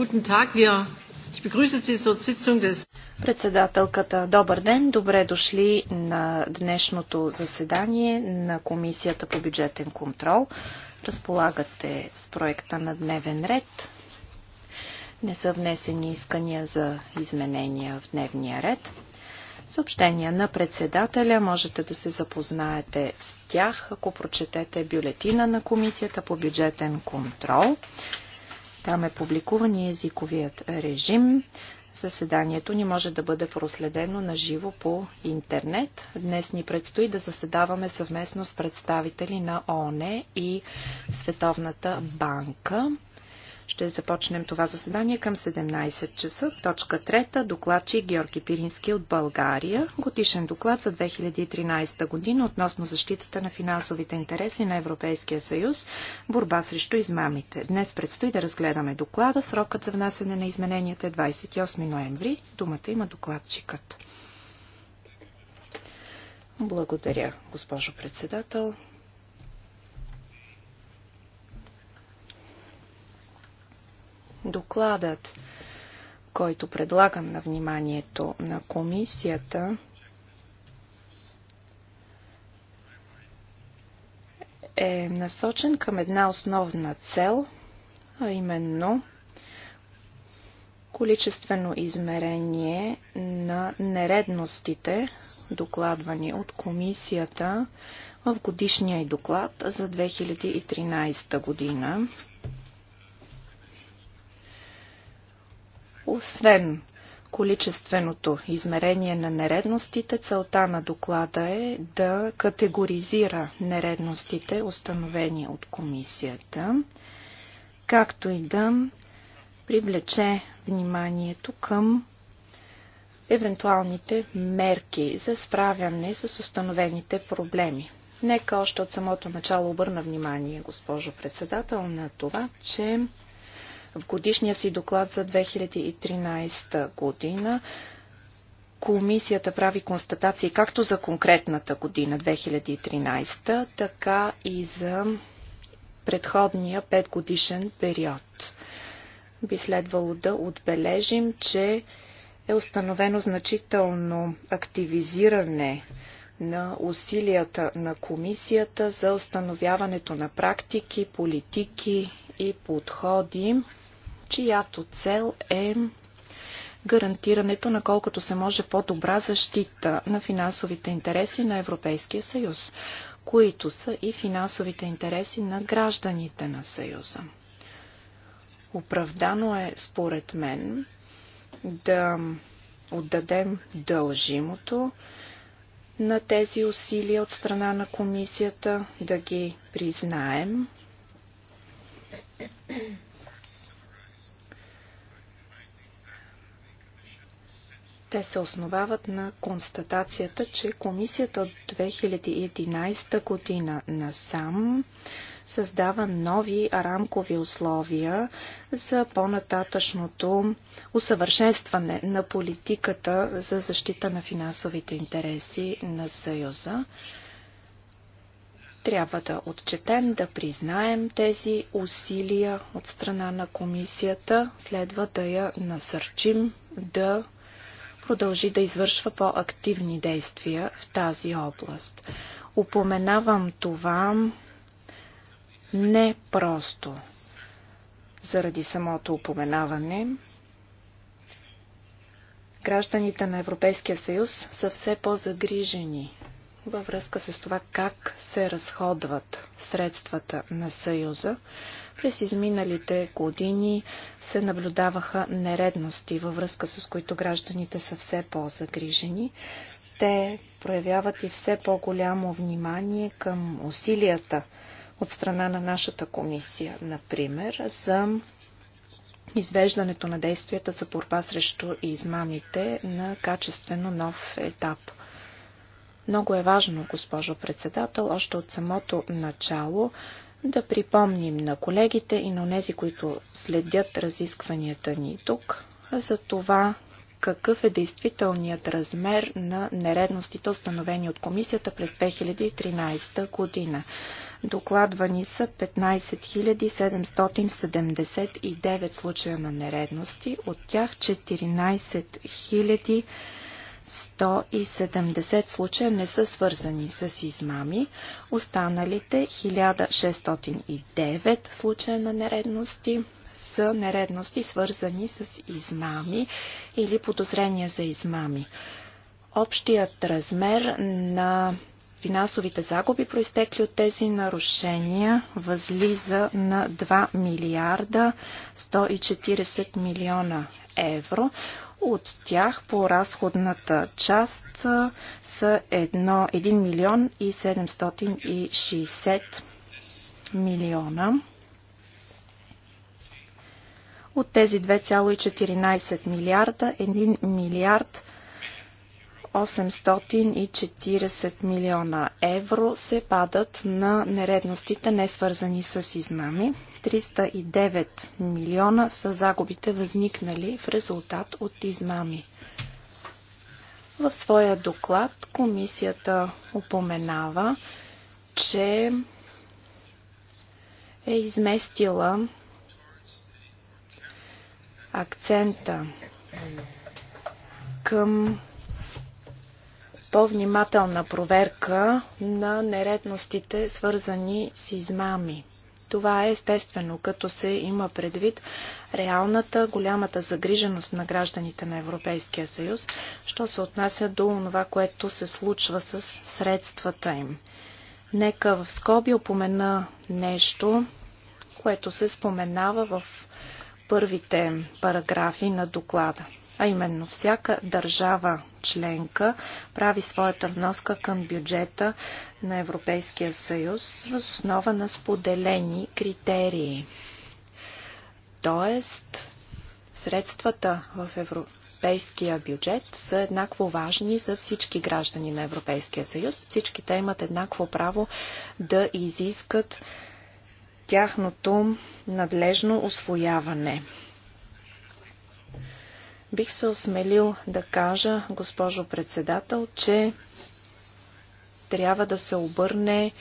Guten Tag. Wir, ich begrüße Sie zur Sitzung des Председателката, добър ден, добре дошли на днешното заседание на Комисията по бюджетен контрол. Разполагате с проекта на дневен ред. Не са внесени искания за изменения в дневния ред. Съобщения на председателя можете да се запознаете с тях, ако прочетете бюлетина на Комисията по бюджетен контрол. Там е публикуван и езиковият режим. Съседанието ни може да бъде проследено на живо по интернет. Днес ни предстои да заседаваме съвместно с представители на ООН и Световната банка. Ще започнем това заседание към 17 часа. Точка 3. Докладчи Георги Пирински от България. Годишен доклад за 2013 година относно защитата на финансовите интереси на Европейския съюз, борба срещу измамите. Днес предстои да разгледаме доклада. Срокът за внасяне на измененията е 28 ноември. Думата има докладчикът. Благодаря, госпожо председател. Докладът, който предлагам на вниманието на комисията, е насочен към една основна цел, а именно количествено измерение на нередностите, докладвани от комисията в годишния доклад за 2013 година. Освен количественото измерение на нередностите, целта на доклада е да категоризира нередностите, установени от комисията, както и да привлече вниманието към евентуалните мерки за справяне с установените проблеми. Нека още от самото начало обърна внимание, госпожо председател, на това, че в годишния си доклад за 2013 година комисията прави констатации както за конкретната година 2013, така и за предходния 5 годишен период. Би следвало да отбележим, че е установено значително активизиране на усилията на комисията за установяването на практики, политики и подходи, чиято цел е гарантирането на колкото се може по-добра защита на финансовите интереси на Европейския съюз, които са и финансовите интереси на гражданите на съюза. Оправдано е, според мен, да отдадем дължимото на тези усилия от страна на комисията, да ги признаем те се основават на констатацията, че комисията от 2011 година насам създава нови рамкови условия за по-нататъчното усъвършенстване на политиката за защита на финансовите интереси на Съюза. Трябва да отчетем, да признаем тези усилия от страна на комисията. Следва да я насърчим да продължи да извършва по-активни действия в тази област. Упоменавам това не просто заради самото упоменаване. Гражданите на Европейския съюз са все по-загрижени във връзка с това как се разходват средствата на Съюза. През изминалите години се наблюдаваха нередности, във връзка с които гражданите са все по-загрижени. Те проявяват и все по-голямо внимание към усилията от страна на нашата комисия, например, за извеждането на действията за борба срещу измамите на качествено нов етап – много е важно, госпожо председател, още от самото начало да припомним на колегите и на тези, които следят разискванията ни тук, за това какъв е действителният размер на нередностите, установени от комисията през 2013 година. Докладвани са 15 779 случая на нередности, от тях 14 000 170 случая не са свързани с измами, останалите 1609 случая на нередности са нередности свързани с измами или подозрения за измами. Общият размер на финансовите загуби, проистекли от тези нарушения, възлиза на 2 милиарда 140 милиона евро. От тях по разходната част са 1, милион и 760 милиона. От тези 2,14 милиарда, 1 милиард 840 милиона евро се падат на нередностите, не свързани с измами. 309 милиона са загубите възникнали в резултат от измами. В своя доклад комисията упоменава, че е изместила акцента към по-внимателна проверка на нередностите, свързани с измами. Това е естествено, като се има предвид реалната, голямата загриженост на гражданите на Европейския съюз, що се отнася до това, което се случва с средствата им. Нека в скоби опомена нещо, което се споменава в първите параграфи на доклада а именно всяка държава членка прави своята вноска към бюджета на Европейския съюз въз основа на споделени критерии. Тоест, средствата в европейския бюджет са еднакво важни за всички граждани на Европейския съюз. Всички те имат еднакво право да изискат тяхното надлежно освояване. Бих се осмелил да кажа, госпожо председател, че трябва да се обърне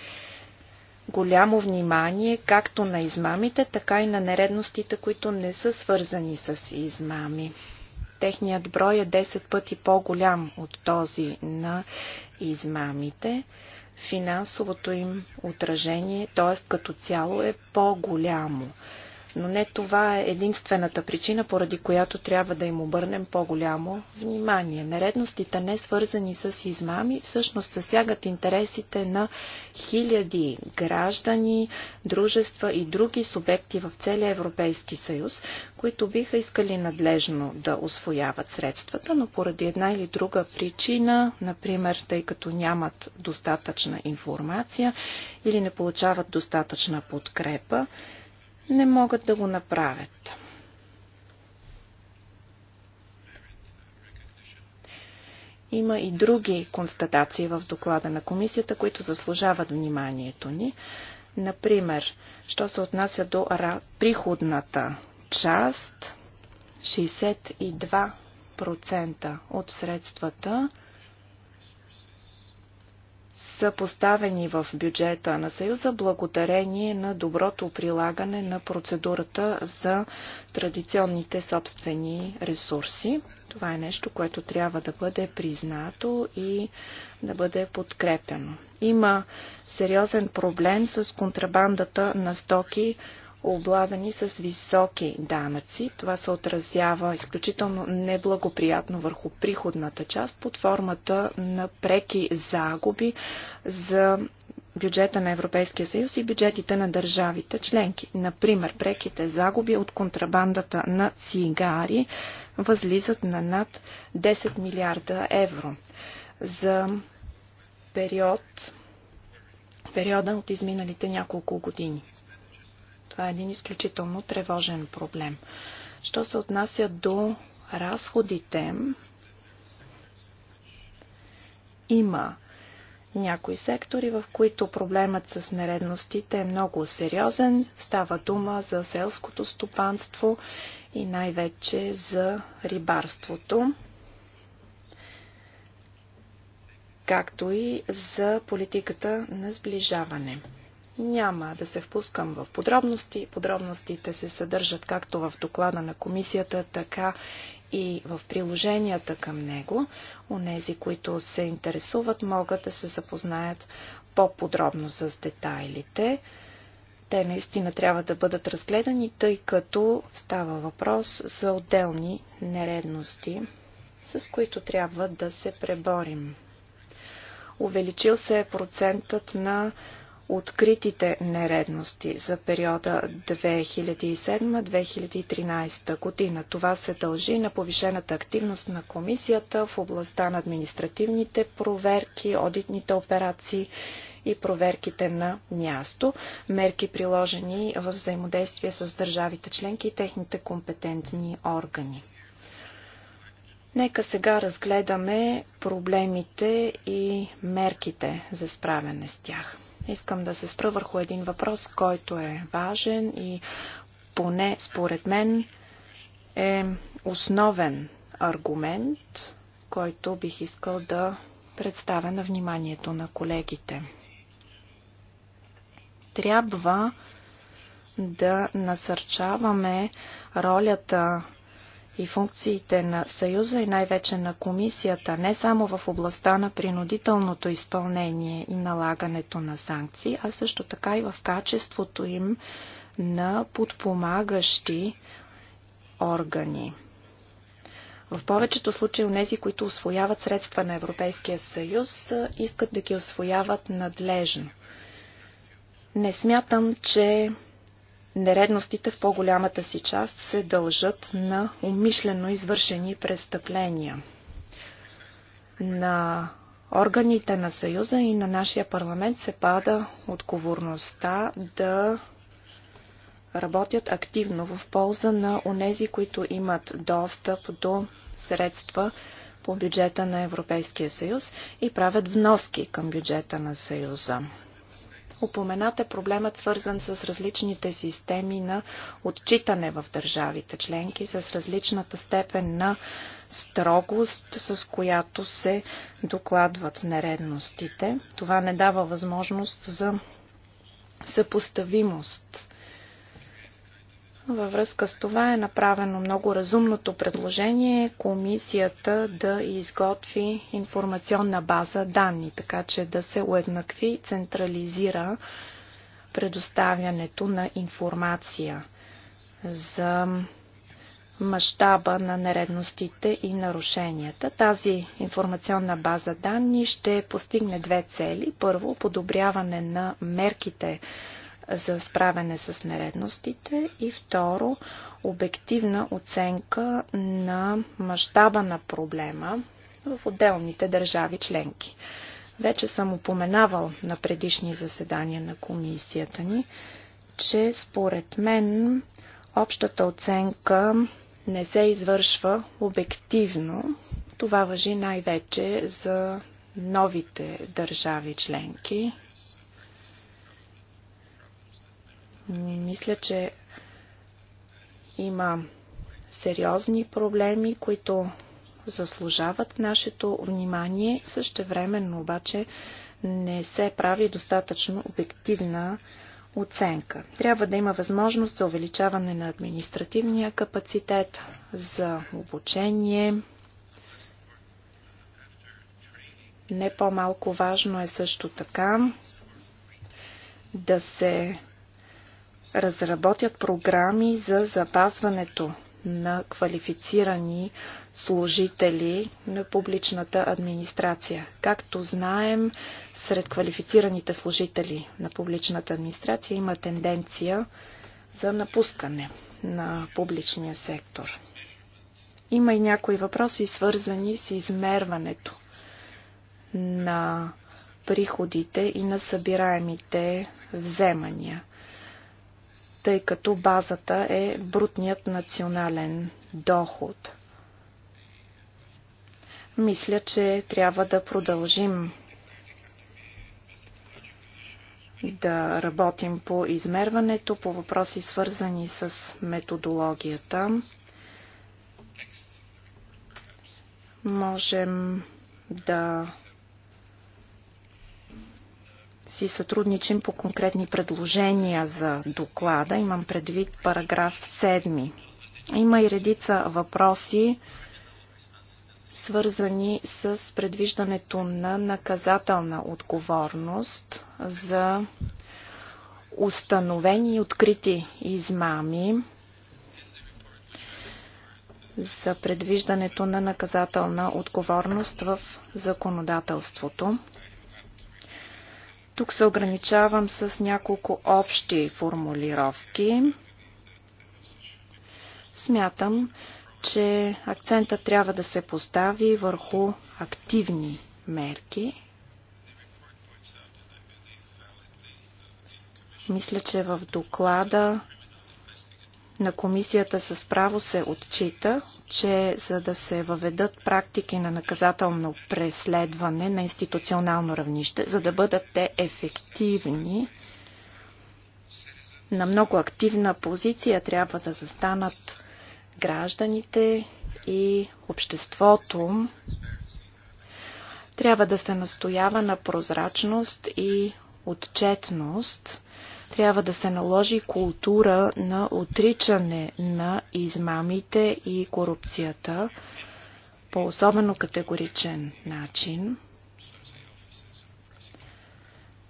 голямо внимание както на измамите, така и на нередностите, които не са свързани с измами. Техният брой е 10 пъти по-голям от този на измамите. Финансовото им отражение, т.е. като цяло е по-голямо. Но не това е единствената причина, поради която трябва да им обърнем по-голямо внимание. Нередностите, не свързани с измами, всъщност засягат интересите на хиляди граждани, дружества и други субекти в целия Европейски съюз, които биха искали надлежно да освояват средствата, но поради една или друга причина, например, тъй като нямат достатъчна информация или не получават достатъчна подкрепа, не могат да го направят. Има и други констатации в доклада на комисията, които заслужават вниманието ни. Например, що се отнася до приходната част, 62% от средствата – са поставени в бюджета на Съюза благодарение на доброто прилагане на процедурата за традиционните собствени ресурси. Това е нещо, което трябва да бъде признато и да бъде подкрепено. Има сериозен проблем с контрабандата на стоки обладани с високи данъци. Това се отразява изключително неблагоприятно върху приходната част под формата на преки загуби за бюджета на Европейския съюз и бюджетите на държавите членки. Например, преките загуби от контрабандата на цигари възлизат на над 10 милиарда евро. За период, периода от изминалите няколко години. Това е един изключително тревожен проблем. Що се отнася до разходите, има някои сектори, в които проблемът с нередностите е много сериозен. Става дума за селското стопанство и най-вече за рибарството, както и за политиката на сближаване. Няма да се впускам в подробности. Подробностите се съдържат както в доклада на комисията, така и в приложенията към него. Онези, които се интересуват, могат да се запознаят по-подробно с детайлите. Те наистина трябва да бъдат разгледани, тъй като става въпрос за отделни нередности, с които трябва да се преборим. Увеличил се е процентът на откритите нередности за периода 2007-2013 година. Това се дължи на повишената активност на комисията в областта на административните проверки, одитните операции и проверките на място, мерки приложени в взаимодействие с държавите членки и техните компетентни органи. Нека сега разгледаме проблемите и мерките за справяне с тях. Искам да се спра върху един въпрос, който е важен и поне според мен е основен аргумент, който бих искал да представя на вниманието на колегите. Трябва да насърчаваме ролята и функциите на Съюза и най-вече на комисията, не само в областта на принудителното изпълнение и налагането на санкции, а също така и в качеството им на подпомагащи органи. В повечето случаи нези, които освояват средства на Европейския съюз, искат да ги освояват надлежно. Не смятам, че Нередностите в по-голямата си част се дължат на умишлено извършени престъпления. На органите на Съюза и на нашия парламент се пада отговорността да работят активно в полза на онези, които имат достъп до средства по бюджета на Европейския съюз и правят вноски към бюджета на Съюза. Упоменат е проблемът свързан с различните системи на отчитане в държавите членки, с различната степен на строгост, с която се докладват нередностите. Това не дава възможност за съпоставимост във връзка с това е направено много разумното предложение комисията да изготви информационна база данни, така че да се уеднакви и централизира предоставянето на информация за мащаба на нередностите и нарушенията. Тази информационна база данни ще постигне две цели. Първо, подобряване на мерките за справяне с нередностите и второ обективна оценка на мащаба на проблема в отделните държави членки. Вече съм упоменавал на предишни заседания на комисията ни, че според мен общата оценка не се извършва обективно. Това въжи най-вече за новите държави членки, Мисля, че има сериозни проблеми, които заслужават нашето внимание. Същевременно обаче не се прави достатъчно обективна оценка. Трябва да има възможност за увеличаване на административния капацитет, за обучение. Не по-малко важно е също така да се разработят програми за запазването на квалифицирани служители на публичната администрация. Както знаем, сред квалифицираните служители на публичната администрация има тенденция за напускане на публичния сектор. Има и някои въпроси, свързани с измерването на приходите и на събираемите вземания тъй като базата е брутният национален доход. Мисля, че трябва да продължим да работим по измерването, по въпроси свързани с методологията. Можем да си сътрудничим по конкретни предложения за доклада. Имам предвид параграф 7. Има и редица въпроси, свързани с предвиждането на наказателна отговорност за установени и открити измами, за предвиждането на наказателна отговорност в законодателството. Тук се ограничавам с няколко общи формулировки. Смятам, че акцента трябва да се постави върху активни мерки. Мисля, че в доклада на комисията с право се отчита, че за да се въведат практики на наказателно преследване на институционално равнище, за да бъдат те ефективни, на много активна позиция трябва да застанат гражданите и обществото. Трябва да се настоява на прозрачност и отчетност – трябва да се наложи култура на отричане на измамите и корупцията по особено категоричен начин,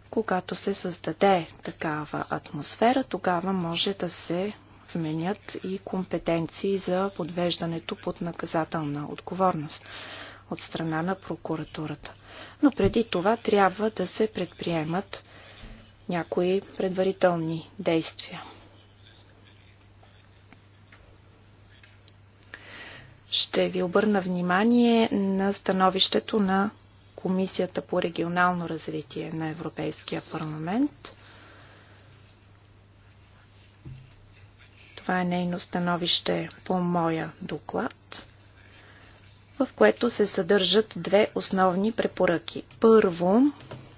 когато се създаде такава атмосфера, тогава може да се вменят и компетенции за подвеждането под наказателна отговорност от страна на прокуратурата. Но преди това трябва да се предприемат някои предварителни действия. Ще ви обърна внимание на становището на Комисията по регионално развитие на Европейския парламент. Това е нейно становище по моя доклад, в което се съдържат две основни препоръки. Първо,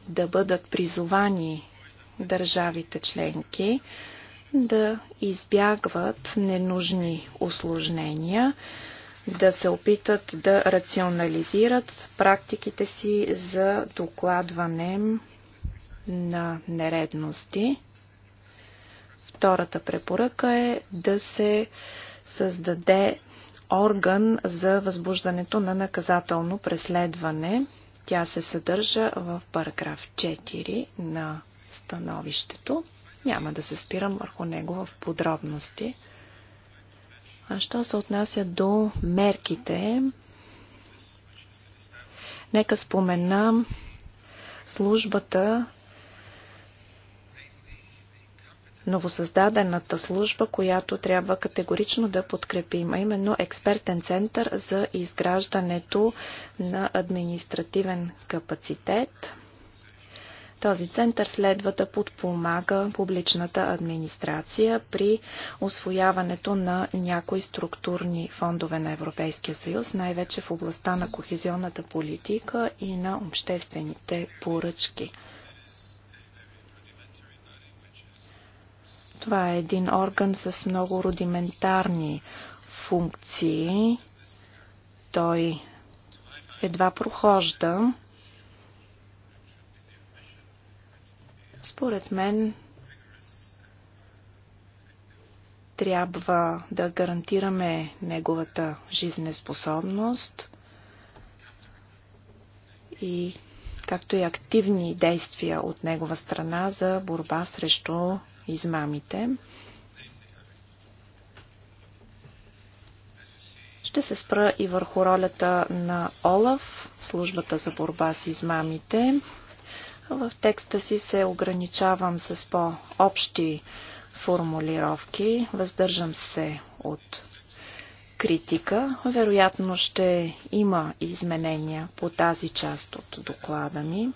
да бъдат призовани държавите членки да избягват ненужни осложнения, да се опитат да рационализират практиките си за докладване на нередности. Втората препоръка е да се създаде орган за възбуждането на наказателно преследване. Тя се съдържа в параграф 4 на становището. Няма да се спирам върху него в подробности. А що се отнася до мерките, нека споменам службата, новосъздадената служба, която трябва категорично да подкрепим, а именно експертен център за изграждането на административен капацитет. Този център следва да подпомага публичната администрация при освояването на някои структурни фондове на Европейския съюз, най-вече в областта на кохезионната политика и на обществените поръчки. Това е един орган с много рудиментарни функции. Той едва прохожда Според мен трябва да гарантираме неговата жизнеспособност и както и активни действия от негова страна за борба срещу измамите. Ще се спра и върху ролята на ОЛАФ, службата за борба с измамите. В текста си се ограничавам с по-общи формулировки. Въздържам се от критика. Вероятно ще има изменения по тази част от доклада ми.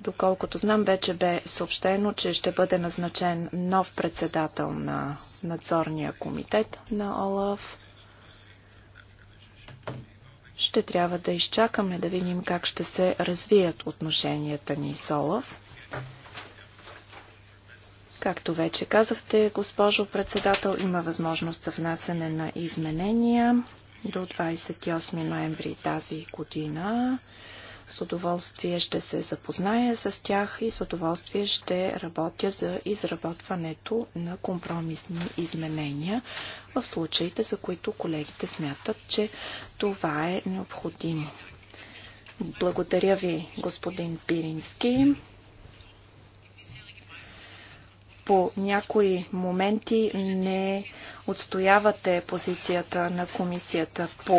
Доколкото знам, вече бе съобщено, че ще бъде назначен нов председател на надзорния комитет на ОЛАФ. Ще трябва да изчакаме да видим как ще се развият отношенията ни с Олаф. Както вече казахте, госпожо председател, има възможност за внасяне на изменения до 28 ноември тази година. С удоволствие ще се запозная с тях и с удоволствие ще работя за изработването на компромисни изменения в случаите, за които колегите смятат, че това е необходимо. Благодаря ви, господин Пирински. По някои моменти не отстоявате позицията на комисията по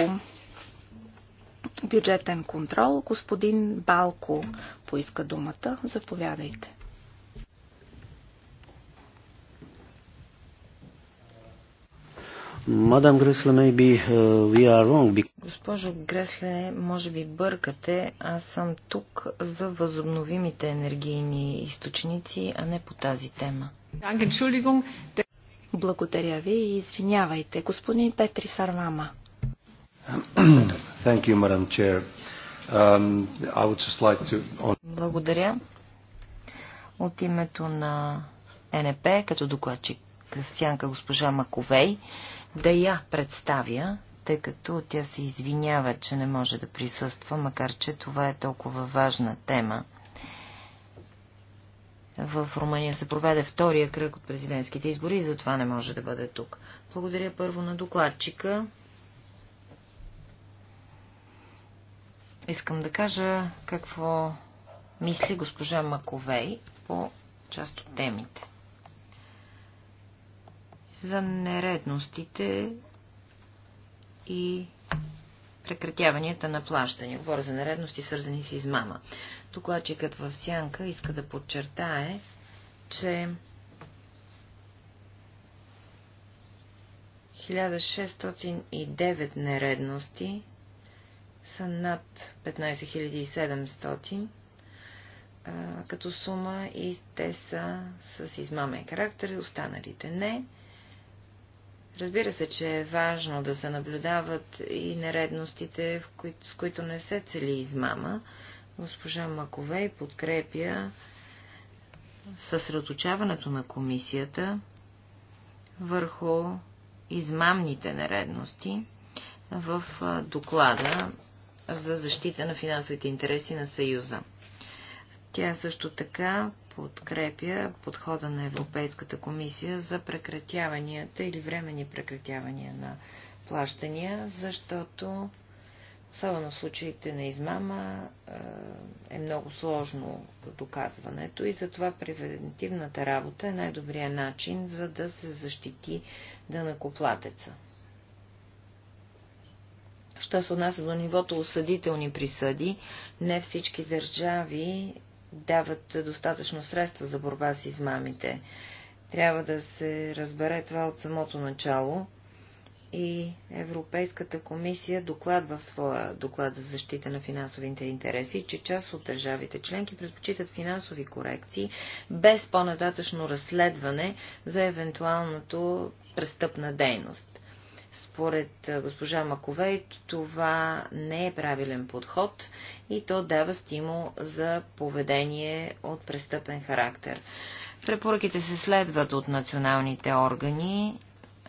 бюджетен контрол. Господин Балко поиска думата. Заповядайте. Мадам Гресле, maybe uh, we are wrong. Госпожо Гресле, може би бъркате. Аз съм тук за възобновимите енергийни източници, а не по тази тема. Благодаря ви и извинявайте. Господин Петри Сарвама. Thank you, Madam Chair. Um, I would just like to... Благодаря. От името на НП, като докладчик Сянка госпожа Маковей, да я представя, тъй като тя се извинява, че не може да присъства, макар че това е толкова важна тема. В Румъния се проведе втория кръг от президентските избори и затова не може да бъде тук. Благодаря първо на докладчика Искам да кажа какво мисли госпожа Маковей по част от темите. За нередностите и прекратяванията на плащане. Говоря за нередности, свързани с измама. Докладчикът в Сянка иска да подчертае, че 1609 нередности са над 15700 като сума и те са с измамен характер, останалите не. Разбира се, че е важно да се наблюдават и нередностите, с които не се цели измама. Госпожа Маковей подкрепя съсредоточаването на комисията върху измамните нередности в доклада за защита на финансовите интереси на Съюза. Тя също така подкрепя подхода на Европейската комисия за прекратяванията или времени прекратявания на плащания, защото особено в случаите на измама е, е много сложно доказването и затова превентивната работа е най-добрият начин, за да се защити дънакоплатеца. Да Що се отнася до нивото осъдителни присъди, не всички държави дават достатъчно средства за борба с измамите. Трябва да се разбере това от самото начало и Европейската комисия докладва в своя доклад за защита на финансовите интереси, че част от държавите членки предпочитат финансови корекции без по-нататъчно разследване за евентуалното престъпна дейност. Според госпожа Маковей това не е правилен подход и то дава стимул за поведение от престъпен характер. Препоръките се следват от националните органи.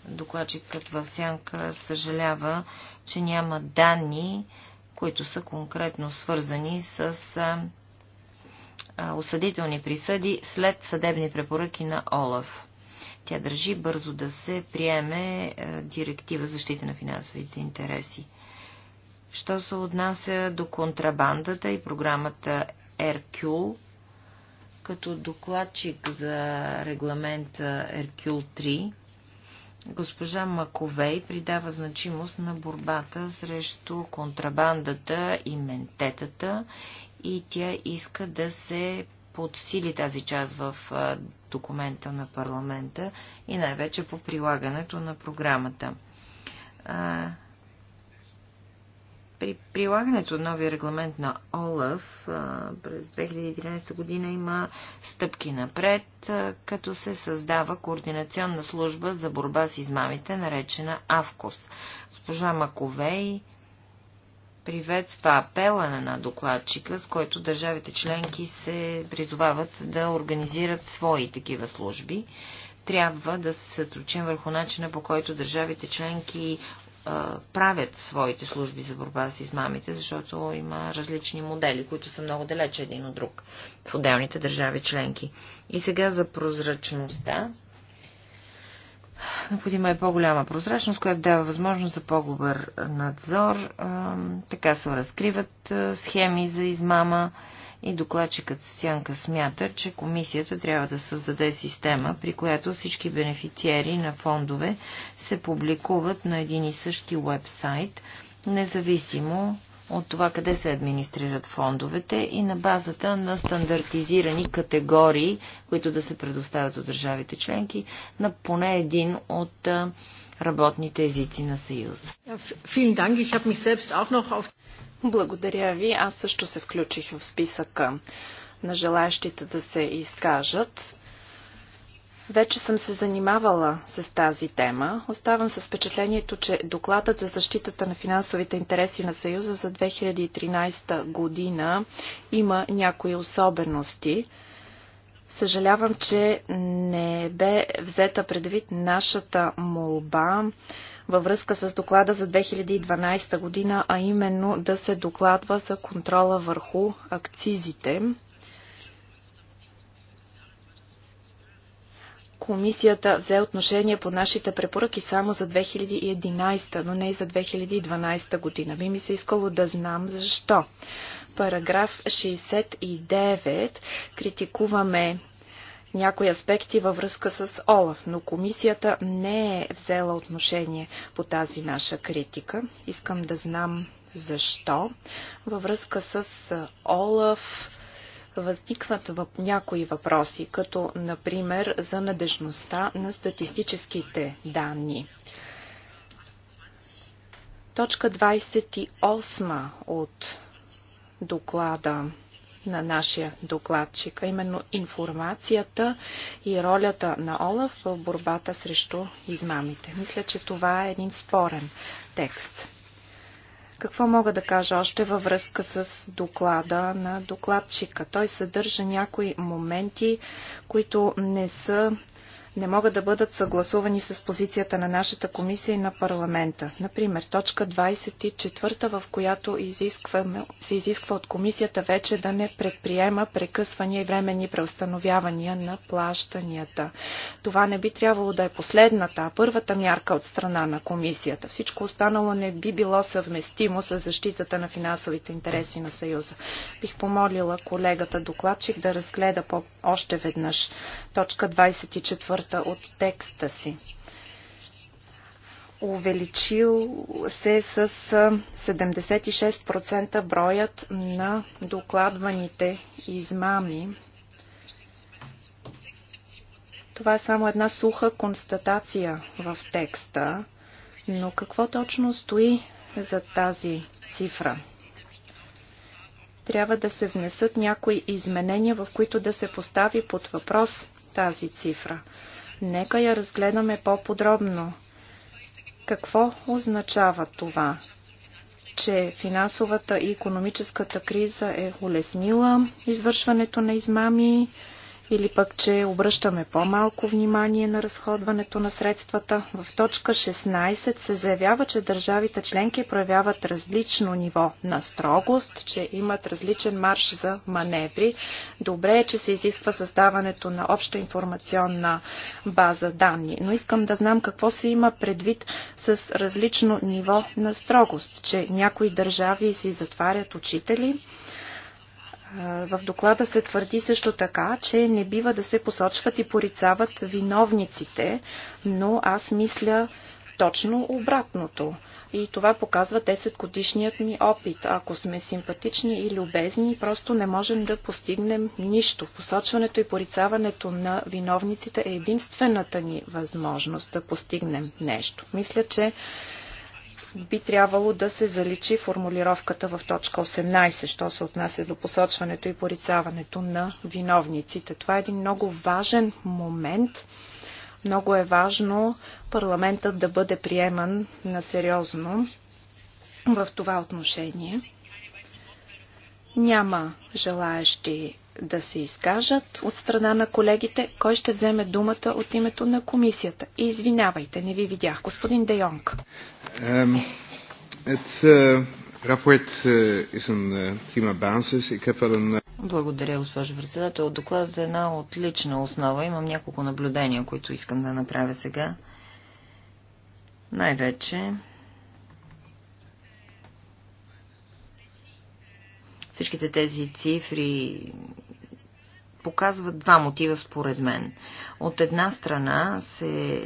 Докладчикът в сянка съжалява, че няма данни, които са конкретно свързани с осъдителни присъди след съдебни препоръки на Олаф. Тя държи бързо да се приеме е, директива защита на финансовите интереси. Що се отнася до контрабандата и програмата RQ, като докладчик за регламент RQ 3, госпожа Маковей придава значимост на борбата срещу контрабандата и ментетата и тя иска да се подсили тази част в документа на парламента и най-вече по прилагането на програмата. При прилагането на новия регламент на ОЛАВ през 2013 година има стъпки напред, като се създава координационна служба за борба с измамите, наречена АВКОС. Спожа Маковей приветства апела на докладчика, с който държавите членки се призовават да организират свои такива служби. Трябва да се съсредоточим върху начина по който държавите членки правят своите служби за борба с измамите, защото има различни модели, които са много далече един от друг в отделните държави членки. И сега за прозрачността. Необходима е по-голяма прозрачност, която дава възможност за по-добър надзор. Така се разкриват схеми за измама и докладчикът Сянка смята, че комисията трябва да създаде система, при която всички бенефициери на фондове се публикуват на един и същи уебсайт, независимо от това къде се администрират фондовете и на базата на стандартизирани категории, които да се предоставят от държавите членки на поне един от работните езици на Съюза. Благодаря ви. Аз също се включих в списъка на желаящите да се изкажат. Вече съм се занимавала с тази тема. Оставам с впечатлението, че докладът за защитата на финансовите интереси на Съюза за 2013 година има някои особености. Съжалявам, че не бе взета предвид нашата молба във връзка с доклада за 2012 година, а именно да се докладва за контрола върху акцизите. комисията взе отношение по нашите препоръки само за 2011, но не и за 2012 година. Би ми се искало да знам защо. Параграф 69 критикуваме някои аспекти във връзка с Олаф, но комисията не е взела отношение по тази наша критика. Искам да знам защо. Във връзка с Олаф Възникват въп някои въпроси, като например за надежността на статистическите данни. Точка 28 от доклада на нашия докладчик, а именно информацията и ролята на Олаф в борбата срещу измамите. Мисля, че това е един спорен текст. Какво мога да кажа още във връзка с доклада на докладчика? Той съдържа някои моменти, които не са не могат да бъдат съгласувани с позицията на нашата комисия и на парламента. Например, точка 24, в която изискваме, се изисква от комисията вече да не предприема прекъсвания и временни преустановявания на плащанията. Това не би трябвало да е последната, а първата мярка от страна на комисията. Всичко останало не би било съвместимо с защитата на финансовите интереси на Съюза. Бих помолила колегата докладчик да разгледа по- още веднъж точка 24 точката от текста си. Увеличил се с 76% броят на докладваните измами това е само една суха констатация в текста, но какво точно стои за тази цифра? Трябва да се внесат някои изменения, в които да се постави под въпрос тази цифра. Нека я разгледаме по-подробно. Какво означава това? че финансовата и економическата криза е улеснила извършването на измами, или пък, че обръщаме по-малко внимание на разходването на средствата. В точка 16 се заявява, че държавите членки проявяват различно ниво на строгост, че имат различен марш за маневри. Добре е, че се изисква създаването на обща информационна база данни, но искам да знам какво се има предвид с различно ниво на строгост, че някои държави си затварят учители, в доклада се твърди също така, че не бива да се посочват и порицават виновниците, но аз мисля точно обратното. И това показва 10 годишният ни опит. Ако сме симпатични и любезни, просто не можем да постигнем нищо. Посочването и порицаването на виновниците е единствената ни възможност да постигнем нещо. Мисля, че би трябвало да се заличи формулировката в точка 18, що се отнася до посочването и порицаването на виновниците. Това е един много важен момент. Много е важно парламентът да бъде приеман на сериозно в това отношение. Няма желаещи да се изкажат от страна на колегите, кой ще вземе думата от името на комисията. И извинявайте, не ви видях. Господин Де Йонг. Е, е, е, Благодаря, госпожо председател. Докладът е една отлична основа. Имам няколко наблюдения, които искам да направя сега. Най-вече Всичките тези цифри показват два мотива според мен. От една страна се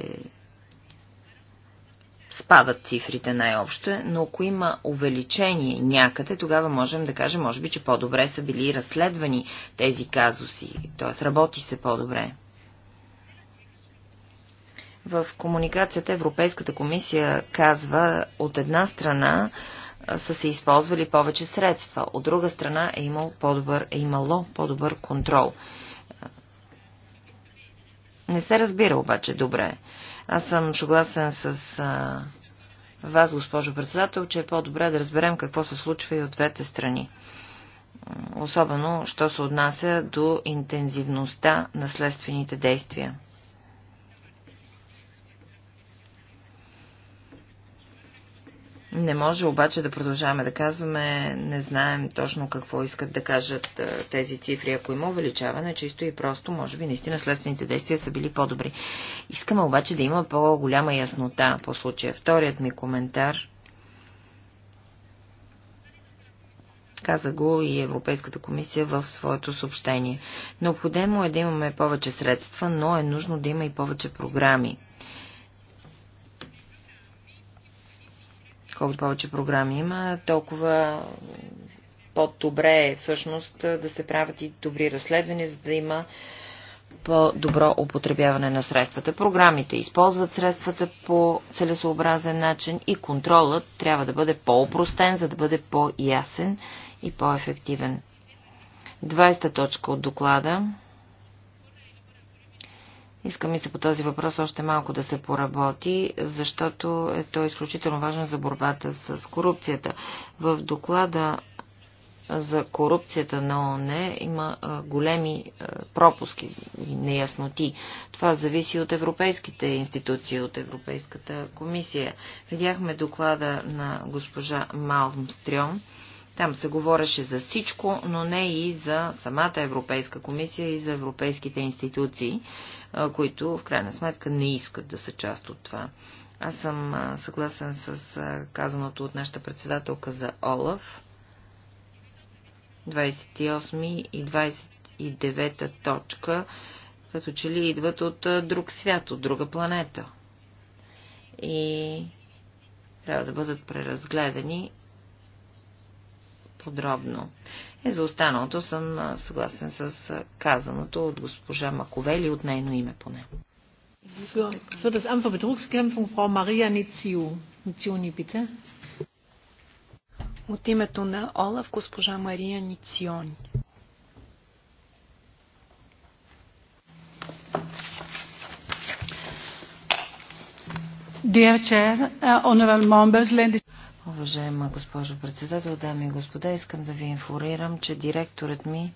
спадат цифрите най-общо, но ако има увеличение някъде, тогава можем да кажем, може би, че по-добре са били разследвани тези казуси, т.е. работи се по-добре. В комуникацията Европейската комисия казва от една страна, са се използвали повече средства. От друга страна е, имал по-добър, е имало по-добър контрол. Не се разбира обаче добре. Аз съм съгласен с а, вас, госпожо председател, че е по-добре да разберем какво се случва и от двете страни. Особено, що се отнася до интензивността на следствените действия. Не може обаче да продължаваме да казваме, не знаем точно какво искат да кажат тези цифри. Ако има увеличаване, чисто и просто, може би наистина следствените действия са били по-добри. Искаме обаче да има по-голяма яснота по случая. Вторият ми коментар каза го и Европейската комисия в своето съобщение. Необходимо е да имаме повече средства, но е нужно да има и повече програми Колкото повече програми има, толкова по-добре е всъщност да се правят и добри разследвания, за да има по-добро употребяване на средствата. Програмите използват средствата по целесообразен начин и контролът трябва да бъде по-опростен, за да бъде по-ясен и по-ефективен. 20 точка от доклада иска ми се по този въпрос още малко да се поработи, защото е то изключително важно за борбата с корупцията. В доклада за корупцията на ООН има големи пропуски и неясноти. Това зависи от европейските институции, от Европейската комисия. Видяхме доклада на госпожа Малмстрём там се говореше за всичко, но не и за самата Европейска комисия и за европейските институции, които в крайна сметка не искат да са част от това. Аз съм съгласен с казаното от нашата председателка за Олаф. 28 и 29 точка, като че ли идват от друг свят, от друга планета. И трябва да бъдат преразгледани подробно. Е, за останалото съм съгласен с казаното от госпожа Маковели, от нейно име поне. Für, das Amt für Betrugskämpfung Frau Maria Nizio. Nizioni, bitte. От името на Олаф, госпожа Мария Ницион. Dear Chair, uh, Honorable Members, ladies Уважаема госпожо председател, дами и господа, искам да ви информирам, че директорът ми,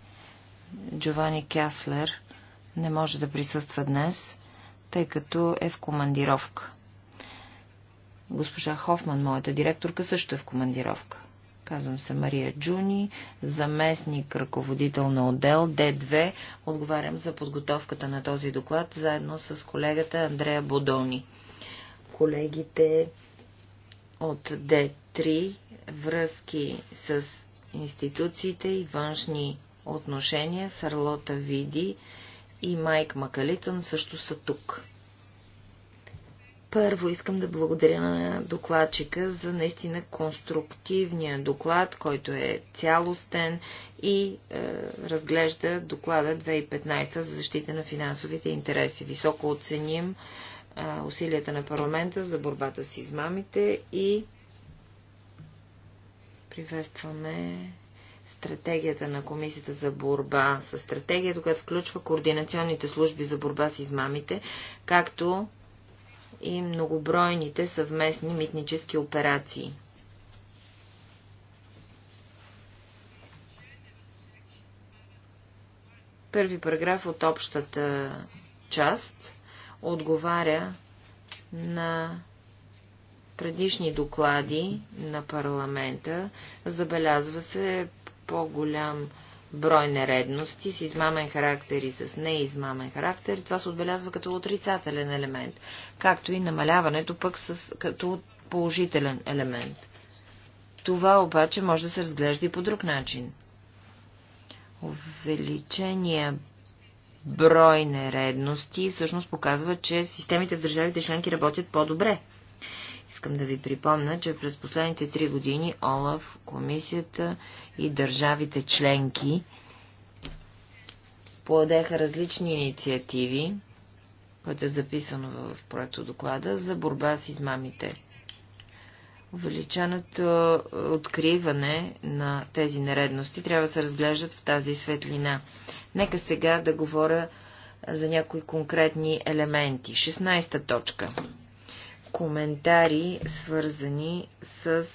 Джовани Кяслер, не може да присъства днес, тъй като е в командировка. Госпожа Хофман, моята директорка, също е в командировка. Казвам се Мария Джуни, заместник ръководител на отдел Д2. Отговарям за подготовката на този доклад заедно с колегата Андрея Бодони. Колегите от Д3 връзки с институциите и външни отношения. Сарлота Види и Майк Макалитън също са тук. Първо искам да благодаря на докладчика за наистина конструктивния доклад, който е цялостен и е, разглежда доклада 2015 за защита на финансовите интереси. Високо оценим усилията на парламента за борбата с измамите и приветстваме стратегията на Комисията за борба с стратегията, която включва координационните служби за борба с измамите, както и многобройните съвместни митнически операции. Първи параграф от общата част – отговаря на предишни доклади на парламента. Забелязва се по-голям брой нередности с измамен характер и с неизмамен характер. Това се отбелязва като отрицателен елемент, както и намаляването пък с, като положителен елемент. Това обаче може да се разглежда и по друг начин. Увеличения брой нередности всъщност показва, че системите в държавите членки работят по-добре. Искам да ви припомня, че през последните три години ОЛАФ, комисията и държавите членки поедеха различни инициативи, което е записано в проекто доклада, за борба с измамите. Увеличеното е, откриване на тези нередности трябва да се разглеждат в тази светлина. Нека сега да говоря за някои конкретни елементи. 16 та точка. Коментари, свързани с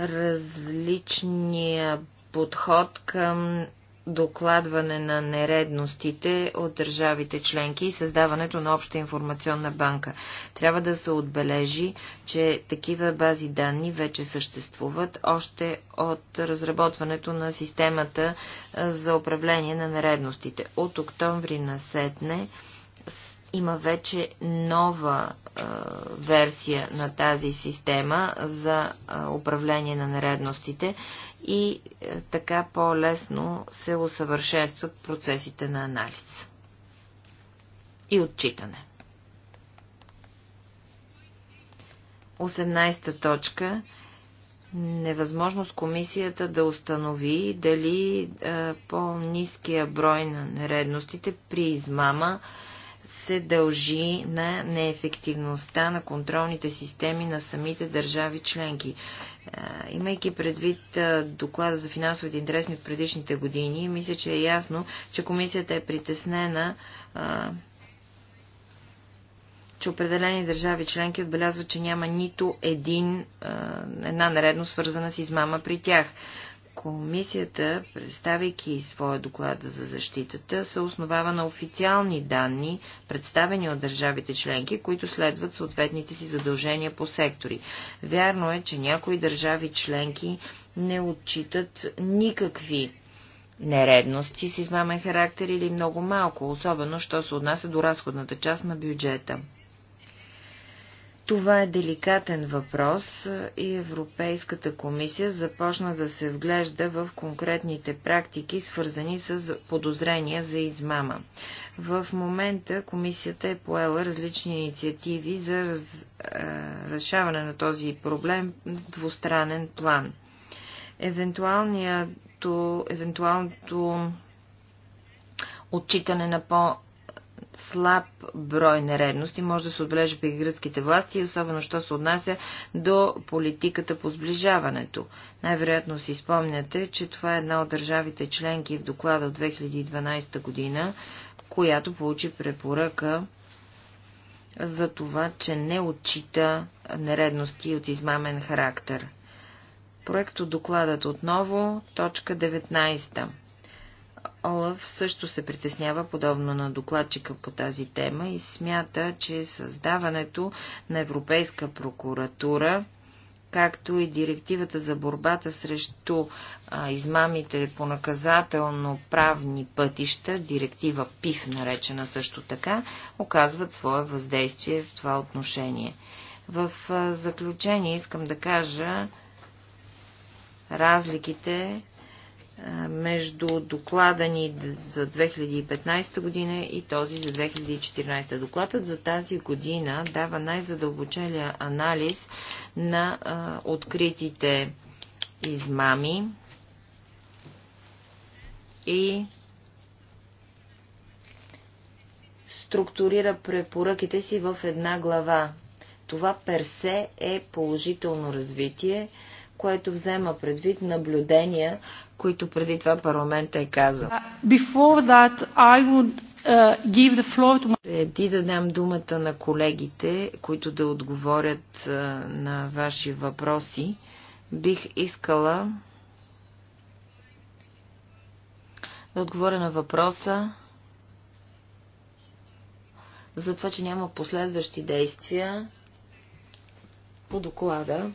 различния подход към докладване на нередностите от държавите членки и създаването на обща информационна банка. Трябва да се отбележи, че такива бази данни вече съществуват още от разработването на системата за управление на нередностите. От октомври на сетне има вече нова а, версия на тази система за а, управление на нередностите и а, е, така по-лесно се усъвършенстват процесите на анализ и отчитане. 18 точка невъзможност комисията да установи дали е, по-низкия брой на нередностите при измама се дължи на неефективността на контролните системи на самите държави членки. Е, имайки предвид е, доклада за финансовите интереси от предишните години, мисля, че е ясно, че комисията е притеснена е, че определени държави членки отбелязват, че няма нито един, една наредност, свързана с измама при тях. Комисията, представяйки своя доклад за защитата, се основава на официални данни, представени от държавите членки, които следват съответните си задължения по сектори. Вярно е, че някои държави членки не отчитат никакви нередности с измамен характер или много малко, особено, що се отнася до разходната част на бюджета. Това е деликатен въпрос и Европейската комисия започна да се вглежда в конкретните практики, свързани с подозрения за измама. В момента комисията е поела различни инициативи за раз, е, решаване на този проблем в двустранен план. Евентуалното, евентуалното отчитане на по слаб брой нередности може да се отбележи при гръцките власти, особено що се отнася до политиката по сближаването. Най-вероятно си спомняте, че това е една от държавите членки в доклада от 2012 година, която получи препоръка за това, че не отчита нередности от измамен характер. Проекто докладът отново, точка 19. Олаф също се притеснява подобно на докладчика по тази тема и смята, че създаването на Европейска прокуратура, както и директивата за борбата срещу а, измамите по наказателно-правни пътища, директива ПИФ наречена също така, оказват свое въздействие в това отношение. В а, заключение искам да кажа разликите между доклада ни за 2015 година и този за 2014. Докладът за тази година дава най-задълбочелия анализ на а, откритите измами и структурира препоръките си в една глава. Това персе е положително развитие, което взема предвид наблюдения, които преди това парламента е казал. Uh, that, would, uh, to... Преди да дам думата на колегите, които да отговорят uh, на ваши въпроси, бих искала да отговоря на въпроса за това, че няма последващи действия по доклада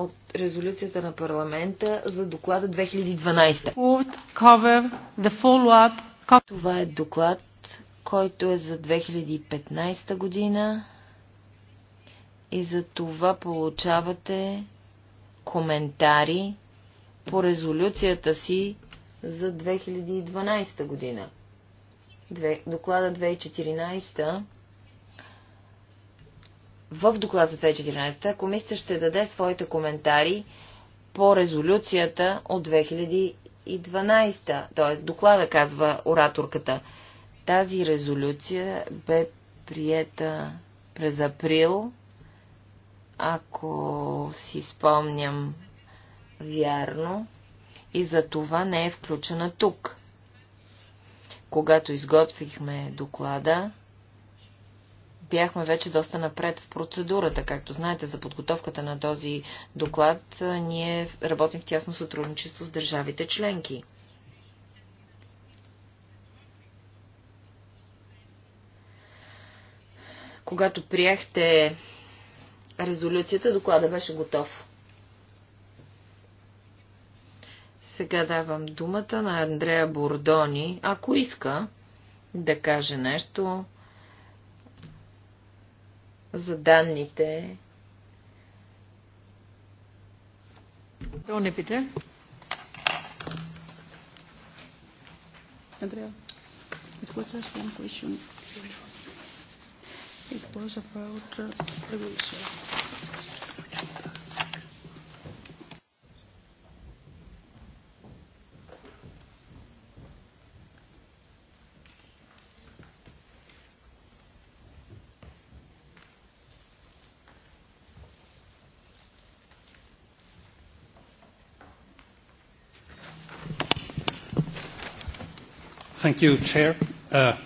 от резолюцията на парламента за доклада 2012. Това е доклад, който е за 2015 година и за това получавате коментари по резолюцията си за 2012 година. Доклада 2014 в доклад за 2014 комисията ще даде своите коментари по резолюцията от 2012. Т.е. доклада, казва ораторката. Тази резолюция бе приета през април, ако си спомням вярно, и за това не е включена тук. Когато изготвихме доклада, бяхме вече доста напред в процедурата. Както знаете, за подготовката на този доклад ние работим в тясно сътрудничество с държавите членки. Когато приехте резолюцията, доклада беше готов. Сега давам думата на Андрея Бордони, ако иска да каже нещо за данните. Ohne bitte. Andrea, it was just one question. It was about uh, I will say. Uh,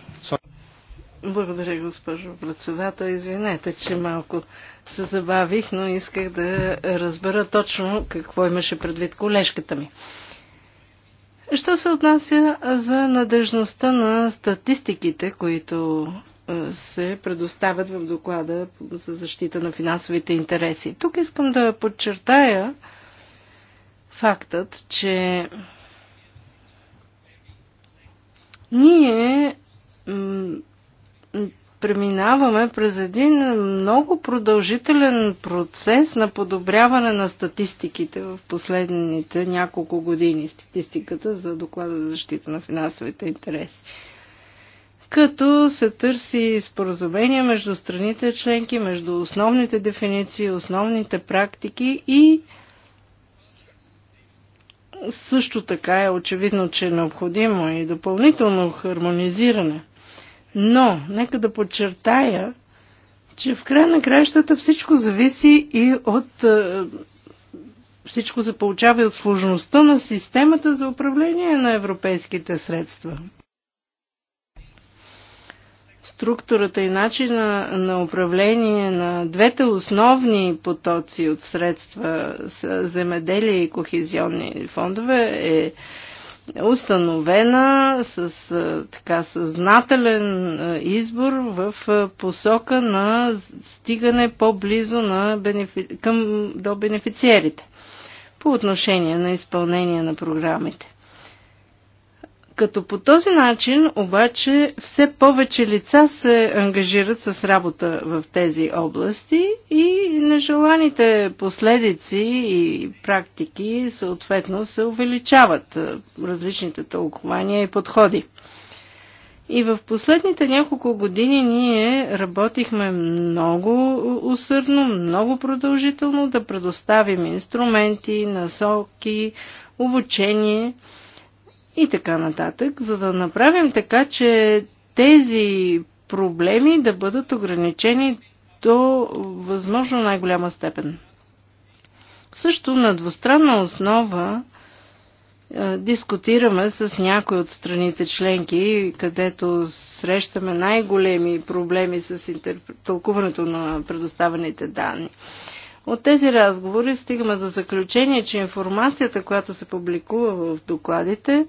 Благодаря, госпожо председател. Извинете, че малко се забавих, но исках да разбера точно какво имаше предвид колежката ми. Що се отнася за надежността на статистиките, които е, се предоставят в доклада за защита на финансовите интереси. Тук искам да подчертая фактът, че ние преминаваме през един много продължителен процес на подобряване на статистиките в последните няколко години. Статистиката за доклада за защита на финансовите интереси. Като се търси споразумение между страните членки, между основните дефиниции, основните практики и също така е очевидно, че е необходимо и допълнително хармонизиране. Но, нека да подчертая, че в края на краищата всичко зависи и от е, всичко се получава и от сложността на системата за управление на европейските средства структурата и начина на управление на двете основни потоци от средства земеделие и кохезионни фондове е установена с така съзнателен избор в посока на стигане по-близо на бенефи... към... до бенефициерите по отношение на изпълнение на програмите. Като по този начин обаче все повече лица се ангажират с работа в тези области и нежеланите последици и практики съответно се увеличават различните тълкования и подходи. И в последните няколко години ние работихме много усърдно, много продължително да предоставим инструменти, насоки, обучение – и така нататък, за да направим така, че тези проблеми да бъдат ограничени до възможно най-голяма степен. Също на двустранна основа е, дискутираме с някои от страните членки, където срещаме най-големи проблеми с интерп... тълкуването на предоставените данни. От тези разговори стигаме до заключение, че информацията, която се публикува в докладите,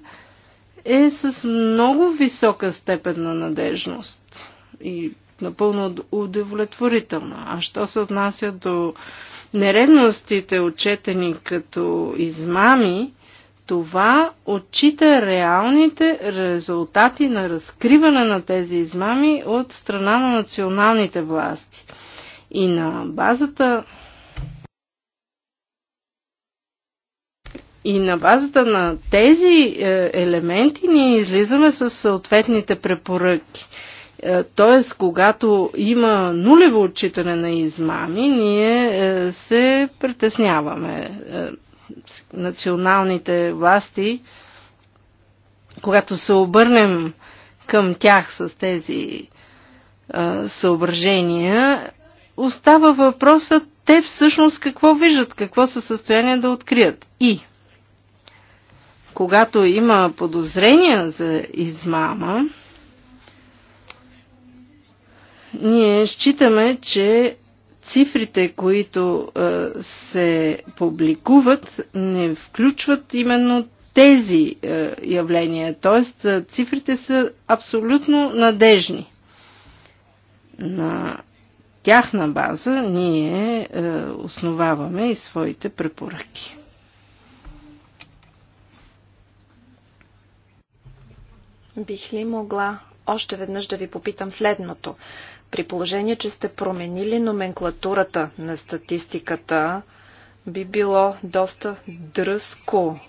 е с много висока степен на надежност и напълно удовлетворителна. А що се отнася до нередностите, отчетени като измами, това отчита реалните резултати на разкриване на тези измами от страна на националните власти. И на базата И на базата на тези е, елементи ние излизаме с съответните препоръки. Е, тоест, когато има нулево отчитане на измами, ние е, се притесняваме. Националните власти, когато се обърнем към тях с тези съображения, остава въпросът те всъщност какво виждат, какво са състояние да открият. И когато има подозрения за измама, ние считаме, че цифрите, които е, се публикуват, не включват именно тези е, явления. Тоест, е, цифрите са абсолютно надежни. На тяхна база ние основаваме и своите препоръки. Бих ли могла още веднъж да ви попитам следното? При положение, че сте променили номенклатурата на статистиката, би било доста дръско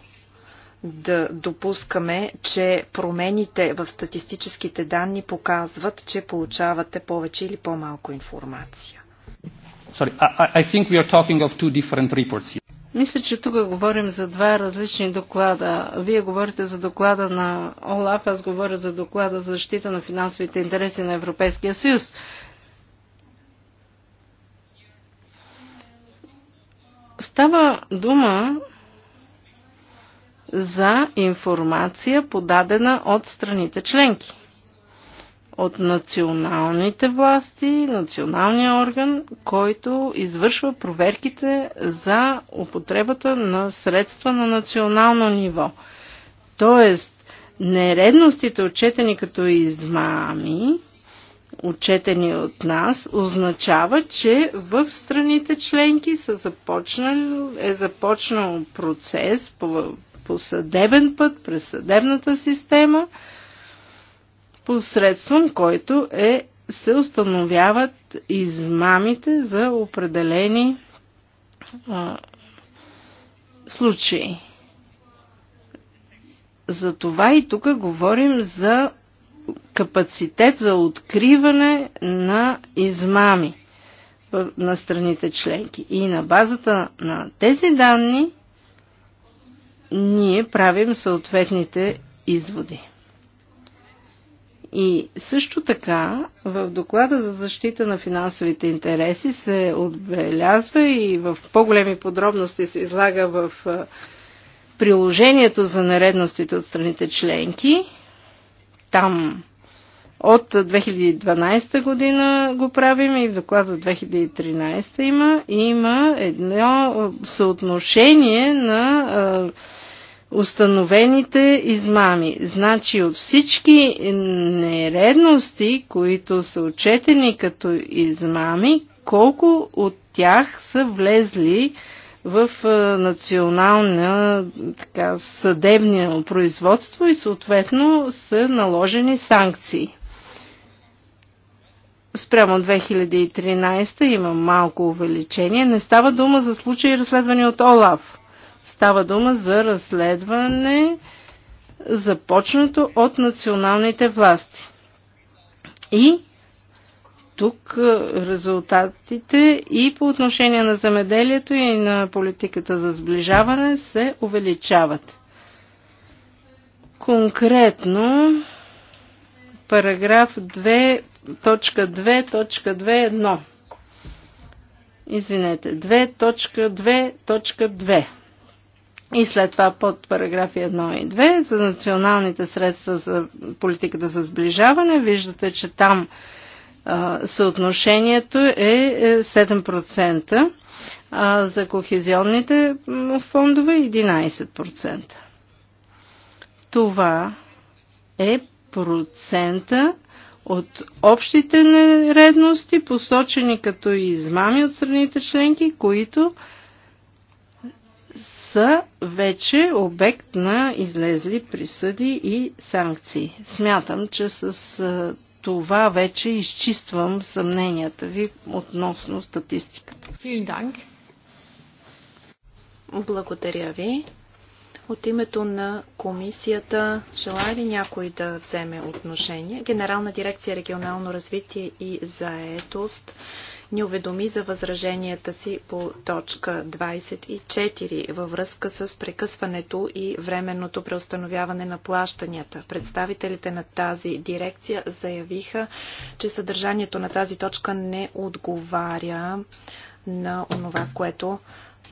да допускаме, че промените в статистическите данни показват, че получавате повече или по-малко информация. Sorry, I, I think we are talking of two different reports here. Мисля, че тук говорим за два различни доклада. Вие говорите за доклада на ОЛАФ, аз говоря за доклада за защита на финансовите интереси на Европейския съюз. Става дума за информация подадена от страните членки от националните власти, националния орган, който извършва проверките за употребата на средства на национално ниво. Тоест, нередностите, отчетени като измами, отчетени от нас, означава, че в страните членки са започнали, е започнал процес по, по съдебен път, през съдебната система – посредством който е, се установяват измамите за определени а, случаи. Затова и тук говорим за капацитет за откриване на измами на страните членки. И на базата на тези данни ние правим съответните изводи. И също така в доклада за защита на финансовите интереси се отбелязва и в по-големи подробности се излага в приложението за наредностите от страните членки. Там от 2012 година го правим и в доклада 2013 има, има едно съотношение на установените измами. Значи от всички нередности, които са отчетени като измами, колко от тях са влезли в национална така, съдебния производство и съответно са наложени санкции. Спрямо 2013 има малко увеличение. Не става дума за случаи разследвани от ОЛАВ. Става дума за разследване, започнато от националните власти. И тук е, резултатите и по отношение на земеделието и на политиката за сближаване се увеличават. Конкретно параграф 2.2.2.1 Извинете, 2.2.2 и след това под параграфи 1 и 2 за националните средства за политиката за сближаване. Виждате, че там а, съотношението е 7%, е а за кохезионните фондове 11%. Това е процента от общите нередности, посочени като измами от страните членки, които са вече обект на излезли присъди и санкции. Смятам, че с това вече изчиствам съмненията ви относно статистиката. Благодаря ви. От името на комисията желая ли някой да вземе отношение? Генерална дирекция регионално развитие и заетост ни уведоми за възраженията си по точка 24 във връзка с прекъсването и временното преустановяване на плащанията. Представителите на тази дирекция заявиха, че съдържанието на тази точка не отговаря на онова, което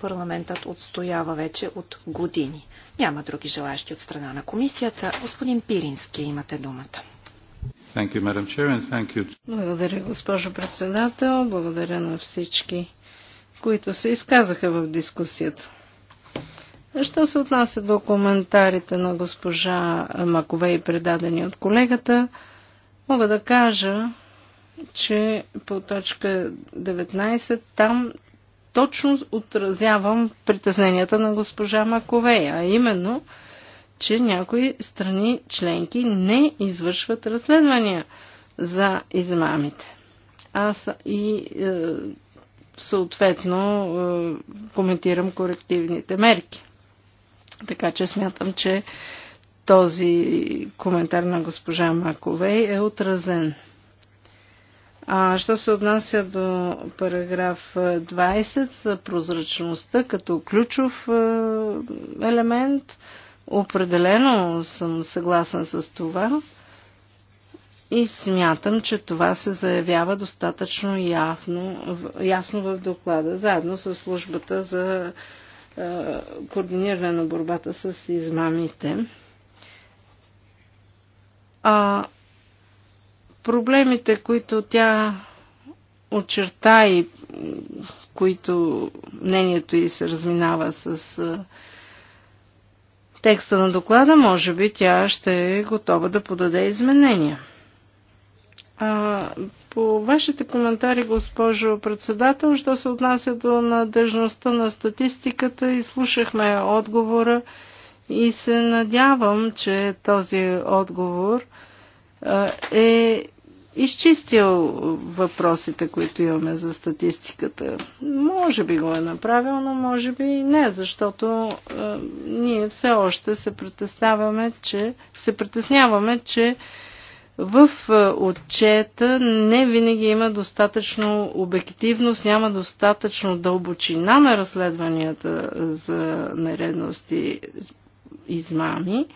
парламентът отстоява вече от години. Няма други желащи от страна на комисията. Господин Пирински, имате думата благодаря, госпожо председател. Благодаря на всички, които се изказаха в дискусията. Що се отнася до коментарите на госпожа Макове и предадени от колегата, мога да кажа, че по точка 19 там точно отразявам притесненията на госпожа Маковей, а именно – че някои страни членки не извършват разследвания за измамите. Аз и е, съответно е, коментирам корективните мерки. Така че смятам, че този коментар на госпожа Маковей е отразен. А що се отнася до параграф 20 е, за прозрачността като ключов е, елемент, Определено съм съгласен с това и смятам, че това се заявява достатъчно явно, ясно в доклада, заедно с службата за е, координиране на борбата с измамите. А проблемите, които тя очерта и които мнението й се разминава с е, текста на доклада, може би тя ще е готова да подаде изменения. А, по вашите коментари, госпожо председател, що се отнася до надежността на статистиката, изслушахме отговора и се надявам, че този отговор е изчистил въпросите, които имаме за статистиката. Може би го е направил, но може би и не, защото е, ние все още се притесняваме, че, се притесняваме, че в е, отчета не винаги има достатъчно обективност, няма достатъчно дълбочина на разследванията за нередности измами.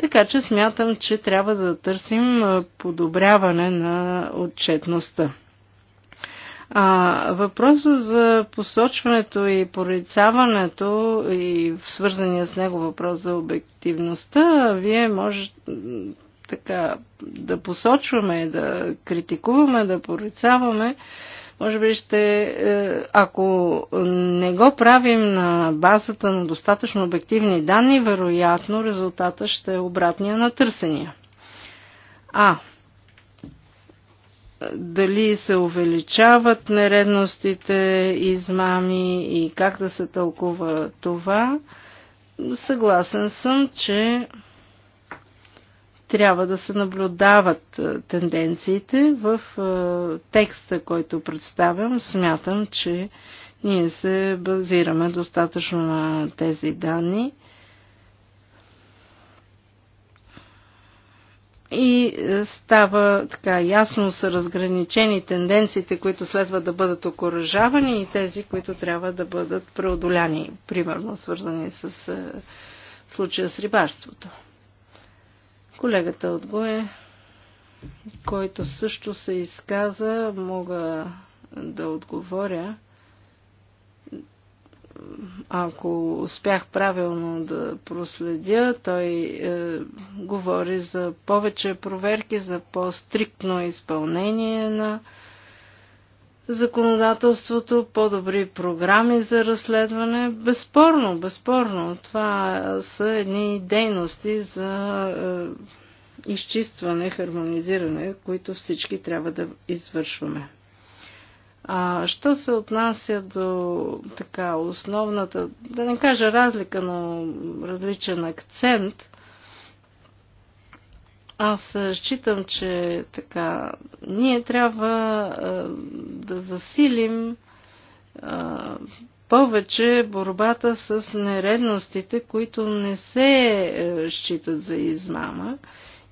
Така че смятам, че трябва да търсим подобряване на отчетността. А, въпросът за посочването и порицаването и в свързания с него въпрос за обективността, вие може така да посочваме, да критикуваме, да порицаваме, може би ще, е, ако не го правим на базата на достатъчно обективни данни, вероятно резултата ще е обратния на търсения. А, дали се увеличават нередностите, измами и как да се тълкува това, съгласен съм, че трябва да се наблюдават е, тенденциите. В е, текста, който представям, смятам, че ние се базираме достатъчно на тези данни. И е, става така ясно са разграничени тенденциите, които следва да бъдат окоръжавани и тези, които трябва да бъдат преодоляни, примерно свързани с случая с рибарството. Колегата от Гое, който също се изказа, мога да отговоря. Ако успях правилно да проследя, той е, говори за повече проверки, за по-стриктно изпълнение на законодателството, по-добри програми за разследване. Безспорно, безспорно. Това са едни дейности за е, изчистване, хармонизиране, които всички трябва да извършваме. А, що се отнася до така основната, да не кажа разлика, но различен акцент, аз е, считам, че така, ние трябва а, е, да засилим а, е, повече борбата с нередностите, които не се а, считат за измама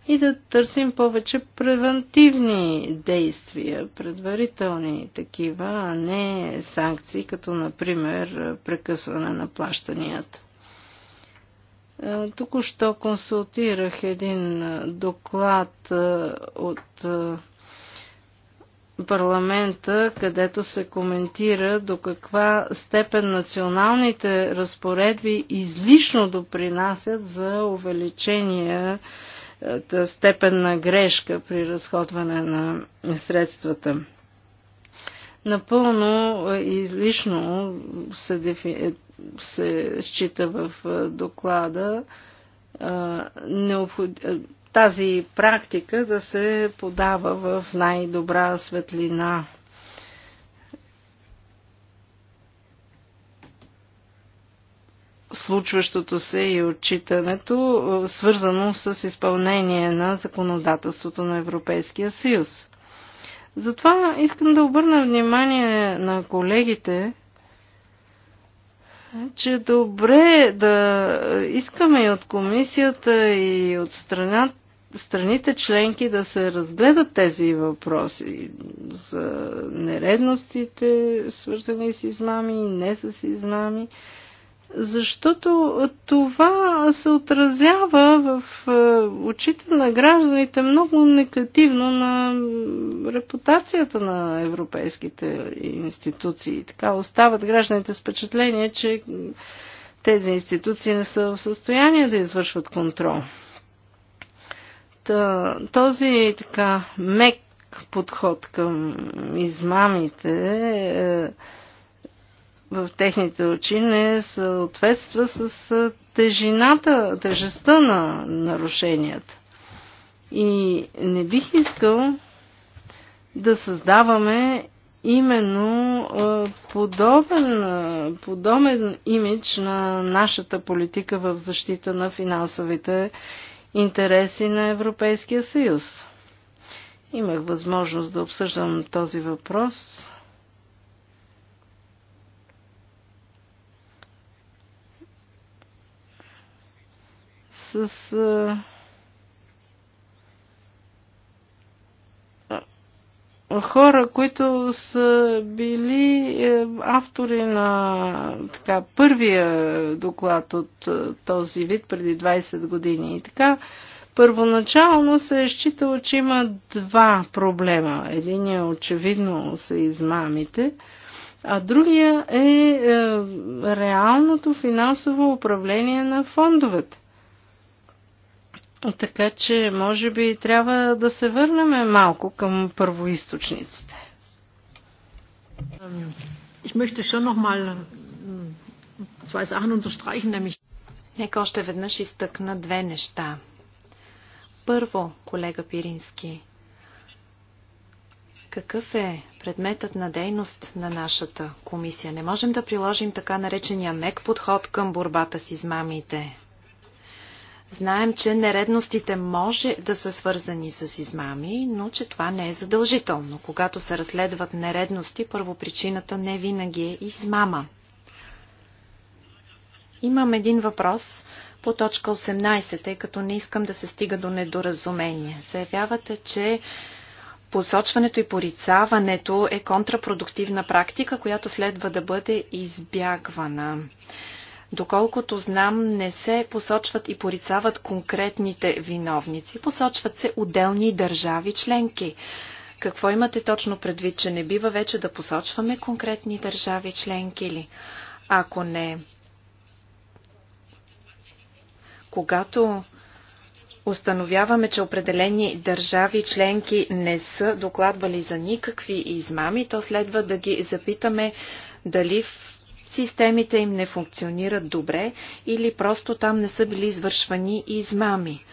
и да търсим повече превентивни действия, предварителни такива, а не санкции, като например прекъсване на плащанията. Е, току-що консултирах един е, доклад е, от парламента, където се коментира до каква степен националните разпоредби излишно допринасят за увеличение степен на грешка при разходване на средствата напълно е, излишно се, дефи... Е, се счита в е, доклада необход... тази практика да се подава в най-добра светлина. случващото се и отчитането, свързано с изпълнение на законодателството на Европейския съюз. Затова искам да обърна внимание на колегите, че добре да искаме и от комисията, и от страна, страните членки да се разгледат тези въпроси за нередностите, свързани с измами и не с измами защото това се отразява в е, очите на гражданите много негативно на репутацията на европейските институции. Така остават гражданите с впечатление, че тези институции не са в състояние да извършват контрол. Този така мек подход към измамите е в техните очи не съответства с тежината, тежестта на нарушенията. И не бих искал да създаваме именно подобен, подобен имидж на нашата политика в защита на финансовите интереси на Европейския съюз. Имах възможност да обсъждам този въпрос с хора, които са били е, автори на така, първия доклад от е, този вид преди 20 години. И така, първоначално се е считало, че има два проблема. Единият е очевидно са измамите, а другия е, е реалното финансово управление на фондовете. Така че, може би, трябва да се върнем малко към първоисточниците. Ich möchte schon noch mal zwei Sachen unterstreichen, nämlich Нека още веднъж изтъкна две неща. Първо, колега Пирински, какъв е предметът на дейност на нашата комисия? Не можем да приложим така наречения мек подход към борбата с измамите. Знаем, че нередностите може да са свързани с измами, но че това не е задължително. Когато се разследват нередности, първопричината не винаги е измама. Имам един въпрос по точка 18, тъй като не искам да се стига до недоразумение. Заявявате, че посочването и порицаването е контрапродуктивна практика, която следва да бъде избягвана. Доколкото знам, не се посочват и порицават конкретните виновници. Посочват се отделни държави членки. Какво имате точно предвид, че не бива вече да посочваме конкретни държави членки или ако не? Когато установяваме, че определени държави членки не са докладвали за никакви измами, то следва да ги запитаме дали в системите им не функционират добре или просто там не са били извършвани измами.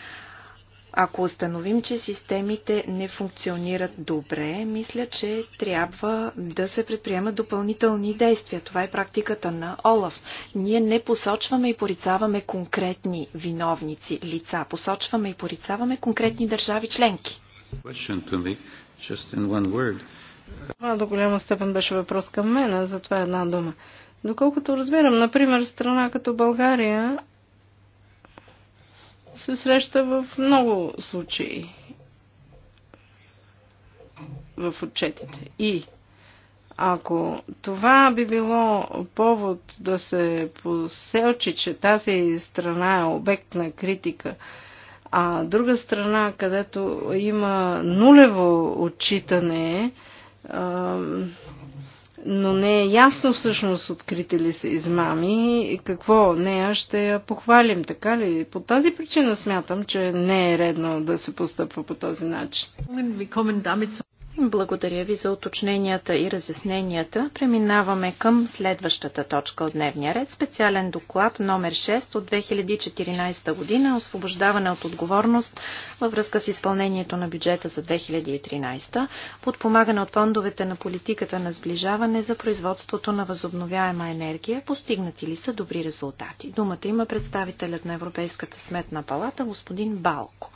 Ако установим, че системите не функционират добре, мисля, че трябва да се предприемат допълнителни действия. Това е практиката на Олаф. Ние не посочваме и порицаваме конкретни виновници лица. Посочваме и порицаваме конкретни държави членки. Това до голяма степен беше въпрос към мен, а затова една дума. Доколкото разбирам, например, страна като България се среща в много случаи в отчетите. И ако това би било повод да се поселчи, че тази страна е обект на критика, а друга страна, където има нулево отчитане, но не е ясно всъщност открите ли са измами и какво нея ще я похвалим, така ли? По тази причина смятам, че не е редно да се постъпва по този начин. Благодаря ви за уточненията и разясненията. Преминаваме към следващата точка от дневния ред. Специален доклад номер 6 от 2014 година освобождаване от отговорност във връзка с изпълнението на бюджета за 2013, подпомагане от фондовете на политиката на сближаване за производството на възобновяема енергия, постигнати ли са добри резултати. Думата има представителят на Европейската сметна палата господин Балко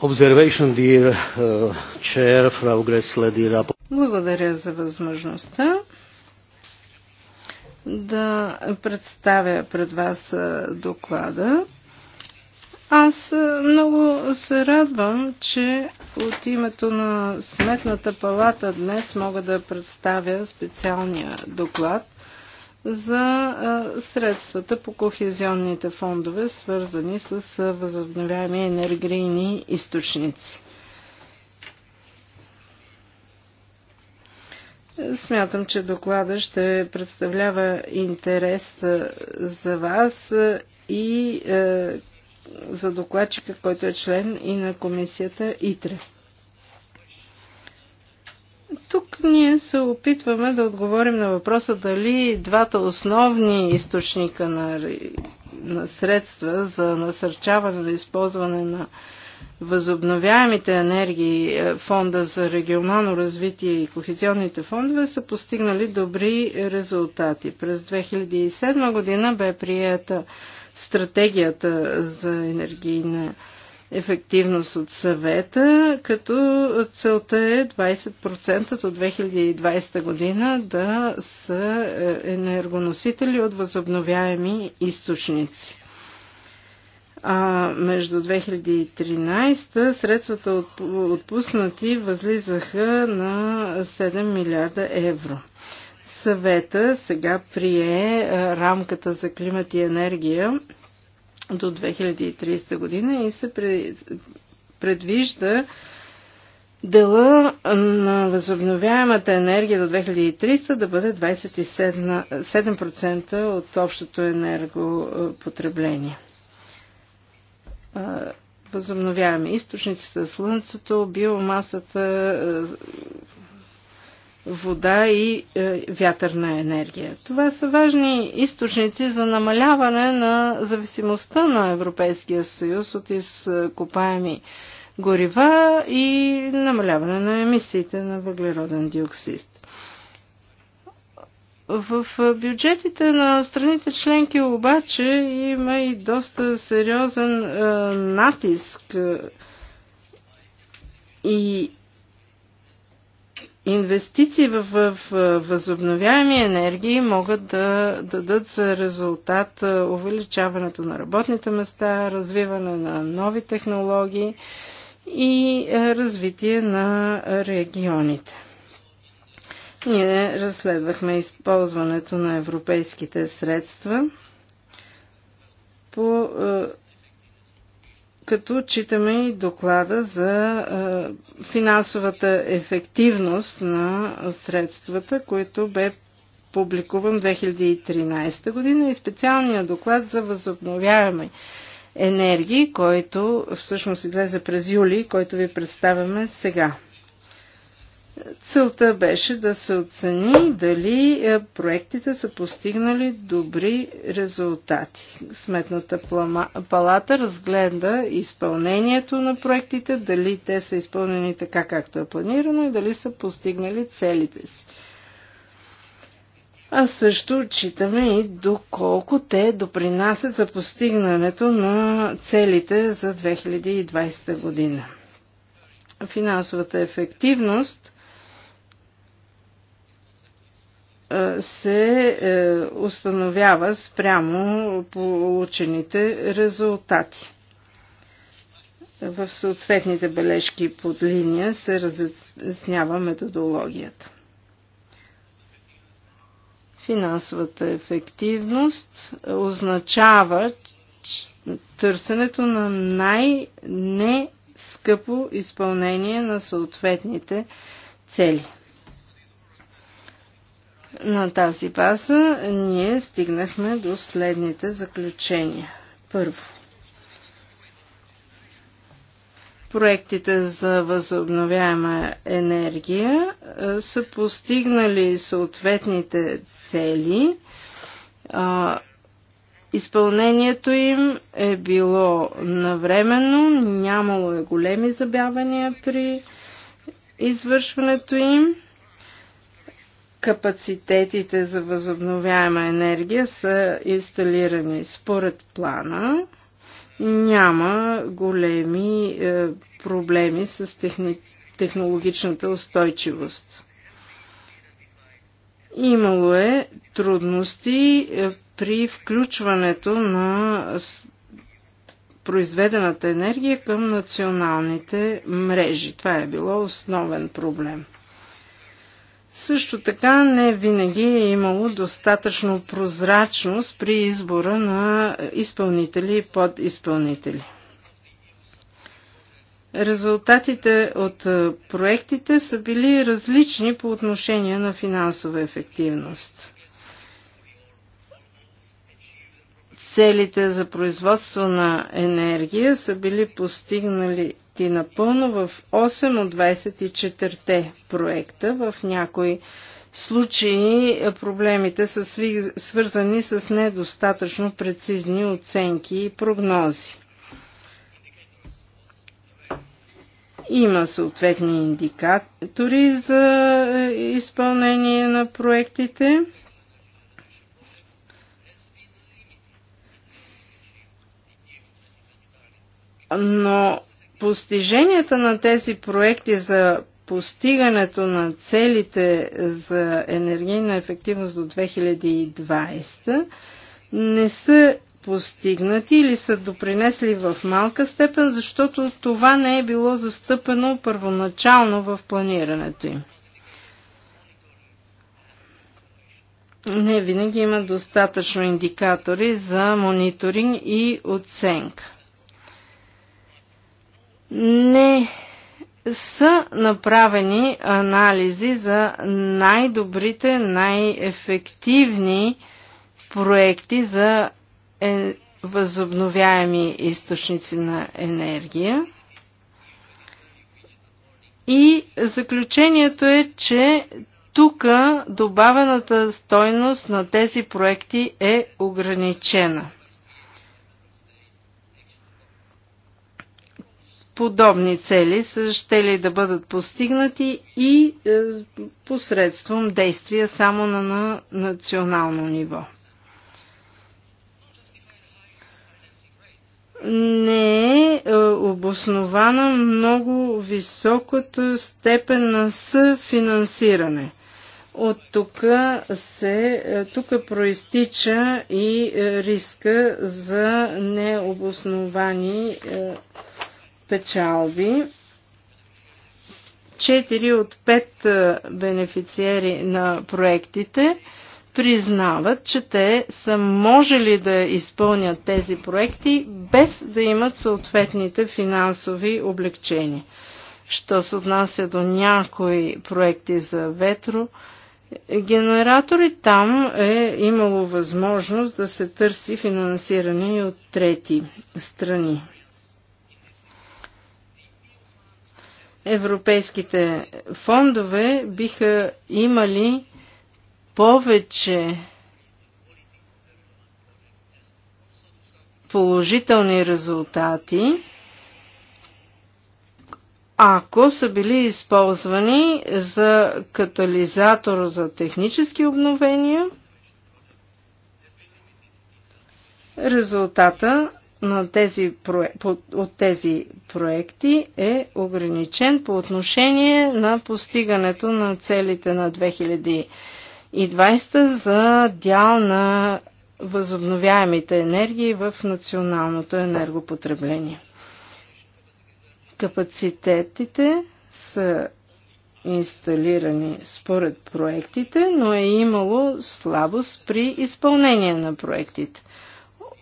observation, dear uh, chair, Frau dear Благодаря за възможността да представя пред вас доклада. Аз много се радвам, че от името на Сметната палата днес мога да представя специалния доклад за средствата по кохезионните фондове, свързани с възобновяеми енергийни източници. Смятам, че доклада ще представлява интерес за вас и за докладчика, който е член и на комисията ИТРЕ. Тук ние се опитваме да отговорим на въпроса дали двата основни източника на, на средства за насърчаване на използване на възобновяемите енергии, е, фонда за регионално развитие и кохезионните фондове са постигнали добри резултати. През 2007 година бе приета стратегията за енергийна ефективност от съвета, като целта е 20% до 2020 година да са е, енергоносители от възобновяеми източници. А между 2013 средствата отпуснати възлизаха на 7 милиарда евро. Съвета сега прие рамката за климат и енергия до 2030 година и се предвижда дела на възобновяемата енергия до 2300 да бъде 27% от общото енергопотребление. Възобновяваме източниците, слънцето, биомасата, вода и е, вятърна енергия. Това са важни източници за намаляване на зависимостта на Европейския съюз от изкопаеми горива и намаляване на емисиите на въглероден диоксид. В бюджетите на страните членки обаче има и доста сериозен е, натиск е, и инвестиции в, в, в възобновяеми енергии могат да дадат за резултат увеличаването на работните места, развиване на нови технологии и развитие на регионите. Ние разследвахме използването на европейските средства по като читаме и доклада за финансовата ефективност на средствата, които бе публикуван 2013 година и специалния доклад за възобновяеми енергии, който всъщност излезе през юли, който ви представяме сега. Целта беше да се оцени дали е, проектите са постигнали добри резултати. Сметната палата разгледа изпълнението на проектите, дали те са изпълнени така както е планирано и дали са постигнали целите си. А също отчитаме и доколко те допринасят за постигнането на целите за 2020 година. Финансовата ефективност – Е, се е, установява спрямо получените резултати. В съответните бележки под линия се разяснява методологията. Финансовата ефективност означава търсенето на най нескъпо изпълнение на съответните цели. На тази база ние стигнахме до следните заключения. Първо, проектите за възобновяема енергия са постигнали съответните цели. Изпълнението им е било навременно, нямало е големи забявания при извършването им капацитетите за възобновяема енергия са инсталирани според плана. Няма големи е, проблеми с техни... технологичната устойчивост. Имало е трудности е, при включването на произведената енергия към националните мрежи. Това е било основен проблем. Също така не винаги е имало достатъчно прозрачност при избора на изпълнители и подизпълнители. Резултатите от проектите са били различни по отношение на финансова ефективност. Целите за производство на енергия са били постигнали обхванати напълно в 8 от 24-те проекта. В някои случаи проблемите са свързани с недостатъчно прецизни оценки и прогнози. Има съответни индикатори за е, изпълнение на проектите. но постиженията на тези проекти за постигането на целите за енергийна ефективност до 2020 не са постигнати или са допринесли в малка степен, защото това не е било застъпено първоначално в планирането им. Не винаги има достатъчно индикатори за мониторинг и оценка не са направени анализи за най-добрите, най-ефективни проекти за е, възобновяеми източници на енергия. И заключението е, че тук добавената стойност на тези проекти е ограничена. подобни цели са ще ли да бъдат постигнати и е, посредством действия само на, на национално ниво. Не е, е обоснована много високата степен на съфинансиране. От тук се, е, тук проистича и е, риска за необосновани печалби. Четири от пет е, бенефициери на проектите признават, че те са можели да изпълнят тези проекти без да имат съответните финансови облегчения. Що се отнася до някои проекти за ветро, генератори там е имало възможност да се търси финансиране и от трети страни. европейските фондове биха имали повече положителни резултати, ако са били използвани за катализатор за технически обновения, резултата на тези, от тези проекти е ограничен по отношение на постигането на целите на 2020 за дял на възобновяемите енергии в националното енергопотребление. Капацитетите са инсталирани според проектите, но е имало слабост при изпълнение на проектите –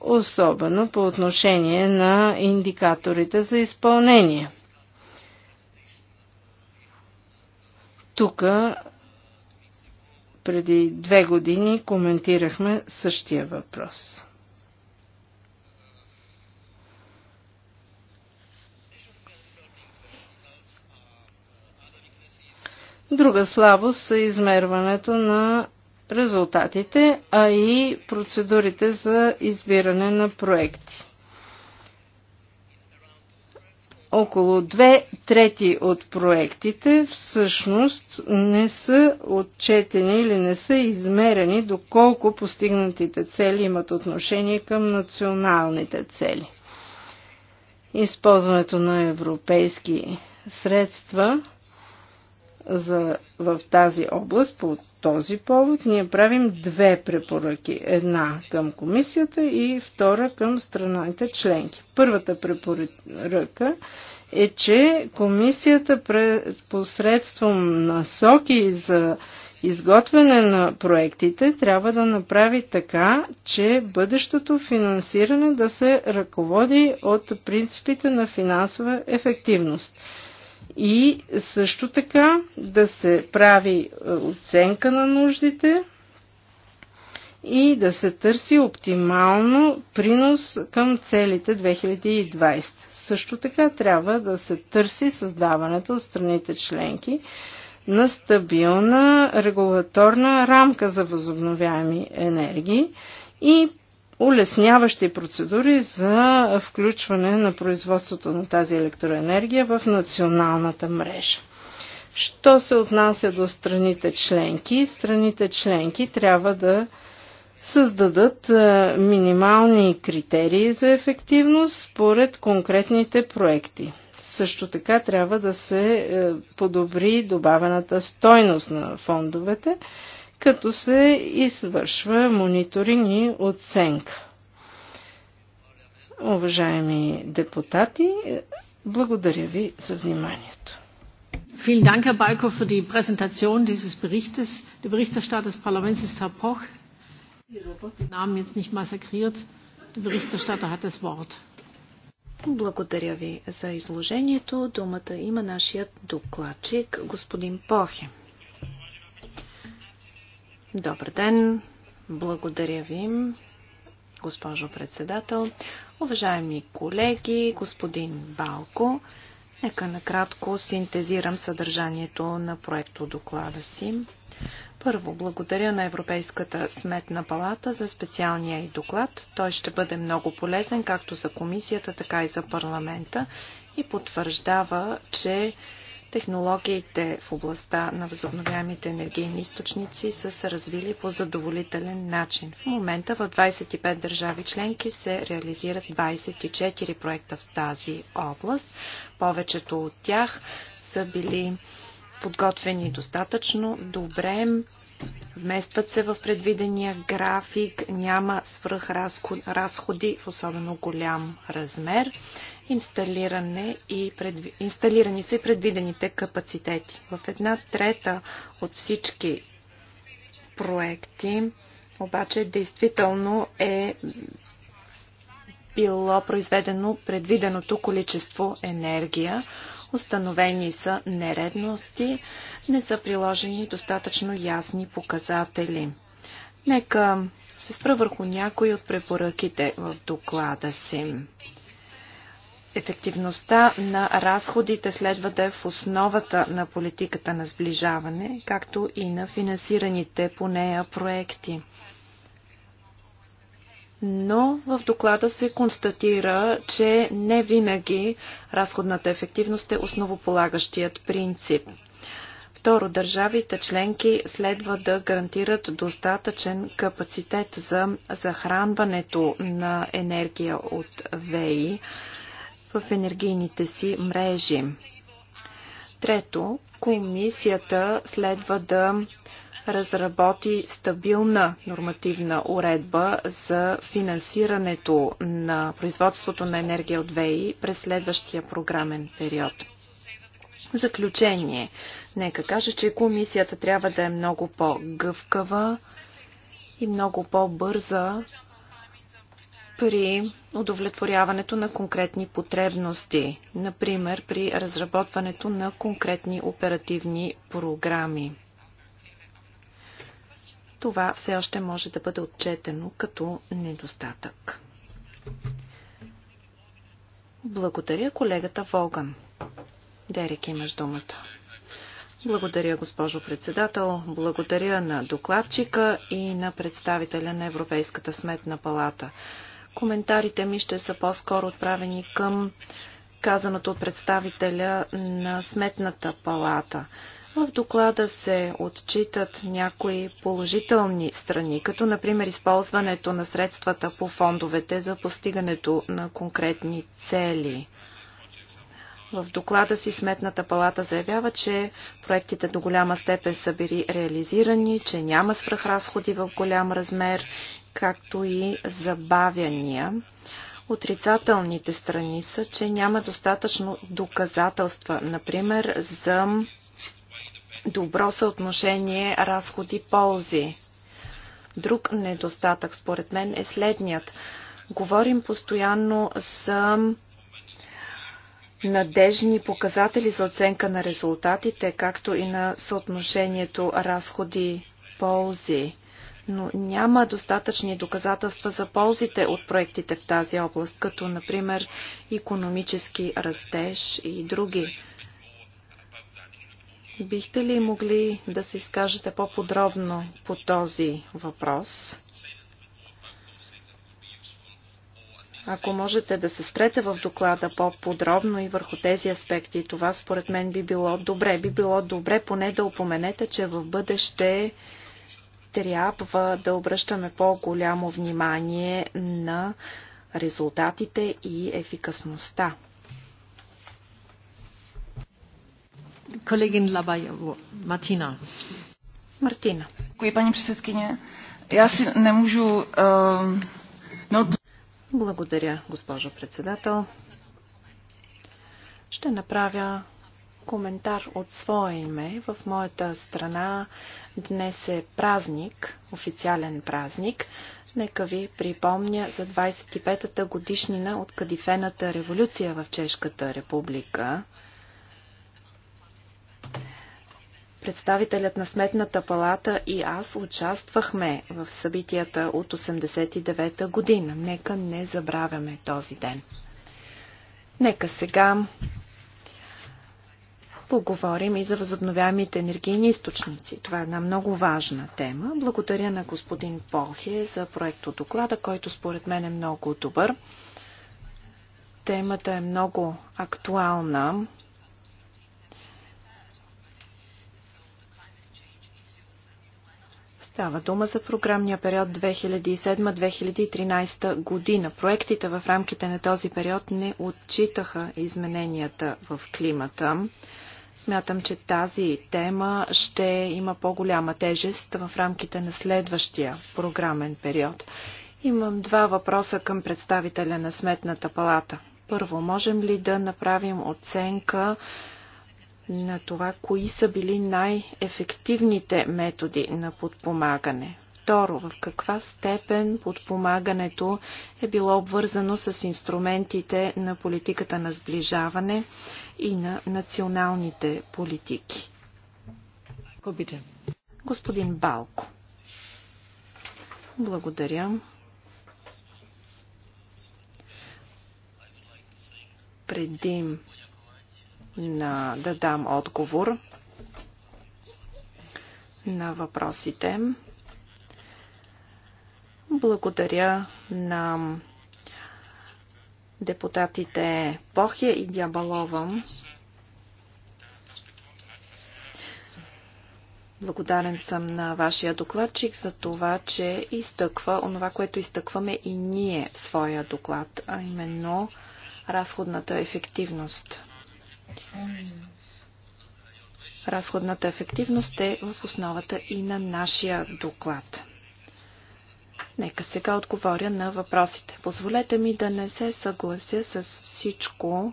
особено по отношение на индикаторите за изпълнение. Тук преди две години коментирахме същия въпрос. Друга слабост е измерването на резултатите, а и процедурите за избиране на проекти. Около две трети от проектите всъщност не са отчетени или не са измерени доколко постигнатите цели имат отношение към националните цели. Използването на европейски средства – за, в тази област по този повод ние правим две препоръки. Една към комисията и втора към страните членки. Първата препоръка е, че комисията посредством насоки за изготвяне на проектите трябва да направи така, че бъдещото финансиране да се ръководи от принципите на финансова ефективност – и също така да се прави е, оценка на нуждите и да се търси оптимално принос към целите 2020. Също така трябва да се търси създаването от страните членки на стабилна регулаторна рамка за възобновяеми енергии и улесняващи процедури за включване на производството на тази електроенергия в националната мрежа. Що се отнася до страните членки? Страните членки трябва да създадат е, минимални критерии за ефективност според конкретните проекти. Също така трябва да се е, подобри добавената стойност на фондовете, като се извършва мониторинг и оценка. Уважаеми депутати, благодаря ви за вниманието. Vielen Dank, Herr Balko, für die Präsentation dieses Berichtes. Der Berichterstatter des Parlaments ist Herr Poch. Ich habe den Namen jetzt nicht massakriert. Der Berichterstatter hat das Wort. Благодаря ви за изложението. Думата има нашият докладчик, господин Похе. Добър ден! Благодаря ви, госпожо председател. Уважаеми колеги, господин Балко, нека накратко синтезирам съдържанието на проекто доклада си. Първо, благодаря на Европейската сметна палата за специалния и доклад. Той ще бъде много полезен както за комисията, така и за парламента и потвърждава, че Технологиите в областта на възобновяемите енергийни източници са се развили по задоволителен начин. В момента в 25 държави членки се реализират 24 проекта в тази област. Повечето от тях са били подготвени достатъчно добре Вместват се в предвидения график, няма свръхразходи в особено голям размер. Инсталиране и Инсталирани са и предвидените капацитети. В една трета от всички проекти обаче действително е било произведено предвиденото количество енергия, Установени са нередности, не са приложени достатъчно ясни показатели. Нека се спра върху някои от препоръките в доклада си. Ефективността на разходите следва да е в основата на политиката на сближаване, както и на финансираните по нея проекти но в доклада се констатира, че не винаги разходната ефективност е основополагащият принцип. Второ, държавите членки следва да гарантират достатъчен капацитет за захранването на енергия от ВЕИ в енергийните си мрежи. Трето, комисията следва да разработи стабилна нормативна уредба за финансирането на производството на енергия от ВЕИ през следващия програмен период. Заключение. Нека кажа, че комисията трябва да е много по-гъвкава и много по-бърза при удовлетворяването на конкретни потребности, например при разработването на конкретни оперативни програми това все още може да бъде отчетено като недостатък. Благодаря колегата Волган. Дерек, имаш думата. Благодаря, госпожо председател. Благодаря на докладчика и на представителя на Европейската сметна палата. Коментарите ми ще са по-скоро отправени към казаното от представителя на Сметната палата. В доклада се отчитат някои положителни страни, като например използването на средствата по фондовете за постигането на конкретни цели. В доклада си Сметната палата заявява, че проектите до голяма степен са били реализирани, че няма свръхразходи в голям размер, както и забавяния. Отрицателните страни са, че няма достатъчно доказателства, например, за добро съотношение разходи-ползи. Друг недостатък, според мен, е следният. Говорим постоянно за надежни показатели за оценка на резултатите, както и на съотношението разходи-ползи. Но няма достатъчни доказателства за ползите от проектите в тази област, като например економически растеж и други Бихте ли могли да се изкажете по-подробно по този въпрос? Ако можете да се спрете в доклада по-подробно и върху тези аспекти, това според мен би било добре. Би било добре поне да упоменете, че в бъдеще трябва да обръщаме по-голямо внимание на резултатите и ефикасността. Děkuji, paní předsedkyně. Já si nemůžu... Uh, ehm, no... Благодаря, госпожо председател. Ще направя коментар от свое име. В моята страна днес е празник, официален празник. Нека ви припомня за 25-та годишнина от Кадифената революция в Чешката република. Представителят на Сметната палата и аз участвахме в събитията от 89-та година. Нека не забравяме този ден. Нека сега поговорим и за възобновяемите енергийни източници. Това е една много важна тема. Благодаря на господин Полхе за проекто доклада, който според мен е много добър. Темата е много актуална. Става дума за програмния период 2007-2013 година. Проектите в рамките на този период не отчитаха измененията в климата. Смятам, че тази тема ще има по-голяма тежест в рамките на следващия програмен период. Имам два въпроса към представителя на Сметната палата. Първо, можем ли да направим оценка на това, кои са били най-ефективните методи на подпомагане. Второ, в каква степен подпомагането е било обвързано с инструментите на политиката на сближаване и на националните политики. Обичам. Господин Балко. Благодаря. Преди на, да дам отговор на въпросите. Благодаря на депутатите Похия и Дябалова. Благодарен съм на вашия докладчик за това, че изтъква онова, което изтъкваме и ние в своя доклад, а именно разходната ефективност. Разходната ефективност е в основата и на нашия доклад. Нека сега отговоря на въпросите. Позволете ми да не се съглася с всичко,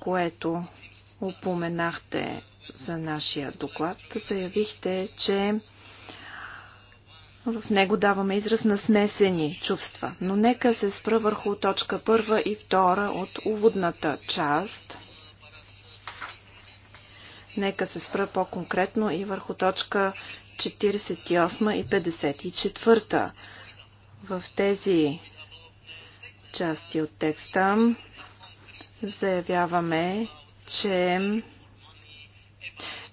което упоменахте за нашия доклад. Заявихте, че в него даваме израз на смесени чувства. Но нека се спра върху точка първа и втора от уводната част – Нека се спра по-конкретно и върху точка 48 и 54. В тези части от текста заявяваме, че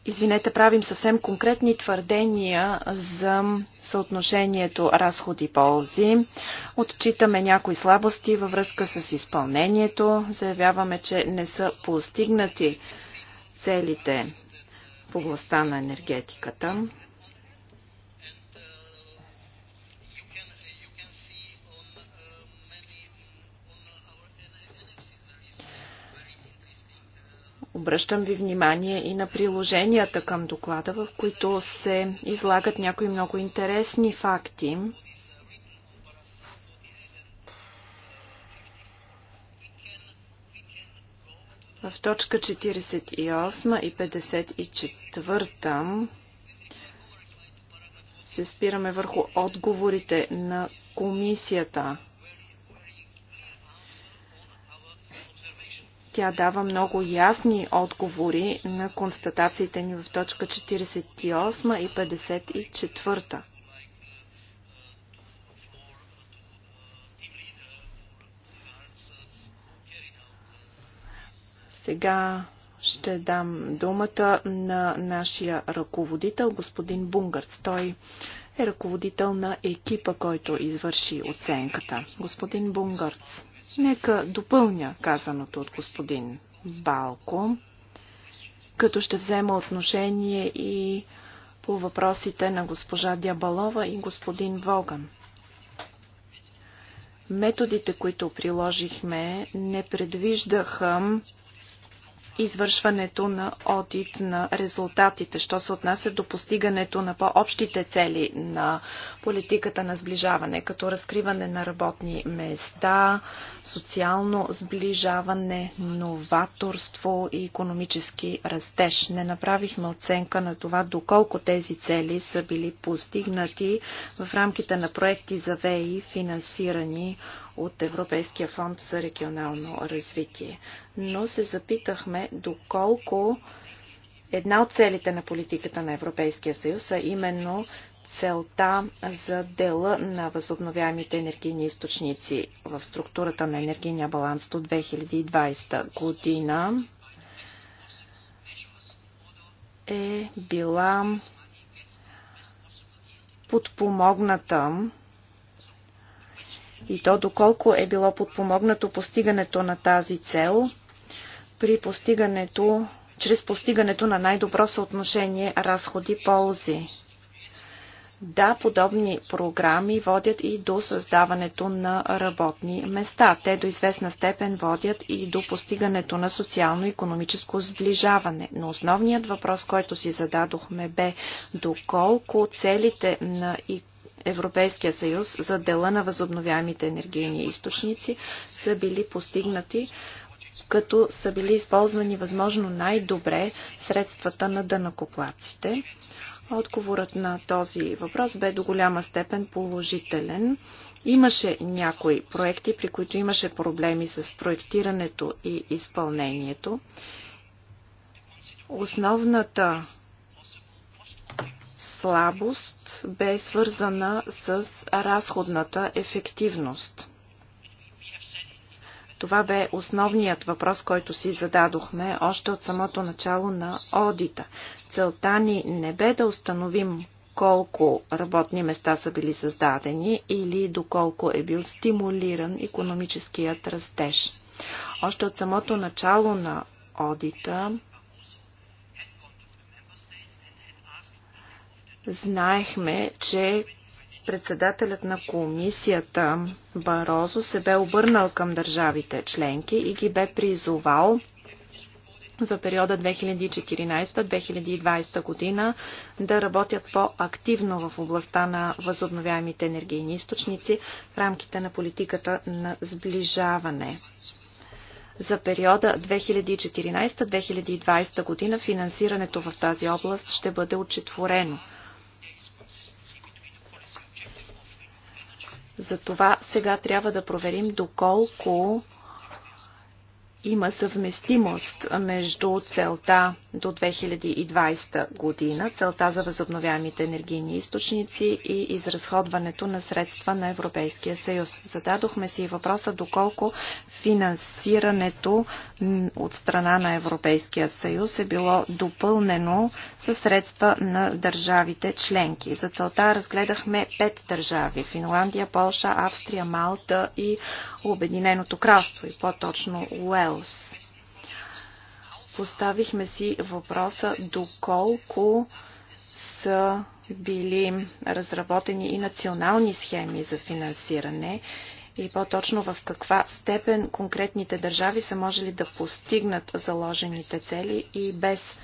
Извинете, правим съвсем конкретни твърдения за съотношението разходи-ползи. Отчитаме някои слабости във връзка с изпълнението. Заявяваме, че не са постигнати целите в областта на енергетиката. Обръщам ви внимание и на приложенията към доклада, в които се излагат някои много интересни факти. В точка 48 и 54 се спираме върху отговорите на комисията. Тя дава много ясни отговори на констатациите ни в точка 48 и 54. Сега ще дам думата на нашия ръководител, господин Бунгърц. Той е ръководител на екипа, който извърши оценката. Господин Бунгърц, нека допълня казаното от господин Балко, като ще взема отношение и по въпросите на госпожа Дябалова и господин Воган. Методите, които приложихме, не предвиждаха извършването на одит на резултатите, що се отнася до постигането на по-общите цели на политиката на сближаване, като разкриване на работни места, социално сближаване, новаторство и економически растеж. Не направихме оценка на това доколко тези цели са били постигнати в рамките на проекти за ВЕИ, финансирани от Европейския фонд за регионално развитие. Но се запитахме доколко една от целите на политиката на Европейския съюз, е именно целта за дела на възобновяемите енергийни източници в структурата на енергийния баланс до 2020 година е била подпомогната и то доколко е било подпомогнато постигането на тази цел при постигането, чрез постигането на най-добро съотношение разходи-ползи. Да, подобни програми водят и до създаването на работни места. Те до известна степен водят и до постигането на социално-економическо сближаване. Но основният въпрос, който си зададохме бе доколко целите на Европейския съюз за дела на възобновяемите енергийни източници са били постигнати като са били използвани възможно най-добре средствата на дънакоплаците. Отговорът на този въпрос бе до голяма степен положителен. Имаше някои проекти, при които имаше проблеми с проектирането и изпълнението. Основната слабост бе свързана с разходната ефективност. Това бе основният въпрос, който си зададохме още от самото начало на одита. Целта ни не бе да установим колко работни места са били създадени или доколко е бил стимулиран економическият растеж. Още от самото начало на одита Знаехме, че председателят на комисията Барозо се бе обърнал към държавите членки и ги бе призовал за периода 2014-2020 година да работят по-активно в областта на възобновяемите енергийни източници в рамките на политиката на сближаване. За периода 2014-2020 година финансирането в тази област ще бъде отчетворено. Затова сега трябва да проверим доколко има съвместимост между целта до 2020 година, целта за възобновяемите енергийни източници и изразходването на средства на Европейския съюз. Зададохме си въпроса доколко финансирането от страна на Европейския съюз е било допълнено със средства на държавите членки. За целта разгледахме пет държави – Финландия, Полша, Австрия, Малта и Обединеното кралство и по-точно Уелс. Поставихме си въпроса доколко са били разработени и национални схеми за финансиране и по-точно в каква степен конкретните държави са можели да постигнат заложените цели и без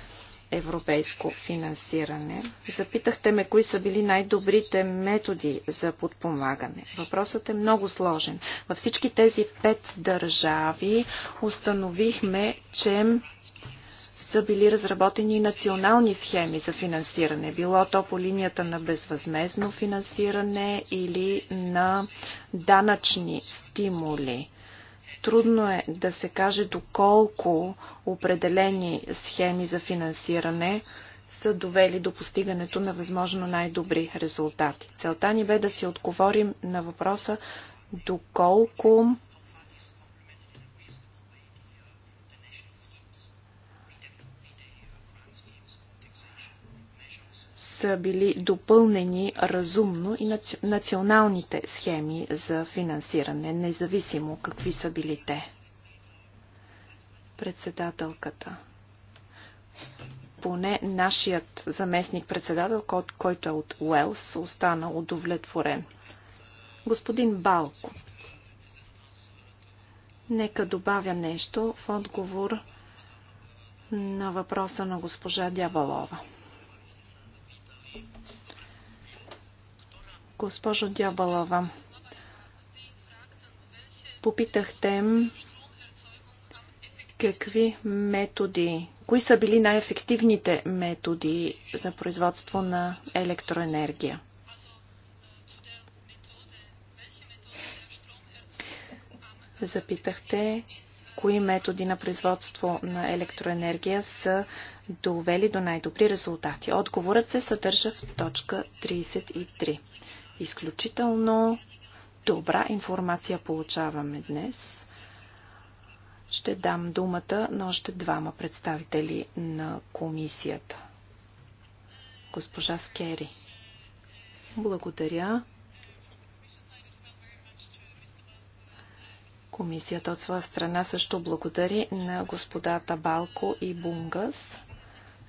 европейско финансиране. Запитахте ме, кои са били най-добрите методи за подпомагане. Въпросът е много сложен. Във всички тези пет държави установихме, че са били разработени и национални схеми за финансиране, било то по линията на безвъзмезно финансиране или на данъчни стимули. Трудно е да се каже доколко определени схеми за финансиране са довели до постигането на възможно най-добри резултати. Целта ни бе да си отговорим на въпроса доколко са били допълнени разумно и националните схеми за финансиране, независимо какви са били те. Председателката. Поне нашият заместник-председател, който е от Уелс, остана удовлетворен. Господин Балко. Нека добавя нещо в отговор на въпроса на госпожа Дяволова. Госпожо Дябалова, попитахте какви методи, кои са били най-ефективните методи за производство на електроенергия. Запитахте кои методи на производство на електроенергия са довели до най-добри резултати. Отговорът се съдържа в точка 33. Изключително добра информация получаваме днес. Ще дам думата на още двама представители на комисията. Госпожа Скери. Благодаря. Комисията от своя страна също благодари на господата Балко и Бунгас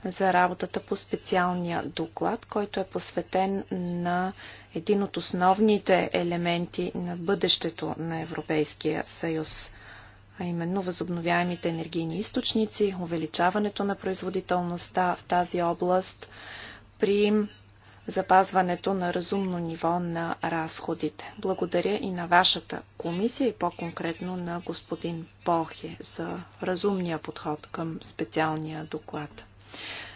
за работата по специалния доклад, който е посветен на един от основните елементи на бъдещето на Европейския съюз, а именно възобновяемите енергийни източници, увеличаването на производителността в тази област при запазването на разумно ниво на разходите. Благодаря и на вашата комисия и по-конкретно на господин Похи за разумния подход към специалния доклад.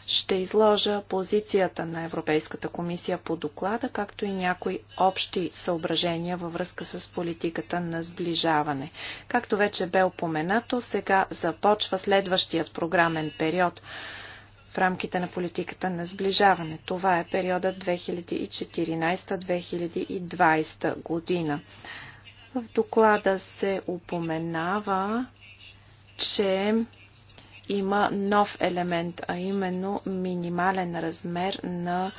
Ще изложа позицията на Европейската комисия по доклада, както и някои общи съображения във връзка с политиката на сближаване. Както вече бе упоменато, сега започва следващият програмен период в рамките на политиката на сближаване. Това е периода 2014-2020 година. В доклада се упоменава, че има нов елемент, а именно минимален размер на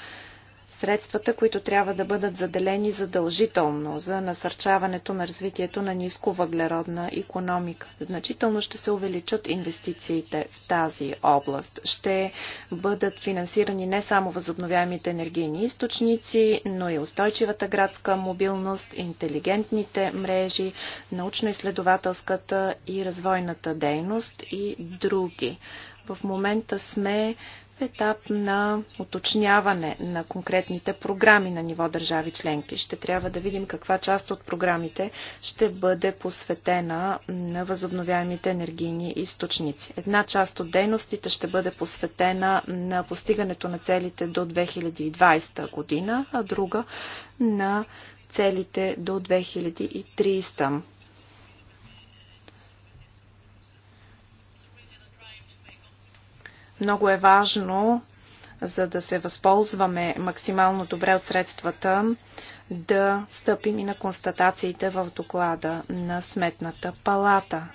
средствата, които трябва да бъдат заделени задължително за насърчаването на развитието на ниско въглеродна економика. Значително ще се увеличат инвестициите в тази област. Ще бъдат финансирани не само възобновяемите енергийни източници, но и устойчивата градска мобилност, интелигентните мрежи, научно-изследователската и развойната дейност и други. В момента сме етап на уточняване на конкретните програми на ниво държави членки. Ще трябва да видим каква част от програмите ще бъде посветена на възобновяемите енергийни източници. Една част от дейностите ще бъде посветена на постигането на целите до 2020 година, а друга на целите до 2030. Много е важно, за да се възползваме максимално добре от средствата, да стъпим и на констатациите в доклада на Сметната палата.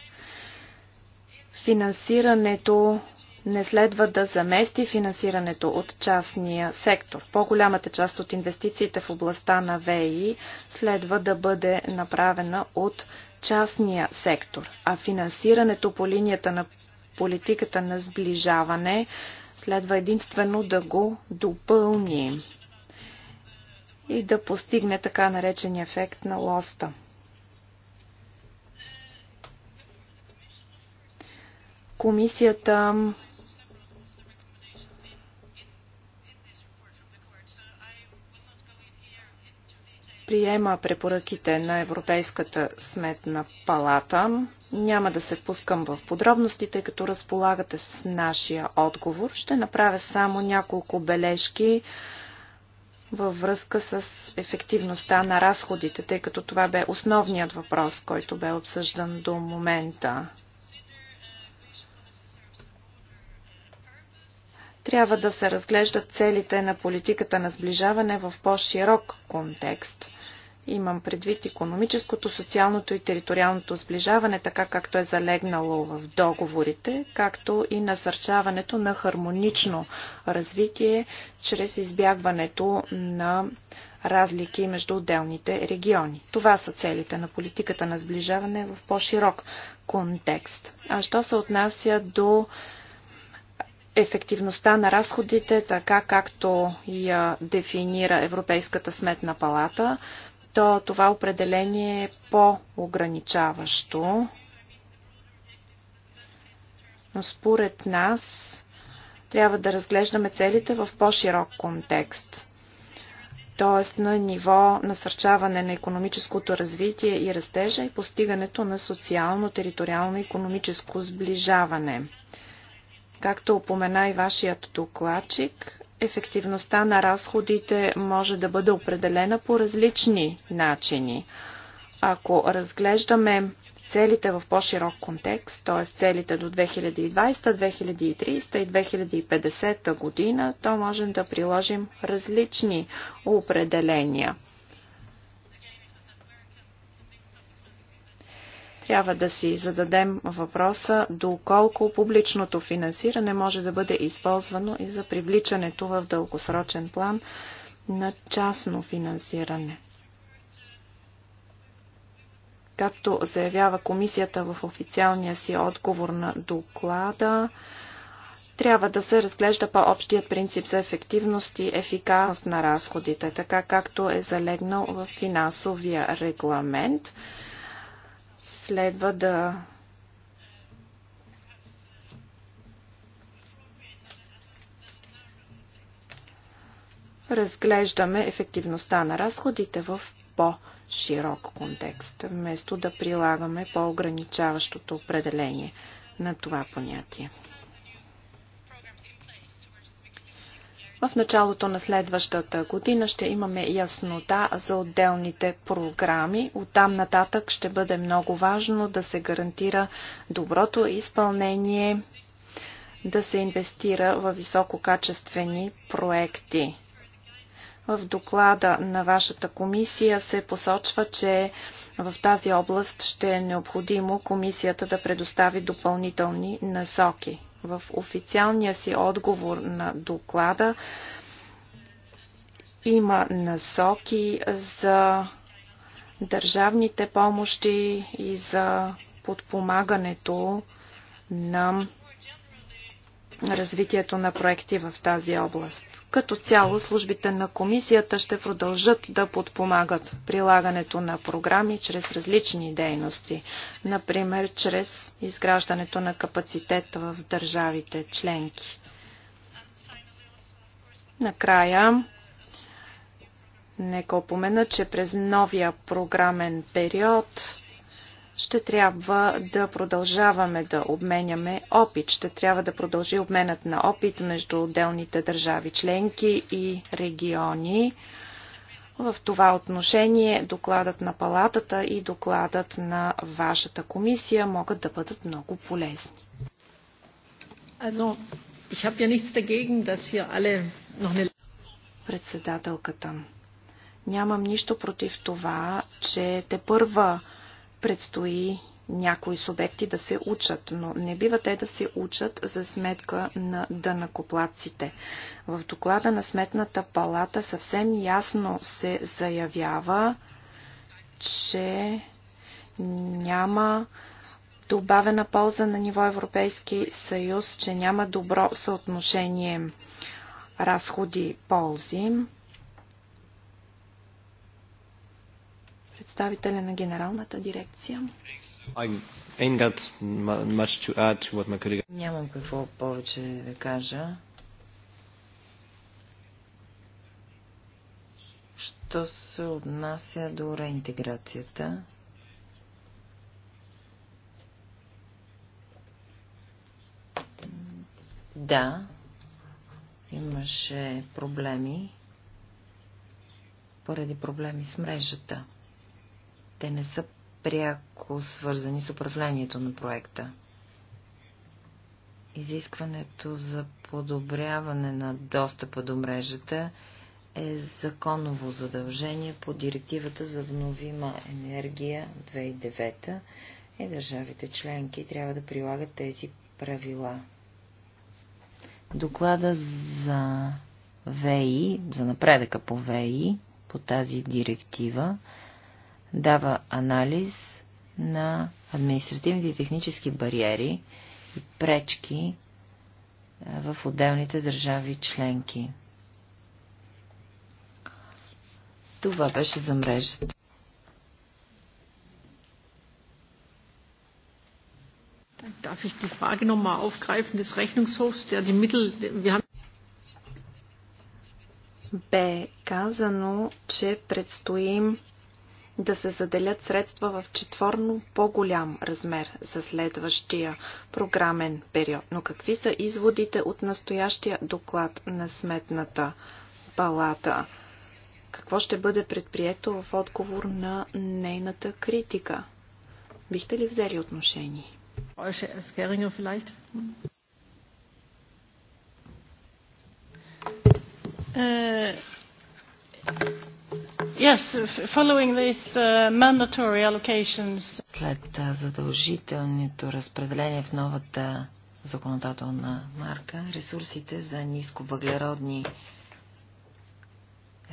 Финансирането не следва да замести финансирането от частния сектор. По-голямата част от инвестициите в областта на ВЕИ следва да бъде направена от частния сектор, а финансирането по линията на политиката на сближаване следва единствено да го допълни и да постигне така наречен ефект на лоста. Комисията приема препоръките на Европейската сметна палата. Няма да се впускам в подробности, тъй като разполагате с нашия отговор. Ще направя само няколко бележки във връзка с ефективността на разходите, тъй като това бе основният въпрос, който бе обсъждан до момента. Трябва да се разглеждат целите на политиката на сближаване в по-широк контекст. Имам предвид економическото, социалното и териториалното сближаване, така както е залегнало в договорите, както и насърчаването на хармонично развитие чрез избягването на разлики между отделните региони. Това са целите на политиката на сближаване в по-широк контекст. А що се отнася до ефективността на разходите, така както я дефинира Европейската сметна палата, то това определение е по-ограничаващо. Но според нас трябва да разглеждаме целите в по-широк контекст т.е. на ниво насърчаване на економическото развитие и растежа и постигането на социално, териториално и економическо сближаване. Както упомена и вашият докладчик, ефективността на разходите може да бъде определена по различни начини. Ако разглеждаме целите в по-широк контекст, т.е. целите до 2020, 2030 и 2050 година, то можем да приложим различни определения – Трябва да си зададем въпроса доколко публичното финансиране може да бъде използвано и за привличането в дългосрочен план на частно финансиране. Както заявява комисията в официалния си отговор на доклада, трябва да се разглежда по-общият принцип за ефективност и ефикасност на разходите, така както е залегнал в финансовия регламент. Следва да разглеждаме ефективността на разходите в по-широк контекст, вместо да прилагаме по-ограничаващото определение на това понятие. В началото на следващата година ще имаме яснота за отделните програми. Оттам нататък ще бъде много важно да се гарантира доброто изпълнение, да се инвестира в висококачествени проекти. В доклада на вашата комисия се посочва, че в тази област ще е необходимо комисията да предостави допълнителни насоки. В официалния си отговор на доклада има насоки за държавните помощи и за подпомагането на развитието на проекти в тази област. Като цяло, службите на комисията ще продължат да подпомагат прилагането на програми чрез различни дейности, например чрез изграждането на капацитет в държавите членки. Накрая, нека опомена, че през новия програмен период ще трябва да продължаваме да обменяме опит. Ще трябва да продължи обменът на опит между отделните държави членки и региони. В това отношение докладът на палатата и докладът на вашата комисия могат да бъдат много полезни. Also, ich habe ja nichts dagegen, dass hier alle noch eine... Председателката. Нямам нищо против това, че те първа предстои някои субекти да се учат, но не бива те да се учат за сметка на дънакоплаците. В доклада на Сметната палата съвсем ясно се заявява, че няма добавена полза на ниво Европейски съюз, че няма добро съотношение разходи-ползи. представителя на генералната дирекция. Нямам какво повече да кажа. Що се отнася до реинтеграцията? Да, имаше проблеми поради проблеми с мрежата. Те не са пряко свързани с управлението на проекта. Изискването за подобряване на достъпа до мрежата е законово задължение по директивата за вновима енергия 2009 и държавите членки трябва да прилагат тези правила. Доклада за ВЕИ, за напредъка по ВЕИ, по тази директива, дава анализ на административните и технически бариери и пречки в отделните държави членки. Това беше за мрежата. Darf ich die Frage nochmal aufgreifen des Rechnungshofs, der die Mittel, бе казано, че предстоим да се заделят средства в четворно по-голям размер за следващия програмен период. Но какви са изводите от настоящия доклад на Сметната палата? Какво ще бъде предприето в отговор на нейната критика? Бихте ли взели отношение? Uh... Yes, following this uh, mandatory allocations. След задължителното разпределение в новата законодателна марка, ресурсите за нисковъглеродни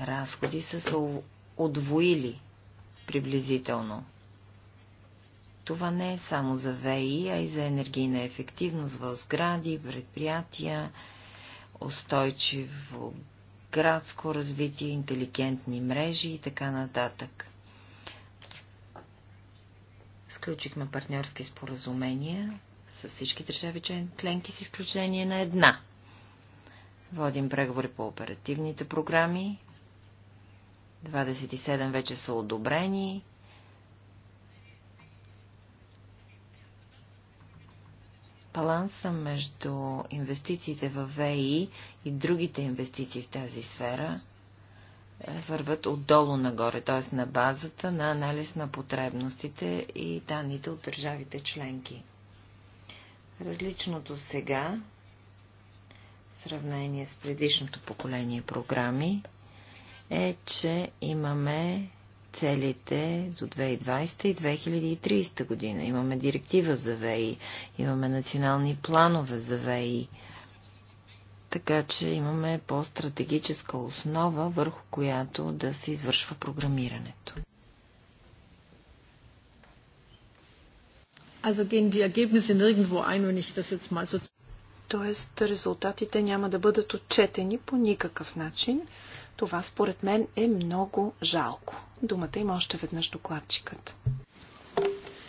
разходи са се отвоили приблизително. Това не е само за ВИ, а и за енергийна ефективност в сгради, предприятия, устойчиво градско развитие, интелигентни мрежи и така нататък. Сключихме партньорски споразумения с всички държави членки с изключение на една. Водим преговори по оперативните програми. 27 вече са одобрени, баланса между инвестициите в ВИ и другите инвестиции в тази сфера е, върват отдолу нагоре, т.е. на базата на анализ на потребностите и данните от държавите членки. Различното сега, в сравнение с предишното поколение програми, е, че имаме целите до 2020 и 2030 година. Имаме директива за ВЕИ, имаме национални планове за ВЕИ, така че имаме по-стратегическа основа, върху която да се извършва програмирането. Also gehen die Ergebnisse nirgendwo ein, wenn ich das jetzt mal so... Тоест резултатите няма да бъдат отчетени по никакъв начин. Това според мен е много жалко. Думата има още веднъж докладчикът.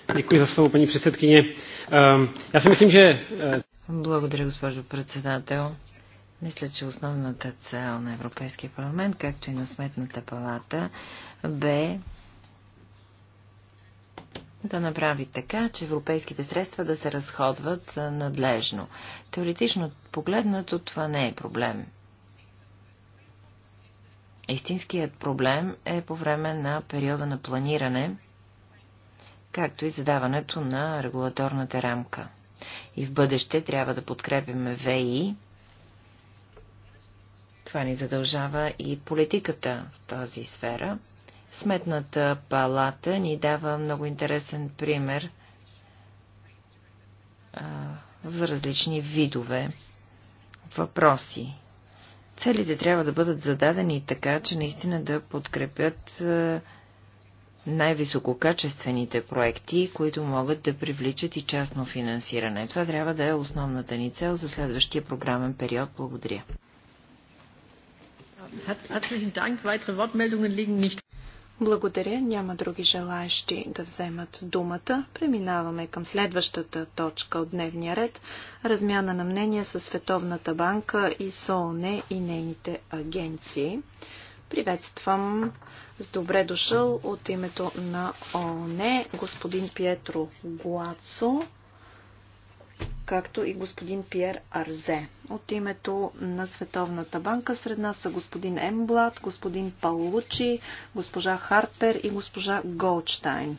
Děkuji за слово, пани председкиня. Аз si myslím, е, Благодаря, госпожо председател. Мисля, че основната цел на Европейския парламент, както и на Сметната палата, бе да направи така, че европейските средства да се разходват е, надлежно. Теоретично погледнато това не е проблем. Истинският проблем е по време на периода на планиране, както и задаването на регулаторната рамка. И в бъдеще трябва да подкрепяме ВИ. Това ни задължава и политиката в тази сфера. Сметната палата ни дава много интересен пример а, за различни видове въпроси Целите трябва да бъдат зададени така, че наистина да подкрепят е, най-висококачествените проекти, които могат да привличат и частно финансиране. Това трябва да е основната ни цел за следващия програмен период. Благодаря. Благодаря. Няма други желаящи да вземат думата. Преминаваме към следващата точка от дневния ред. Размяна на мнение с Световната банка и СОНЕ и нейните агенции. Приветствам с добре дошъл от името на ОНЕ, господин Пиетро Гуацо, както и господин Пьер Арзе. От името на Световната банка сред нас са господин Емблат, господин Палучи, госпожа Харпер и госпожа Голдштайн.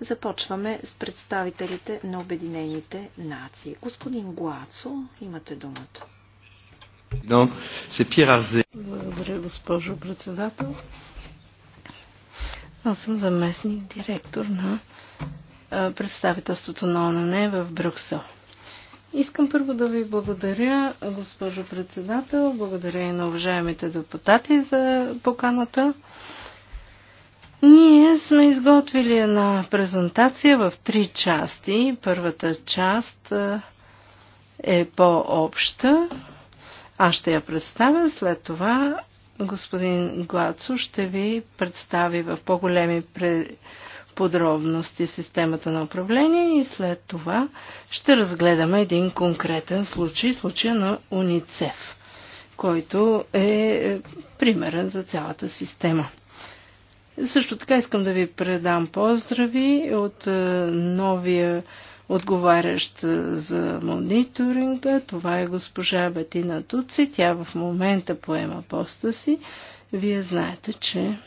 Започваме с представителите на Обединените нации. Господин Гуацо, имате думата. Благодаря, госпожо председател. Аз съм заместник директор на представителството на ОНН в Брюксел. Искам първо да ви благодаря, госпожо председател, благодаря и на уважаемите депутати за поканата. Ние сме изготвили една презентация в три части. Първата част е по-обща. Аз ще я представя, след това господин Глацо ще ви представи в по-големи пред подробности системата на управление и след това ще разгледаме един конкретен случай, случая на УНИЦЕФ, който е примерен за цялата система. Също така искам да ви предам поздрави от е, новия отговарящ е, за мониторинга. Това е госпожа Бетина Туци. Тя в момента поема поста си. Вие знаете, че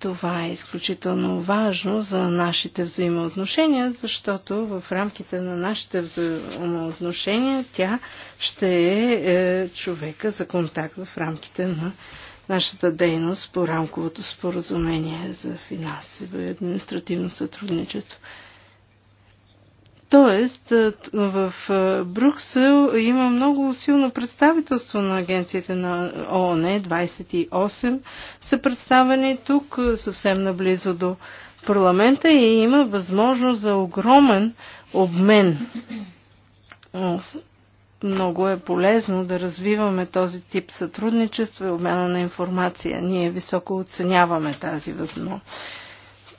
това е изключително важно за нашите взаимоотношения, защото в рамките на нашите взаимоотношения тя ще е, е човека за контакт в рамките на нашата дейност по рамковото споразумение за финансово и административно сътрудничество. Тоест, е, в е, Брюксел има много силно представителство на агенциите на ООН, 28 са представени тук, е, съвсем наблизо до парламента и има възможност за огромен обмен. Много е полезно да развиваме този тип сътрудничество и обмяна на информация. Ние високо оценяваме тази възможност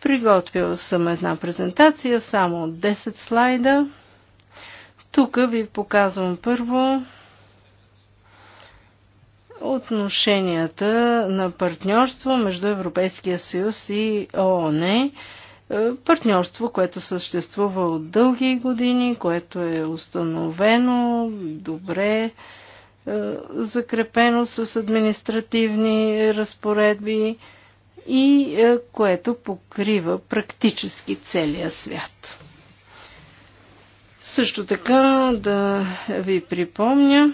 Приготвила съм една презентация, само от 10 слайда. Тук ви показвам първо отношенията на партньорство между Европейския съюз и ООН. Е, партньорство, което съществува от дълги години, което е установено добре, е, закрепено с административни разпоредби и е, което покрива практически целия свят. Също така да ви припомня,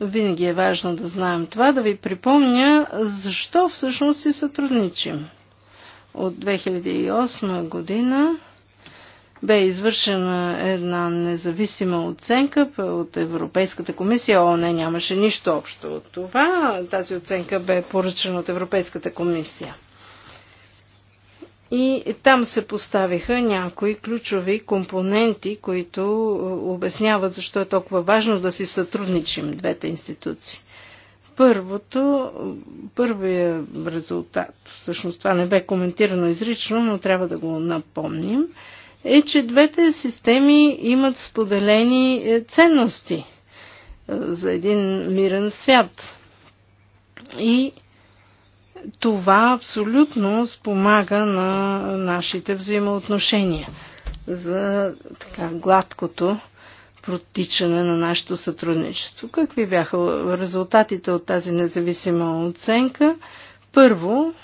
винаги е важно да знаем това, да ви припомня защо всъщност си сътрудничим. От 2008 година бе извършена една независима оценка от Европейската комисия. О не нямаше нищо общо от това. Тази оценка бе поръчена от Европейската комисия. И там се поставиха някои ключови компоненти, които обясняват защо е толкова важно да си сътрудничим двете институции. Първото, първия резултат, всъщност това не бе коментирано изрично, но трябва да го напомним – е, че двете системи имат споделени е, ценности е, за един мирен свят. И това абсолютно спомага на нашите взаимоотношения за така гладкото протичане на нашето сътрудничество. Какви бяха резултатите от тази независима оценка? Първо,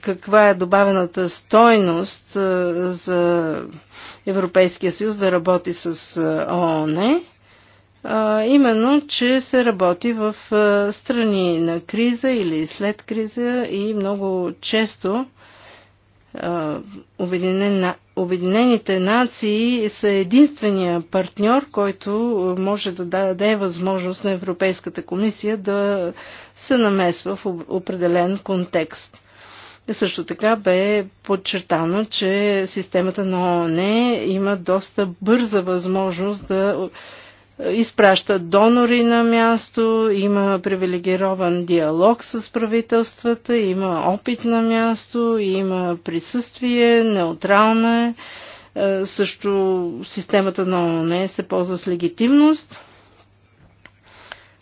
каква е добавената стойност за Европейския съюз да работи с ООН, именно, че се работи в страни на криза или след криза и много често Обединените нации са единствения партньор, който може да даде възможност на Европейската комисия да се намесва в определен контекст. Също така бе подчертано, че системата на ООН има доста бърза възможност да изпраща донори на място, има привилегирован диалог с правителствата, има опит на място, има присъствие, неутрална е. е също системата на ООН се ползва с легитимност –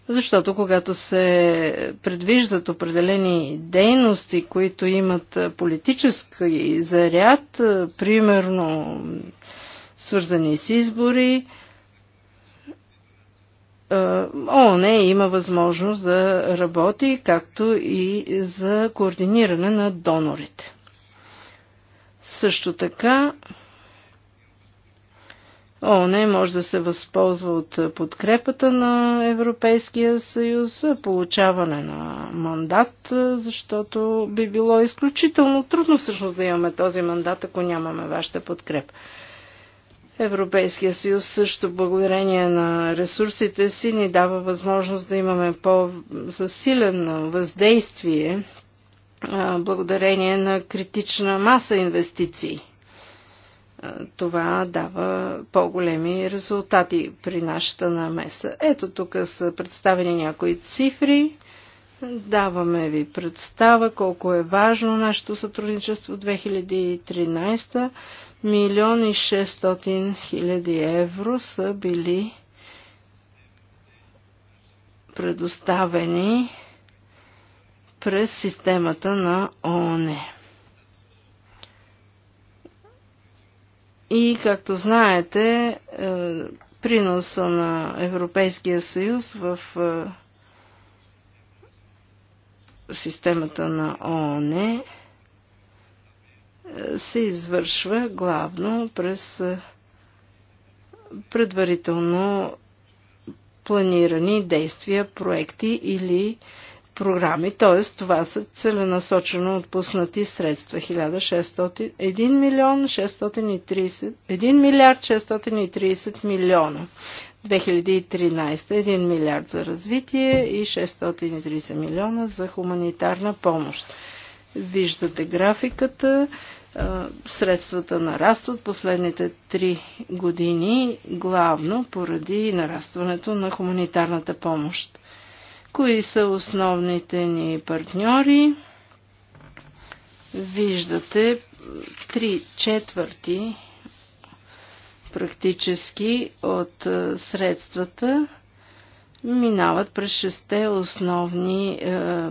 защото когато се предвиждат определени дейности, които имат политически заряд, примерно свързани с избори, ООН има възможност да работи, както и за координиране на донорите. Също така, ООН може да се възползва от подкрепата на Европейския съюз за получаване на мандат, защото би било изключително трудно всъщност да имаме този мандат, ако нямаме вашата подкрепа. Европейския съюз също благодарение на ресурсите си ни дава възможност да имаме по-засилено въздействие благодарение на критична маса инвестиции това дава по-големи резултати при нашата намеса. Ето тук са представени някои цифри. Даваме ви представа колко е важно нашето сътрудничество 2013. Милион и 600 хиляди евро са били предоставени през системата на ОНЕ. И, както знаете, е, приноса на Европейския съюз в е, системата на ООН е, се извършва главно през предварително планирани действия, проекти или програми, т.е. това са целенасочено отпуснати средства 1 милион 630, милиард 630 милиона. 2013 1 милиард за развитие и 630 милиона за хуманитарна помощ. Виждате графиката, средствата нарастват последните 3 години, главно поради нарастването на хуманитарната помощ кои са основните ни партньори. Виждате три четвърти практически от средствата минават през шесте основни е,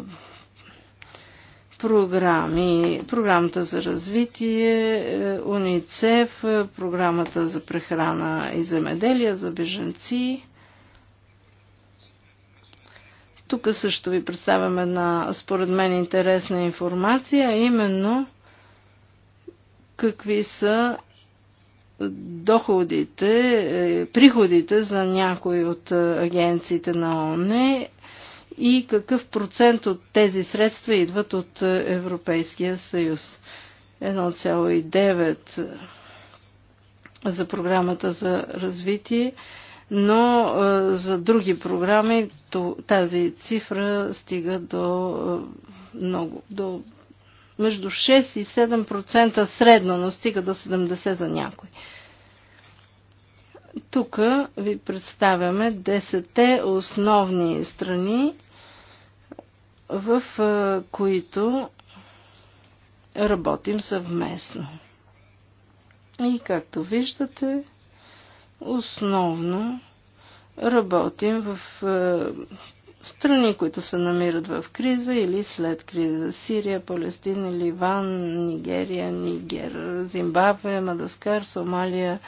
програми. Програмата за развитие, е, УНИЦЕФ, е, програмата за прехрана и земеделие за беженци, тук също ви представям една, според мен, интересна информация, именно какви са доходите, е, приходите за някои от е, агенциите на ООН и какъв процент от тези средства идват от е, Европейския съюз. 1,9 за програмата за развитие но е, за други програми тази цифра стига до е, много, до между 6 и 7% средно, но стига до 70% за някой. Тук ви представяме 10 основни страни, в е, които работим съвместно. И както виждате, Основно работим в е, страни, които се намират в криза или след криза. Сирия, Палестина, Ливан, Нигерия, Нигер, Зимбабве, Мадаскар, Сомалия,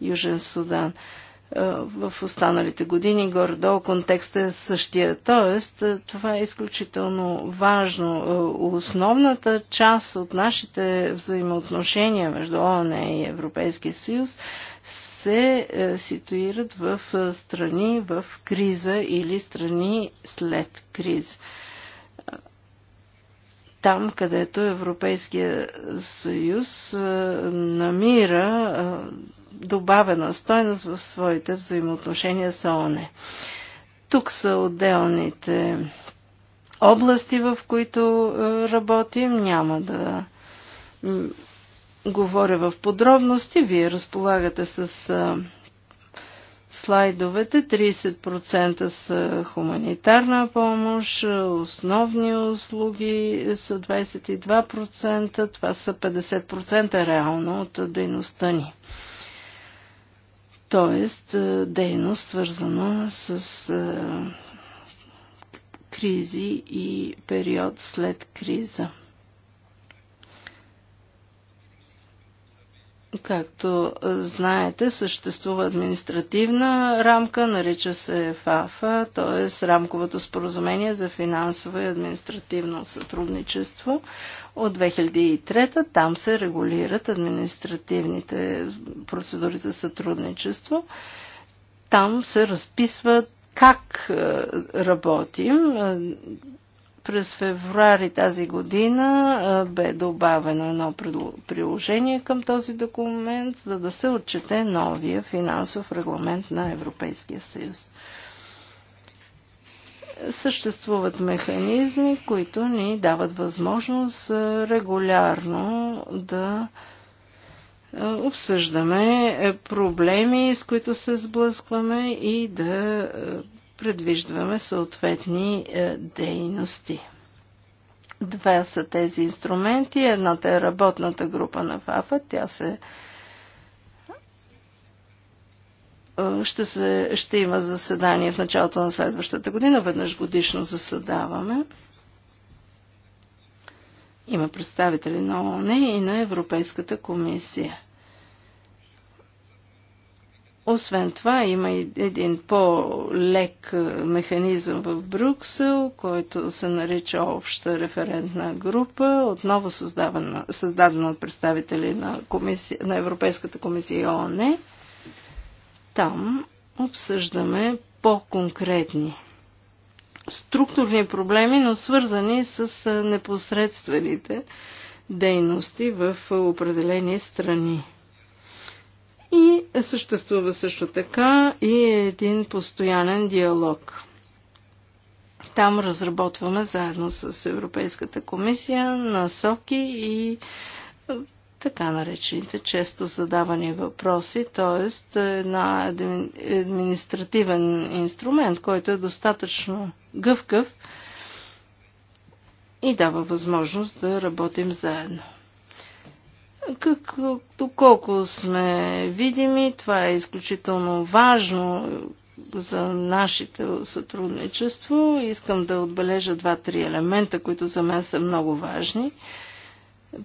Южен Судан в останалите години, горе-долу контекста е същия. Тоест, това е изключително важно. Основната част от нашите взаимоотношения между ООН и Европейския съюз се е, ситуират в страни в криза или страни след криза там, където Европейския съюз намира добавена стойност в своите взаимоотношения с ООН. Тук са отделните области, в които е, работим. Няма да говоря в подробности. Вие разполагате с е, слайдовете. 30% са хуманитарна помощ, основни услуги са 22%, това са 50% реално от дейността ни т.е. дейност свързана с е, кризи и период след криза. Както знаете, съществува административна рамка, нарича се ФАФА, т.е. рамковото споразумение за финансово и административно сътрудничество от 2003. Там се регулират административните процедури за сътрудничество. Там се разписват как е, работим. През феврари тази година бе добавено едно приложение към този документ, за да се отчете новия финансов регламент на Европейския съюз. Съществуват механизми, които ни дават възможност регулярно да обсъждаме проблеми, с които се сблъскваме и да предвиждаме съответни е, дейности. Два са тези инструменти. Едната е работната група на ФАФА. Тя се е, ще, се, ще има заседание в началото на следващата година. Веднъж годишно заседаваме. Има представители на ООН и на Европейската комисия. Освен това има и един по-лек е, механизъм в Брюксел, който се нарича обща референтна група, отново създадена от представители на, комисия, на Европейската комисия и ООН. Там обсъждаме по-конкретни структурни проблеми, но свързани с е, непосредствените дейности в е, определени страни. Съществува също така и един постоянен диалог. Там разработваме заедно с Европейската комисия насоки и е, така наречените често задавани въпроси, т.е. една административен инструмент, който е достатъчно гъвкав и дава възможност да работим заедно. Както колко сме видими, това е изключително важно за нашето сътрудничество. Искам да отбележа два-три елемента, които за мен са много важни.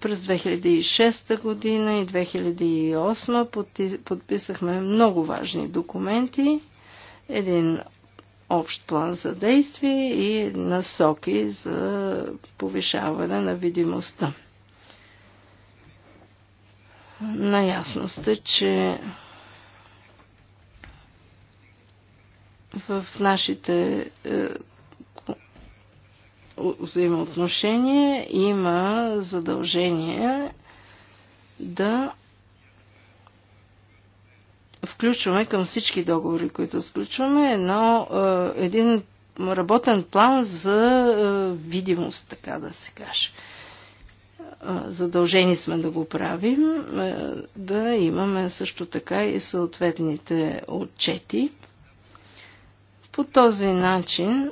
През 2006 година и 2008 подписахме много важни документи, един общ план за действие и насоки за повишаване на видимостта. Наясно сте, че в нашите е, взаимоотношения има задължение да включваме към всички договори, които сключваме, едно, е, един работен план за е, видимост, така да се каже задължени сме да го правим, е, да имаме също така и съответните отчети. По този начин е,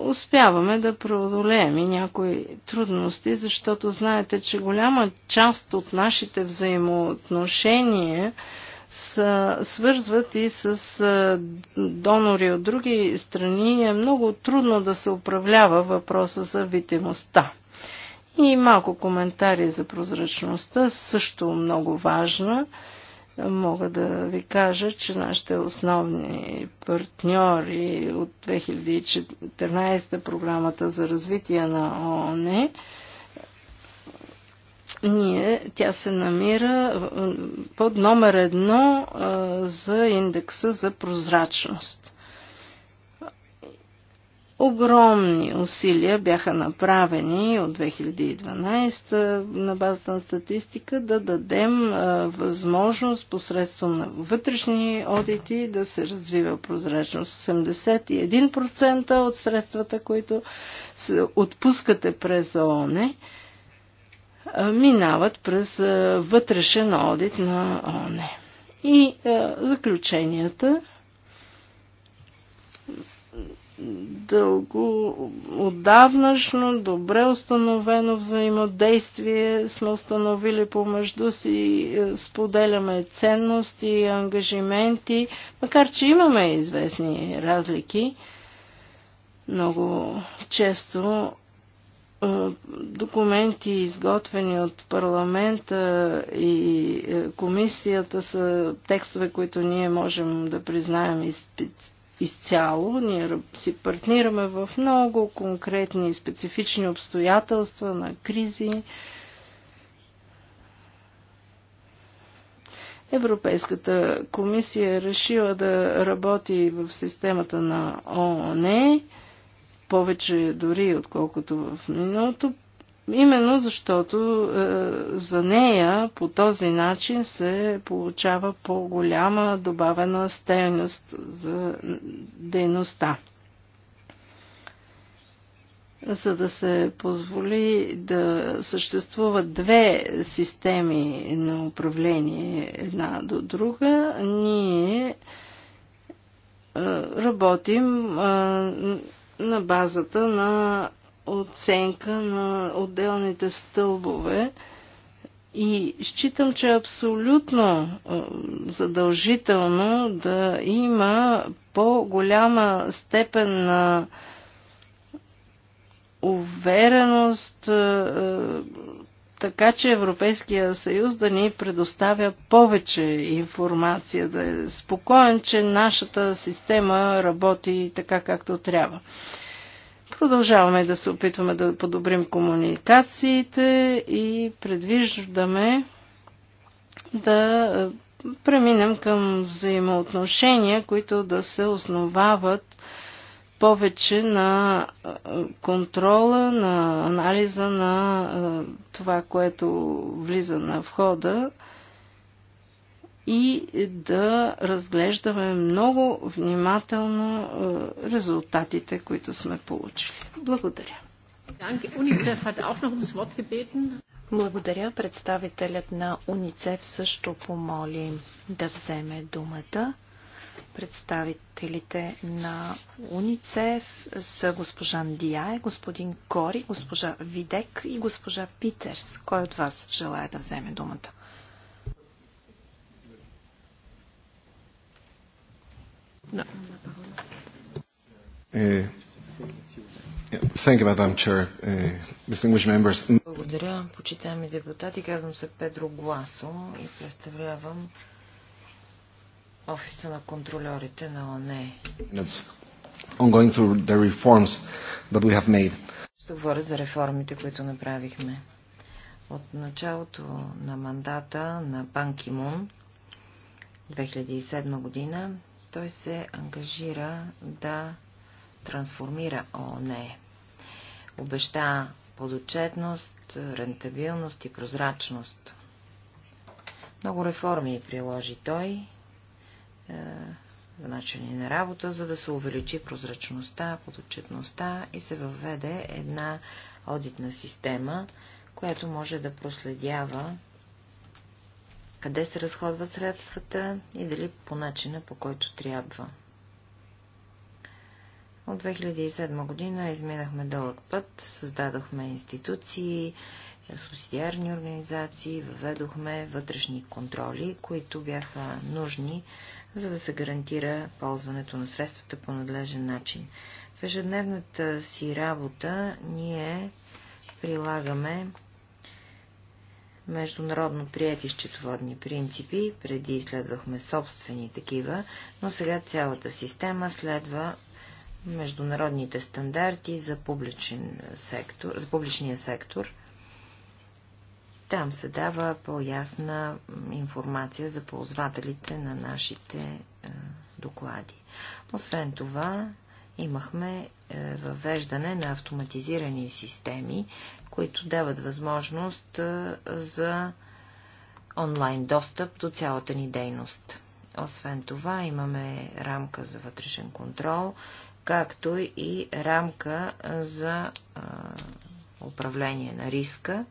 успяваме да преодолеем и някои трудности, защото знаете, че голяма част от нашите взаимоотношения са, свързват и с е, донори от други страни. Е много трудно да се управлява въпроса за видимостта. И малко коментари за прозрачността, също много важна. Мога да ви кажа, че нашите основни партньори от 2014 та програмата за развитие на ООН ние, тя се намира под номер едно за индекса за прозрачност. Огромни усилия бяха направени от 2012 на базата на статистика да дадем възможност посредством на вътрешни одити да се развива прозрачност. 81% от средствата, които се отпускате през ООН, минават през вътрешен одит на ООН. И заключенията дълго, отдавнашно, добре установено взаимодействие сме установили помежду си, е, споделяме ценности, ангажименти, макар че имаме известни разлики. Много често е, документи, изготвени от парламента и е, комисията, са текстове, които ние можем да признаем и изцяло. Ние си партнираме в много конкретни и специфични обстоятелства на кризи. Европейската комисия е решила да работи в системата на ООН повече дори отколкото в миналото. Именно защото е, за нея по този начин се получава по-голяма добавена стейност за дейността. За да се позволи да съществуват две системи на управление една до друга, ние е, работим е, на базата на оценка на отделните стълбове и считам, че е абсолютно е, задължително да има по-голяма степен на увереност, е, е, така че Европейския съюз да ни предоставя повече информация, да е спокоен, че нашата система работи така както трябва. Продължаваме да се опитваме да подобрим комуникациите и предвиждаме да е, преминем към взаимоотношения, които да се основават повече на е, контрола, на анализа на е, това, което влиза на входа и да разглеждаме много внимателно е, резултатите, които сме получили. Благодаря. Благодаря. Представителят на УНИЦЕФ също помоли да вземе думата. Представителите на УНИЦЕФ са госпожа Ндияе, господин Кори, госпожа Видек и госпожа Питерс. Кой от вас желая да вземе думата? No. Uh, uh, Благодаря, почитаеми депутати. Казвам се Педро Гласо и представлявам офиса на контролерите на ОНЕ. Ще говоря за реформите, които направихме. От началото на мандата на Банкимун 2007 година той се ангажира да трансформира ООН. Обеща подотчетност, рентабилност и прозрачност. Много реформи приложи той е, за начини на работа, за да се увеличи прозрачността, подотчетността и се въведе една одитна система, която може да проследява къде се разходват средствата и дали по начина, по който трябва. От 2007 година изминахме дълъг път, създадохме институции, субсидиарни организации, въведохме вътрешни контроли, които бяха нужни, за да се гарантира ползването на средствата по надлежен начин. В ежедневната си работа ние прилагаме международно прияти счетоводни принципи, преди следвахме собствени такива, но сега цялата система следва международните стандарти за, публичен сектор, за публичния сектор. Там се дава по-ясна информация за ползвателите на нашите доклади. Освен това, имахме е, въвеждане на автоматизирани системи, които дават възможност е, за онлайн достъп до цялата ни дейност. Освен това, имаме рамка за вътрешен контрол, както и рамка за е, управление на риска.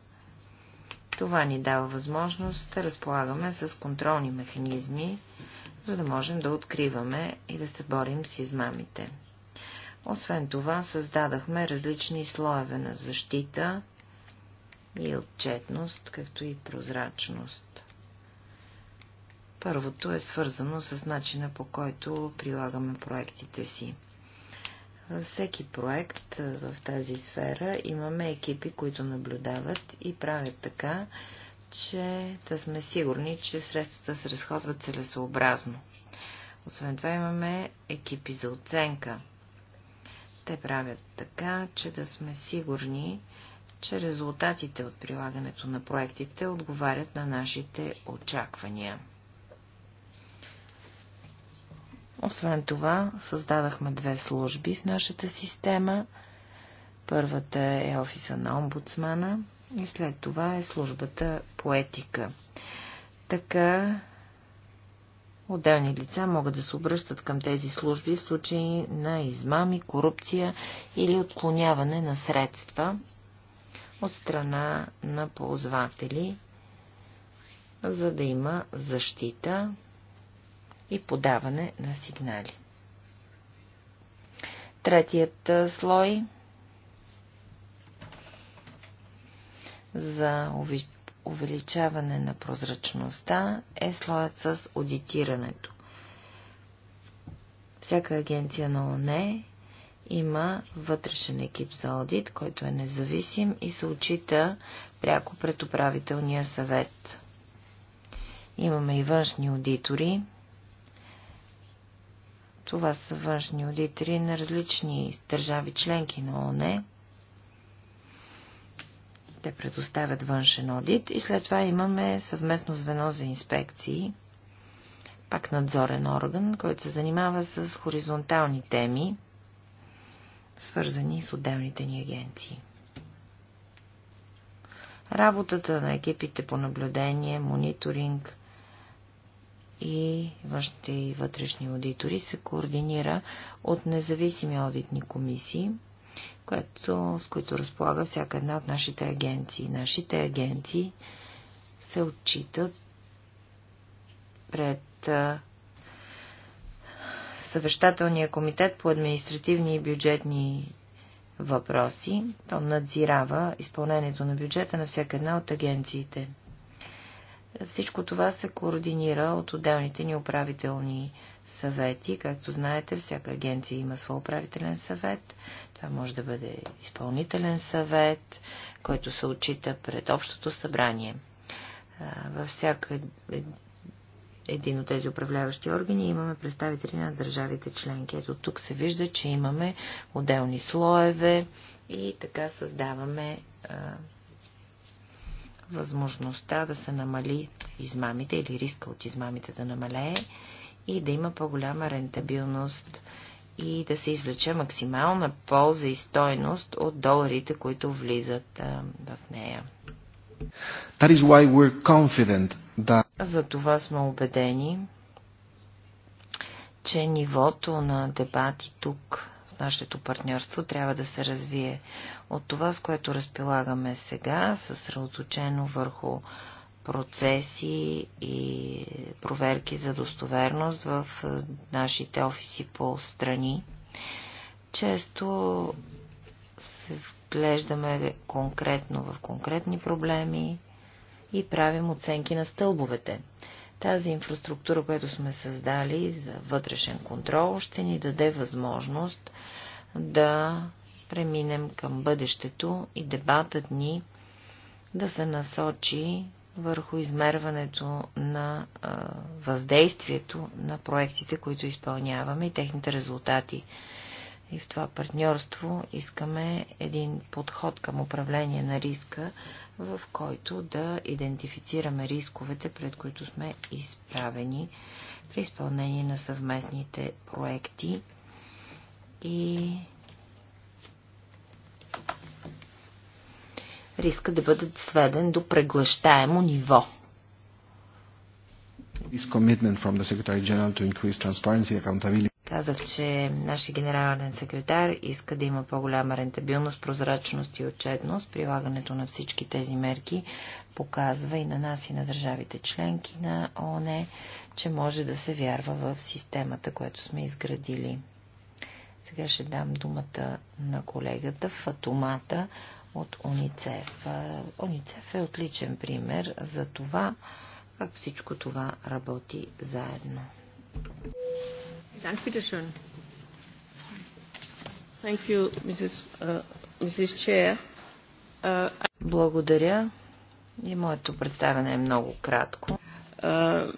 Това ни дава възможност да разполагаме с контролни механизми, за да можем да откриваме и да се борим с измамите. Освен това, създадахме различни слоеве на защита и отчетност, както и прозрачност. Първото е свързано с начина по който прилагаме проектите си. Във всеки проект в тази сфера имаме екипи, които наблюдават и правят така, че да сме сигурни, че средствата се разходват целесообразно. Освен това имаме екипи за оценка – те правят така, че да сме сигурни, че резултатите от прилагането на проектите отговарят на нашите очаквания. Освен това, създадахме две служби в нашата система. Първата е офиса на омбудсмана и след това е службата по етика. Така Отделни лица могат да се обръщат към тези служби в случаи на измами, корупция или отклоняване на средства от страна на ползватели, за да има защита и подаване на сигнали. Третият слой за увеличаване увеличаване на прозрачността е слоят с аудитирането. Всяка агенция на ОНЕ има вътрешен екип за аудит, който е независим и се отчита пряко пред управителния съвет. Имаме и външни аудитори. Това са външни аудитори на различни държави членки на ОНЕ, те предоставят външен одит и след това имаме съвместно звено за инспекции, пак надзорен орган, който се занимава с хоризонтални теми, свързани с отделните ни агенции. Работата на екипите по наблюдение, мониторинг и външните и вътрешни аудитори се координира от независими аудитни комисии – което, с които разполага всяка една от нашите агенции. Нашите агенции се отчитат пред съвещателния комитет по административни и бюджетни въпроси. То надзирава изпълнението на бюджета на всяка една от агенциите. Всичко това се координира от отделните ни управителни съвети. Както знаете, всяка агенция има своя управителен съвет. Това може да бъде изпълнителен съвет, който се отчита пред общото събрание. Във всяка един от тези управляващи органи имаме представители на държавите членки. Ето тук се вижда, че имаме отделни слоеве и така създаваме възможността да се намали измамите или риска от измамите да намалее и да има по-голяма рентабилност и да се извлече максимална полза и стойност от доларите, които влизат а, в нея. That is why we're confident that... За това сме убедени, че нивото на дебати тук нашето партньорство трябва да се развие от това, с което разполагаме сега, съсредоточено върху процеси и проверки за достоверност в нашите офиси по страни. Често се вглеждаме конкретно в конкретни проблеми и правим оценки на стълбовете. Тази инфраструктура, която сме създали за вътрешен контрол, ще ни даде възможност да преминем към бъдещето и дебатът ни да се насочи върху измерването на въздействието на проектите, които изпълняваме и техните резултати. И в това партньорство искаме един подход към управление на риска, в който да идентифицираме рисковете, пред които сме изправени при изпълнение на съвместните проекти и риска да бъде сведен до преглъщаемо ниво this commitment from the Secretary General to increase transparency, accountability. Казах, че нашия генерален секретар иска да има по-голяма рентабилност, прозрачност и отчетност. Прилагането на всички тези мерки показва и на нас и на държавите членки на ООН, че може да се вярва в системата, която сме изградили. Сега ще дам думата на колегата Фатумата от УНИЦЕФ. УНИЦЕФ е отличен пример за това, как всичко това работи заедно. Dank, bitteschön. Thank you, Mrs. Uh, Mrs. Chair. Uh, Благодаря. И моето представяне е много кратко. Uh,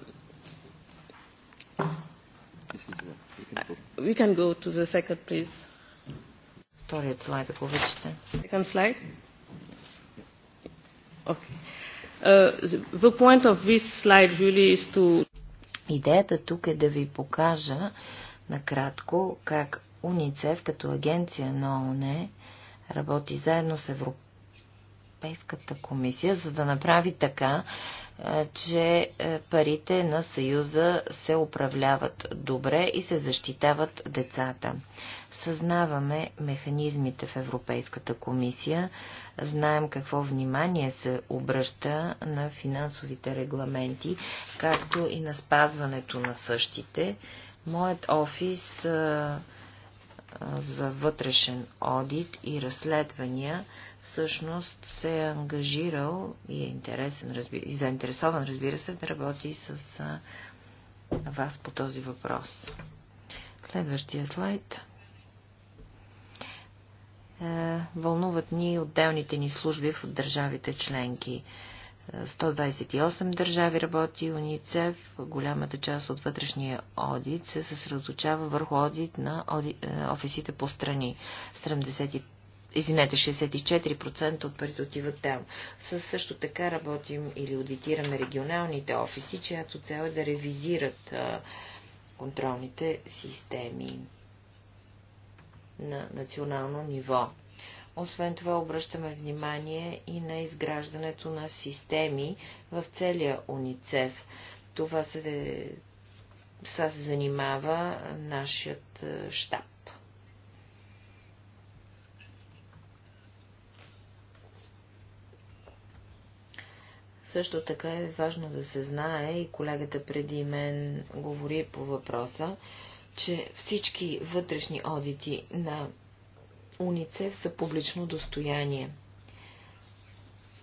we can go to the second, please. Вторият слайд, ако обичате. Second slide. Okay. Uh, the point of this slide really is to Идеята тук е да ви покажа накратко как УНИЦЕФ като агенция на ООН работи заедно с Европейската комисия, за да направи така, че парите на Съюза се управляват добре и се защитават децата. Съзнаваме механизмите в Европейската комисия, знаем какво внимание се обръща на финансовите регламенти, както и на спазването на същите. Моят офис а, а, за вътрешен одит и разследвания всъщност се е ангажирал и е интересен, разби... и заинтересован, разбира се, да работи с а, вас по този въпрос. Следващия слайд. Е, вълнуват ни отделните ни служби в държавите членки. 128 е, държави работи УНИЦЕФ. Голямата част от вътрешния одит се съсредоточава върху одит на оди... Е, офисите по страни. 70... Извинете, 64% от парите отиват там. Със също така работим или аудитираме регионалните офиси, чиято цел е да ревизират контролните системи на национално ниво. Освен това обръщаме внимание и на изграждането на системи в целия УНИЦЕФ. Това се, са се занимава нашият е, щаб. Също така е важно да се знае, и колегата преди мен говори по въпроса, че всички вътрешни одити на унице са публично достояние.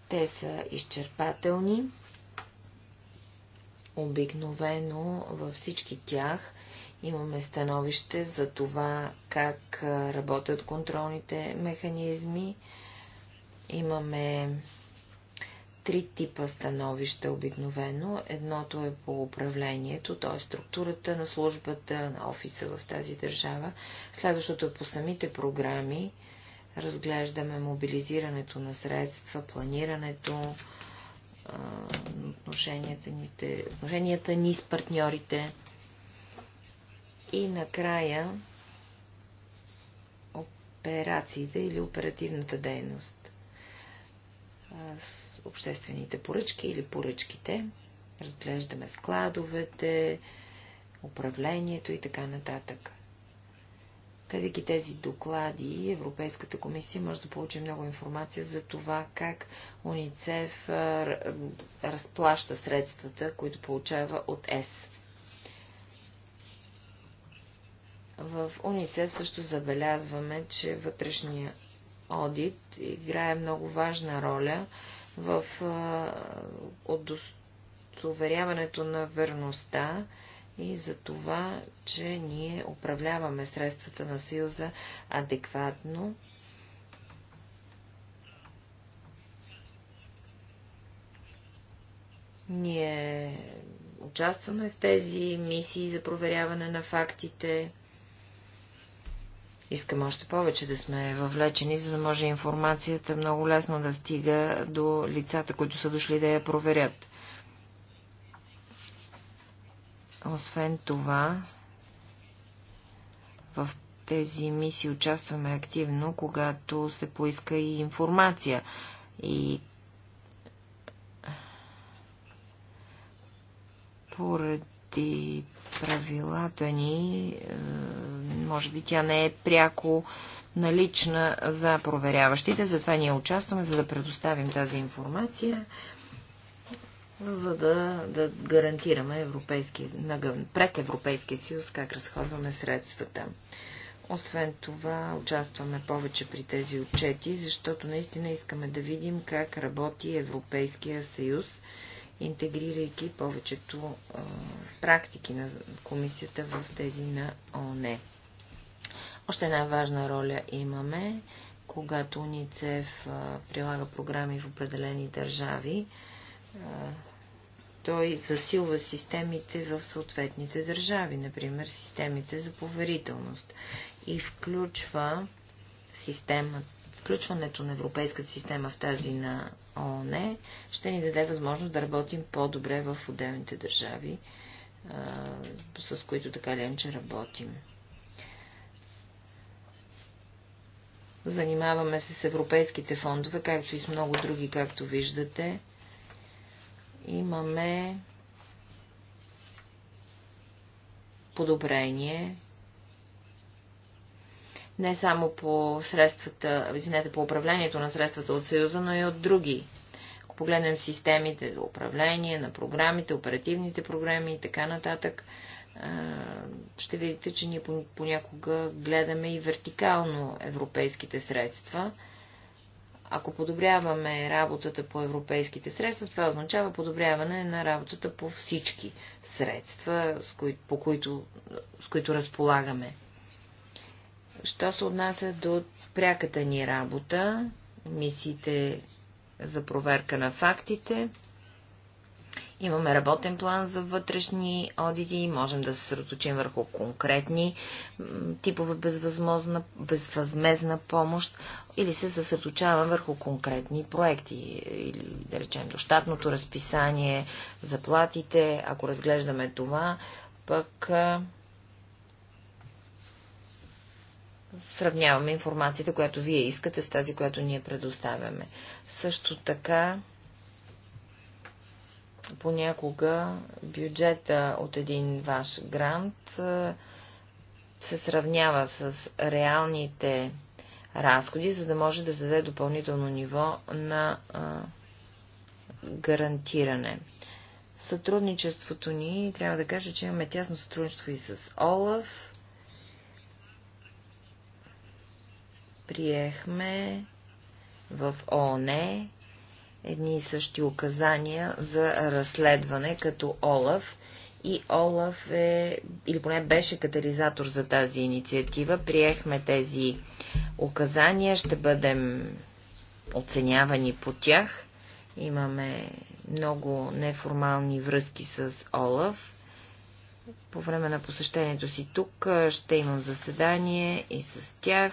Те са изчерпателни. Обикновено във всички тях имаме становище за това как работят контролните механизми. Имаме три типа становища обикновено. Едното е по управлението, т.е. структурата на службата, на офиса в тази държава. Следващото е по самите програми. Разглеждаме мобилизирането на средства, планирането, отношенията ни, отношенията ни с партньорите. И накрая операциите или оперативната дейност обществените поръчки или поръчките. Разглеждаме складовете, управлението и така нататък. Гледайки тези доклади, Европейската комисия може да получи много информация за това как УНИЦЕФ разплаща средствата, които получава от ЕС. В УНИЦЕФ също забелязваме, че вътрешния одит играе много важна роля в удостоверяването на верността и за това, че ние управляваме средствата на Съюза адекватно Ние участваме в тези мисии за проверяване на фактите. Искам още повече да сме въвлечени, за да може информацията много лесно да стига до лицата, които са дошли да я проверят. Освен това, в тези мисии участваме активно, когато се поиска и информация. И поради и правилата ни, е, може би тя не е пряко налична за проверяващите, затова ние участваме, за да предоставим тази информация, за да, да гарантираме европейски, пред Европейския съюз как разходваме средствата. Освен това, участваме повече при тези отчети, защото наистина искаме да видим как работи Европейския съюз интегрирайки повечето а, практики на комисията в тези на ООН. Още една важна роля имаме, когато УНИЦЕФ а, прилага програми в определени държави. А, той засилва системите в съответните държави, например системите за поверителност и включва системата Включването на европейската система в тази на ООН ще ни даде възможност да работим по-добре в отделните държави, с които така ленче работим. Занимаваме се с европейските фондове, както и с много други, както виждате. Имаме подобрение не само по средствата, извинете, по управлението на средствата от Съюза, но и от други. Ако погледнем системите за управление на програмите, оперативните програми и така нататък, ще видите, че ние понякога гледаме и вертикално европейските средства. Ако подобряваме работата по европейските средства, това означава подобряване на работата по всички средства, по които, с които разполагаме. Що се отнася до пряката ни работа, мисиите за проверка на фактите, Имаме работен план за вътрешни одити, можем да се съсредоточим върху конкретни типове безвъзмезна помощ или се съсредоточаваме върху конкретни проекти, или да речем до щатното разписание, заплатите. Ако разглеждаме това, пък сравняваме информацията, която вие искате с тази, която ние предоставяме. Също така, понякога бюджета от един ваш грант се сравнява с реалните разходи, за да може да зададе допълнително ниво на гарантиране. Сътрудничеството ни, трябва да кажа, че имаме тясно сътрудничество и с ОЛАФ, приехме в ООН едни и същи указания за разследване като ОЛАФ и Олаф е, или поне беше катализатор за тази инициатива. Приехме тези указания, ще бъдем оценявани по тях. Имаме много неформални връзки с Олаф по време на посещението си тук ще имам заседание и с тях,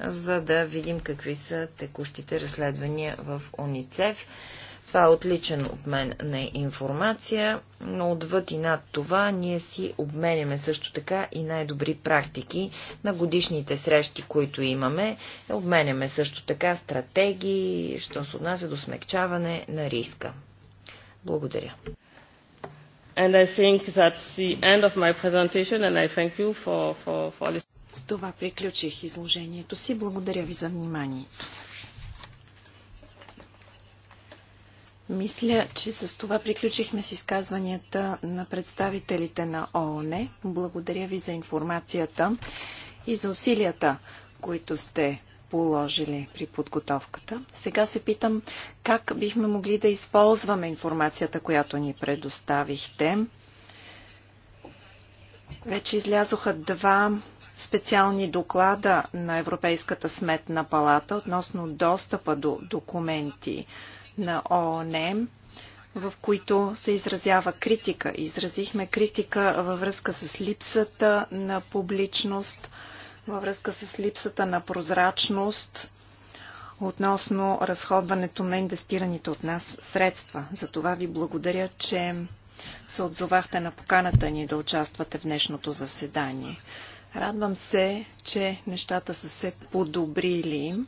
за да видим какви са текущите разследвания в ОНИЦЕФ. Това е отличен обмен на информация, но отвъд и над това ние си обменяме също така и най-добри практики на годишните срещи, които имаме. Обменяме също така стратегии, що се отнася до смягчаване на риска. Благодаря. С това приключих изложението си. Благодаря ви за вниманието. Мисля, че с това приключихме с изказванията на представителите на ООН. Благодаря ви за информацията и за усилията, които сте положили при подготовката. Сега се питам как бихме могли да използваме информацията, която ни предоставихте. Вече излязоха два специални доклада на Европейската сметна палата относно достъпа до документи на ООН, в които се изразява критика. Изразихме критика във връзка с липсата на публичност, във връзка с липсата на прозрачност относно разходването на инвестираните от нас средства. За това ви благодаря, че се отзовахте на поканата ни да участвате в днешното заседание. Радвам се, че нещата са се подобрили.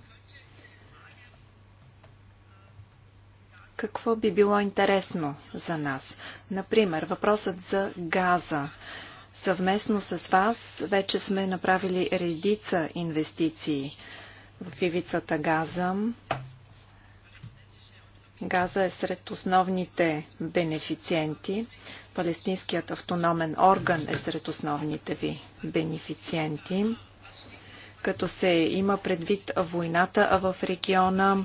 Какво би било интересно за нас? Например, въпросът за газа. Съвместно с вас вече сме направили редица инвестиции в ивицата Газа. Газа е сред основните бенефициенти. Палестинският автономен орган е сред основните ви бенефициенти. Като се има предвид войната в региона,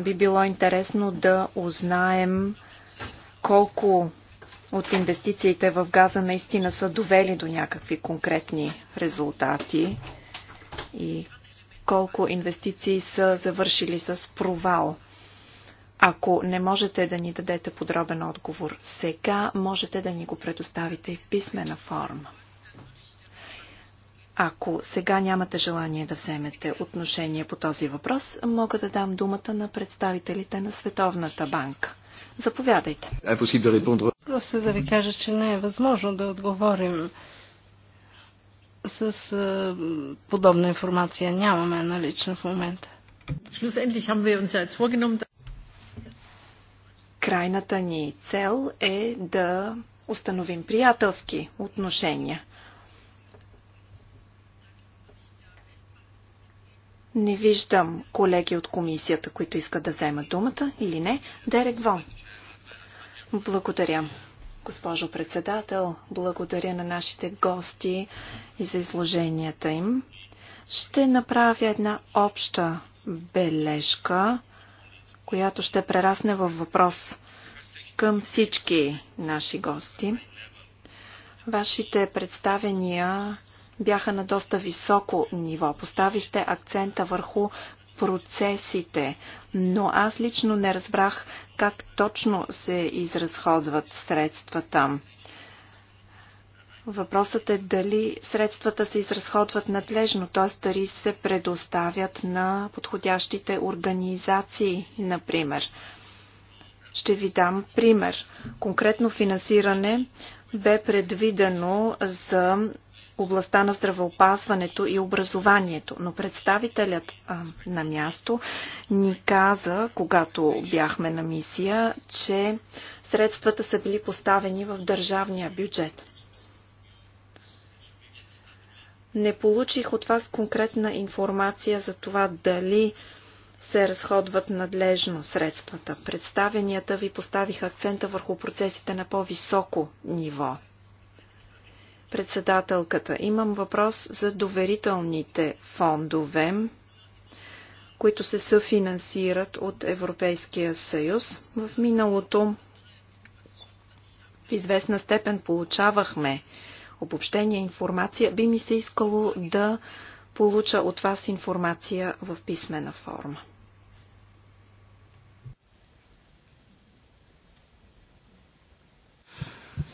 би било интересно да узнаем колко от инвестициите в газа наистина са довели до някакви конкретни резултати и колко инвестиции са завършили с провал. Ако не можете да ни дадете подробен отговор сега, можете да ни го предоставите в писмена форма. Ако сега нямате желание да вземете отношение по този въпрос, мога да дам думата на представителите на Световната банка. Заповядайте. Просто да ви кажа, че не е възможно да отговорим с uh, подобна информация. Нямаме налична в момента. Крайната ни цел е да установим приятелски отношения. Не виждам колеги от комисията, които искат да вземат думата или не. Дерек Вон. Благодаря. Госпожо председател, благодаря на нашите гости и за изложенията им. Ще направя една обща бележка, която ще прерасне във въпрос към всички наши гости. Вашите представения бяха на доста високо ниво. Поставихте акцента върху процесите, но аз лично не разбрах как точно се изразходват средствата. Въпросът е дали средствата се изразходват надлежно, т.е. дали се предоставят на подходящите организации, например. Ще ви дам пример. Конкретно финансиране бе предвидено за областта на здравеопазването и образованието. Но представителят а, на място ни каза, когато бяхме на мисия, че средствата са били поставени в държавния бюджет. Не получих от вас конкретна информация за това дали се разходват надлежно средствата. Представенията ви поставиха акцента върху процесите на по-високо ниво. Председателката, имам въпрос за доверителните фондове, които се съфинансират от Европейския съюз. В миналото в известна степен получавахме обобщение информация. Би ми се искало да получа от вас информация в писмена форма.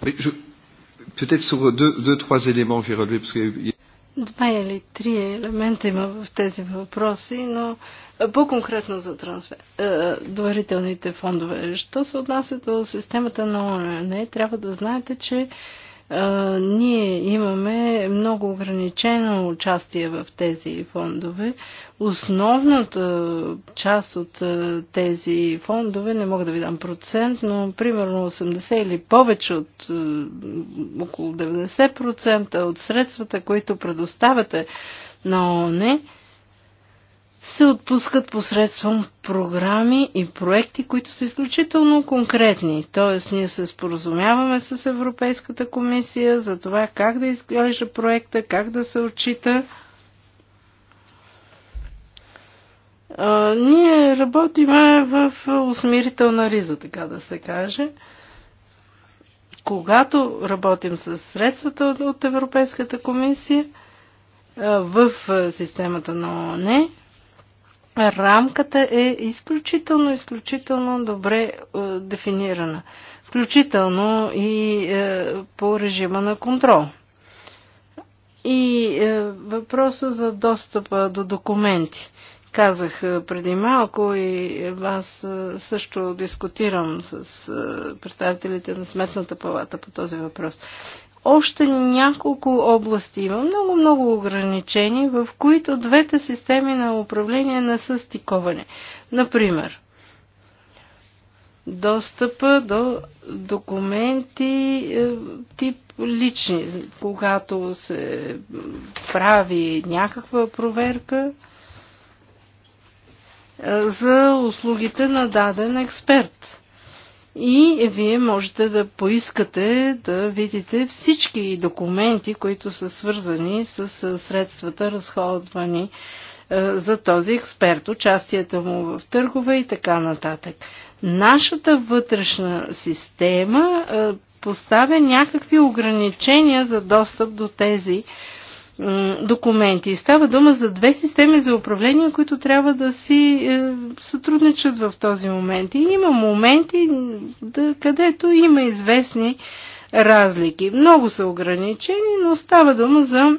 Je, Peut-être sur deux, deux, trois éléments, je vais relever, parce que... Два или три елемента има в тези въпроси, но по-конкретно за трансфер, е, е доверителните фондове. Що се отнася до системата на ОНЕ, трябва да знаете, че е, ние имаме много ограничено участие в тези фондове. Основната част от тези фондове, не мога да ви дам процент, но примерно 80 или повече от около 90% от средствата, които предоставяте на ОНЕ, се отпускат посредством програми и проекти, които са изключително конкретни. Тоест, ние се споразумяваме с Европейската комисия за това как да изглежда проекта, как да се отчита. А, ние работиме в усмирителна риза, така да се каже. Когато работим с средствата от Европейската комисия, в системата на ОНЕ рамката е изключително, изключително добре е, дефинирана, включително и е, по режима на контрол. И е, въпроса за достъпа до документи. Казах е, преди малко и аз е, също дискутирам с е, представителите на Сметната палата по този въпрос още няколко области. Има много-много ограничения, в които двете системи на управление не са стиковани. Например, достъпа до документи е, тип лични. Когато се прави някаква проверка е, за услугите на даден експерт. И вие можете да поискате да видите всички документи, които са свързани с средствата, разходвани за този експерт, участието му в търгове и така нататък. Нашата вътрешна система поставя някакви ограничения за достъп до тези документи. Става дума за две системи за управление, които трябва да си е, сътрудничат в този момент. И има моменти, да, където има известни разлики. Много са ограничени, но става дума за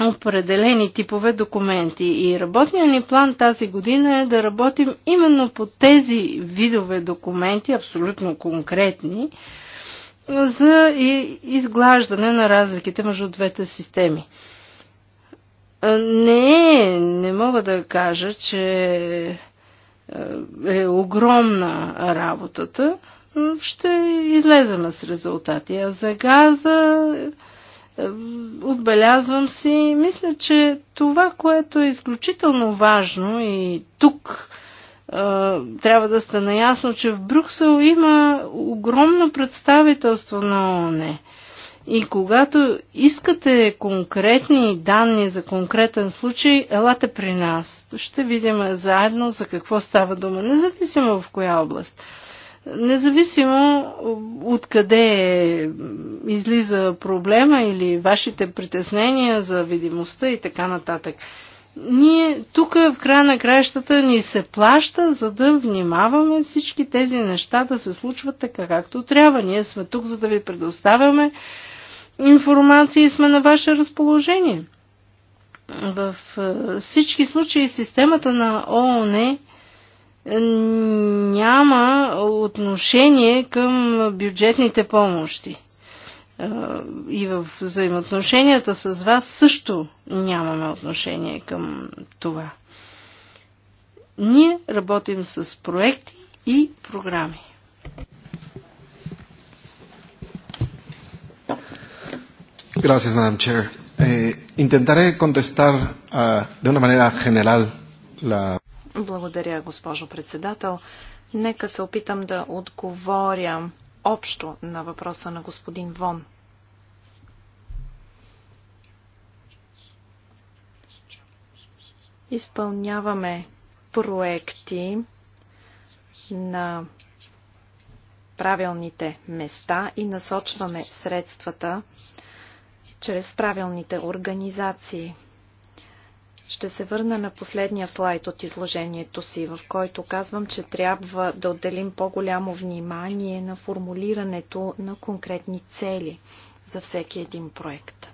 определени типове документи. И работният ни план тази година е да работим именно по тези видове документи, абсолютно конкретни, за изглаждане на разликите между двете системи. Не, не мога да кажа, че е, е огромна работата. Ще излезем с резултати. А за газа е, отбелязвам си, мисля, че това, което е изключително важно и тук е, трябва да сте наясно, че в Брюксел има огромно представителство на ОНЕ. И когато искате конкретни данни за конкретен случай, елате при нас. Ще видим заедно за какво става дума, независимо в коя област. Независимо е, откъде е, излиза проблема или вашите притеснения за видимостта и така нататък. Ние тук в края на краищата ни се плаща, за да внимаваме всички тези неща да се случват така както трябва. Ние сме тук, за да ви предоставяме информации сме на ваше разположение. В е, всички случаи системата на ООН е, няма отношение към бюджетните помощи. Е, и в взаимоотношенията с вас също нямаме отношение към това. Ние работим с проекти и програми. Gracias, Madam Chair. Eh, intentaré contestar uh, de una manera general la... Благодаря, госпожо председател. Нека се опитам да отговоря общо на въпроса на господин Вон. Изпълняваме проекти на правилните места и насочваме средствата чрез правилните организации. Ще се върна на последния слайд от изложението си, в който казвам, че трябва да отделим по-голямо внимание на формулирането на конкретни цели за всеки един проект.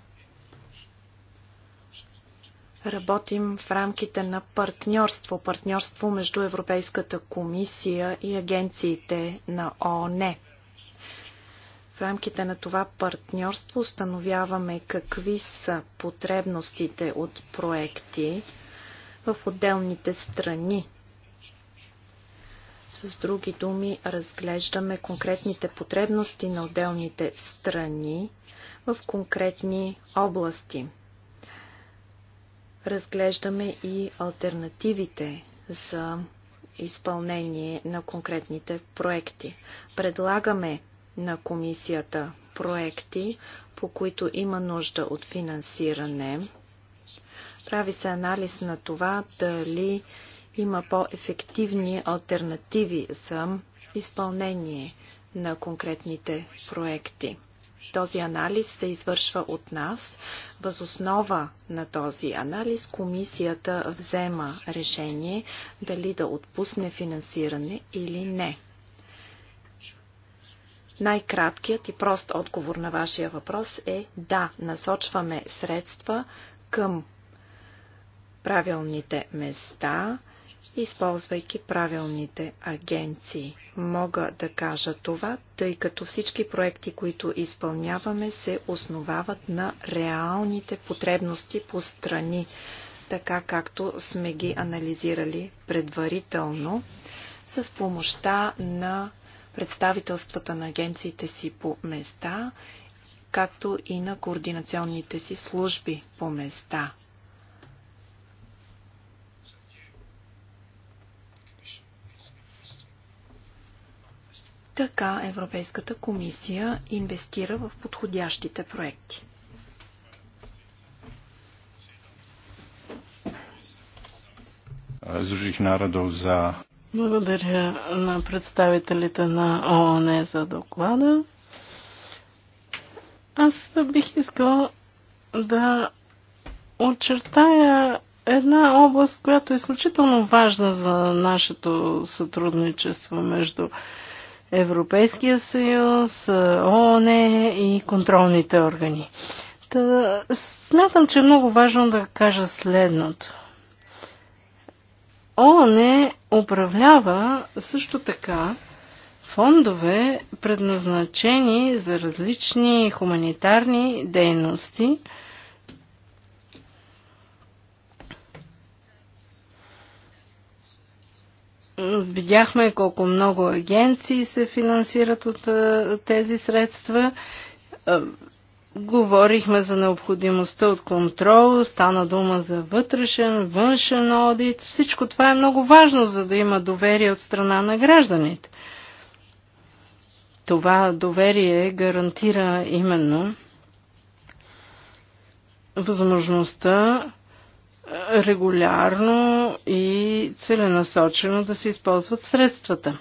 Работим в рамките на партньорство, партньорство между Европейската комисия и агенциите на ООН. В рамките на това партньорство установяваме какви са потребностите от проекти в отделните страни. С други думи, разглеждаме конкретните потребности на отделните страни в конкретни области. Разглеждаме и альтернативите за изпълнение на конкретните проекти. Предлагаме на комисията проекти, по които има нужда от финансиране. Прави се анализ на това дали има по-ефективни альтернативи за изпълнение на конкретните проекти. Този анализ се извършва от нас. Възоснова на този анализ комисията взема решение дали да отпусне финансиране или не. Най-краткият и прост отговор на вашия въпрос е да, насочваме средства към правилните места, използвайки правилните агенции. Мога да кажа това, тъй като всички проекти, които изпълняваме, се основават на реалните потребности по страни, така както сме ги анализирали предварително с помощта на представителствата на агенциите си по места, както и на координационните си служби по места. Така Европейската комисия инвестира в подходящите проекти. Združených národov za благодаря на представителите на ООН за доклада. Аз бих искал да очертая една област, която е изключително важна за нашето сътрудничество между Европейския съюз, ООН и контролните органи. Та, смятам, че е много важно да кажа следното. ООН е управлява също така фондове, предназначени за различни хуманитарни дейности. Видяхме колко много агенции се финансират от тези средства Говорихме за необходимостта от контрол, стана дума за вътрешен, външен одит. Всичко това е много важно, за да има доверие от страна на гражданите. Това доверие гарантира именно възможността регулярно и целенасочено да се използват средствата.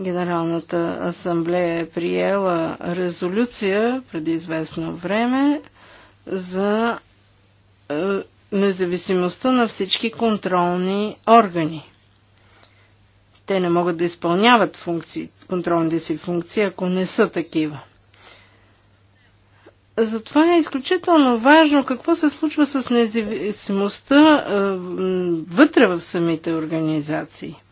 Генералната асамблея е приела резолюция преди известно време за е, независимостта на всички контролни органи. Те не могат да изпълняват функции, контролните си функции, ако не са такива. Затова е изключително важно какво се случва с независимостта е, вътре в самите организации –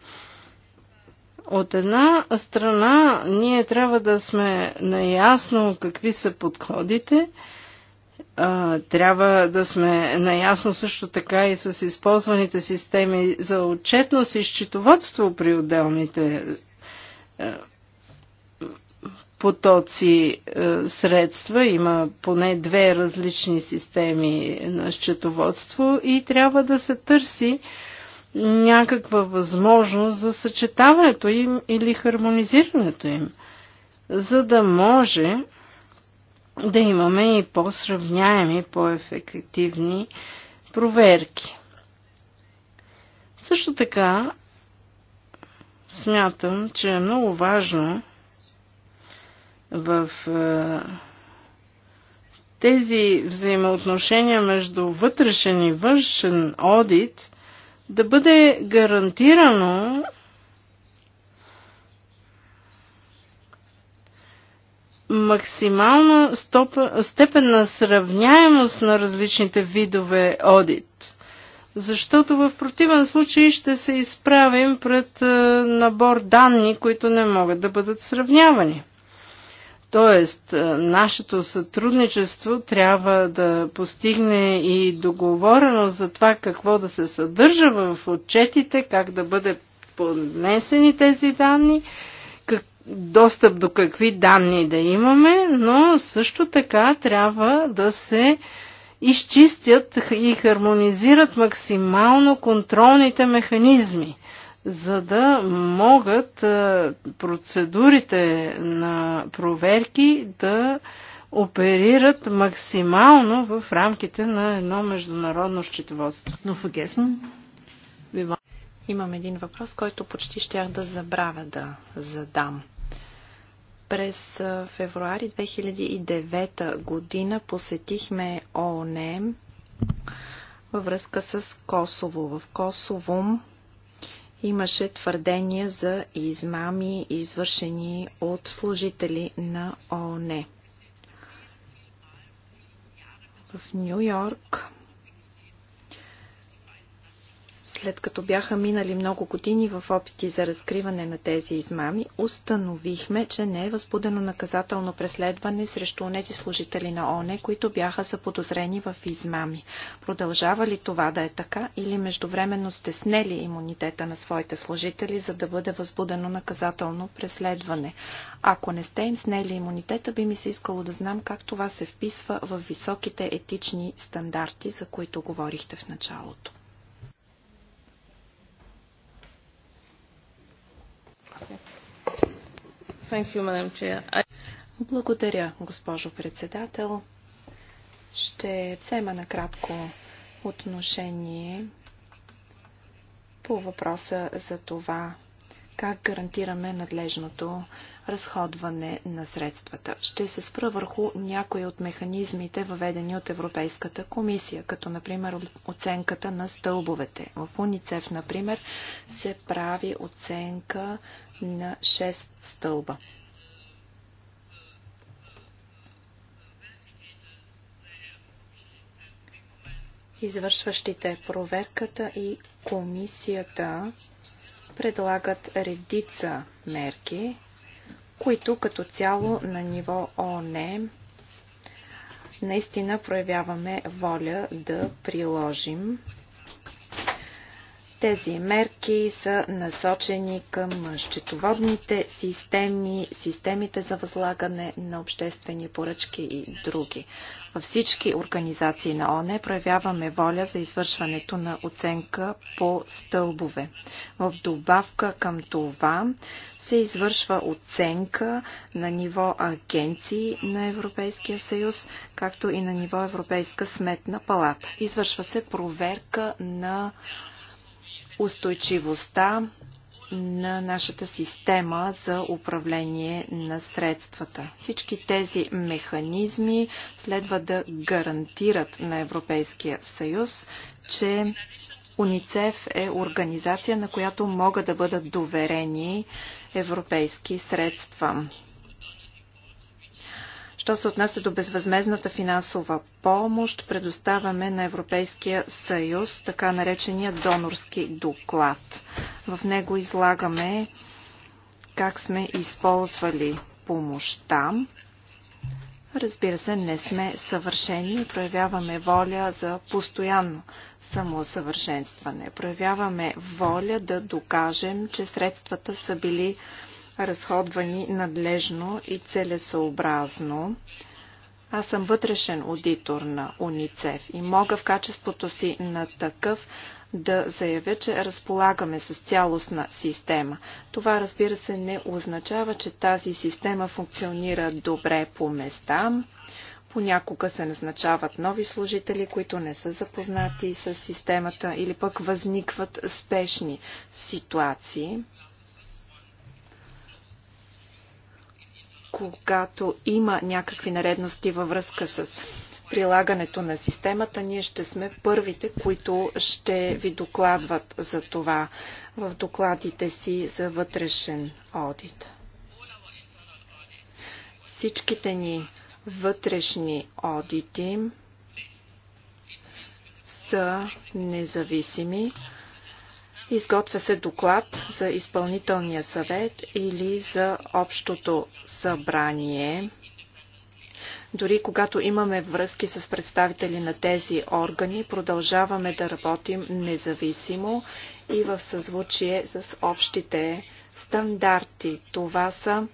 от една страна, ние трябва да сме наясно какви са подходите, трябва да сме наясно също така и с използваните системи за отчетност и счетоводство при отделните е, потоци е, средства. Има поне две различни системи на счетоводство и трябва да се търси някаква възможност за съчетаването им или хармонизирането им, за да може да имаме и по-сравняеми, по-ефективни проверки. Също така смятам, че е много важно в е, тези взаимоотношения между вътрешен и външен одит да бъде гарантирано максимална степен на сравняемост на различните видове одит. Защото в противен случай ще се изправим пред набор данни, които не могат да бъдат сравнявани. Тоест, е, нашето сътрудничество трябва да постигне и договорено за това какво да се съдържа в отчетите, как да бъде поднесени тези данни, как, достъп до какви данни да имаме, но също така трябва да се изчистят и хармонизират максимално контролните механизми за да могат е, процедурите на проверки да оперират максимално в рамките на едно международно счетоводство. Имам един въпрос, който почти щях да забравя да задам. През е, февруари 2009 година посетихме ООН във връзка с Косово. В Косово имаше твърдения за измами, извършени от служители на ООН. В Нью Йорк след като бяха минали много години в опити за разкриване на тези измами, установихме, че не е възбудено наказателно преследване срещу тези служители на ОНЕ, които бяха заподозрени в измами. Продължава ли това да е така или междувременно сте снели имунитета на своите служители, за да бъде възбудено наказателно преследване? Ако не сте им снели имунитета, би ми се искало да знам как това се вписва в високите етични стандарти, за които говорихте в началото. You, Благодаря, госпожо председател. Ще взема накратко отношение по въпроса за това, как гарантираме надлежното разходване на средствата. Ще се спра върху някои от механизмите, въведени от Европейската комисия, като например оценката на стълбовете. В УНИЦЕФ, например, се прави оценка на 6 стълба. Извършващите проверката и комисията предлагат редица мерки, които като цяло на ниво ООН наистина проявяваме воля да приложим. Тези мерки са насочени към счетоводните системи, системите за възлагане на обществени поръчки и други. Във всички организации на ОНЕ проявяваме воля за извършването на оценка по стълбове. В добавка към това се извършва оценка на ниво агенции на Европейския съюз, както и на ниво Европейска сметна палата. Извършва се проверка на устойчивостта на нашата система за управление на средствата. Всички тези механизми следва да гарантират на Европейския съюз, че УНИЦЕФ е организация, на която могат да бъдат доверени европейски средства. Що се отнася до безвъзмезната финансова помощ, предоставяме на Европейския съюз така наречения донорски доклад. В него излагаме как сме използвали помощта. Разбира се, не сме съвършени, проявяваме воля за постоянно самосъвършенстване. Проявяваме воля да докажем, че средствата са били разходвани надлежно и целесообразно. Аз съм вътрешен аудитор на УНИЦЕФ и мога в качеството си на такъв да заявя, че разполагаме с цялостна система. Това, разбира се, не означава, че тази система функционира добре по места. Понякога се назначават нови служители, които не са запознати с системата или пък възникват спешни ситуации. когато има някакви наредности във връзка с прилагането на системата, ние ще сме първите, които ще ви докладват за това в докладите си за вътрешен одит. Всичките ни вътрешни одити са независими. Изготвя се доклад за изпълнителния съвет или за общото събрание. Дори когато имаме връзки с представители на тези органи, продължаваме да работим независимо и в съзвучие с общите стандарти. Това са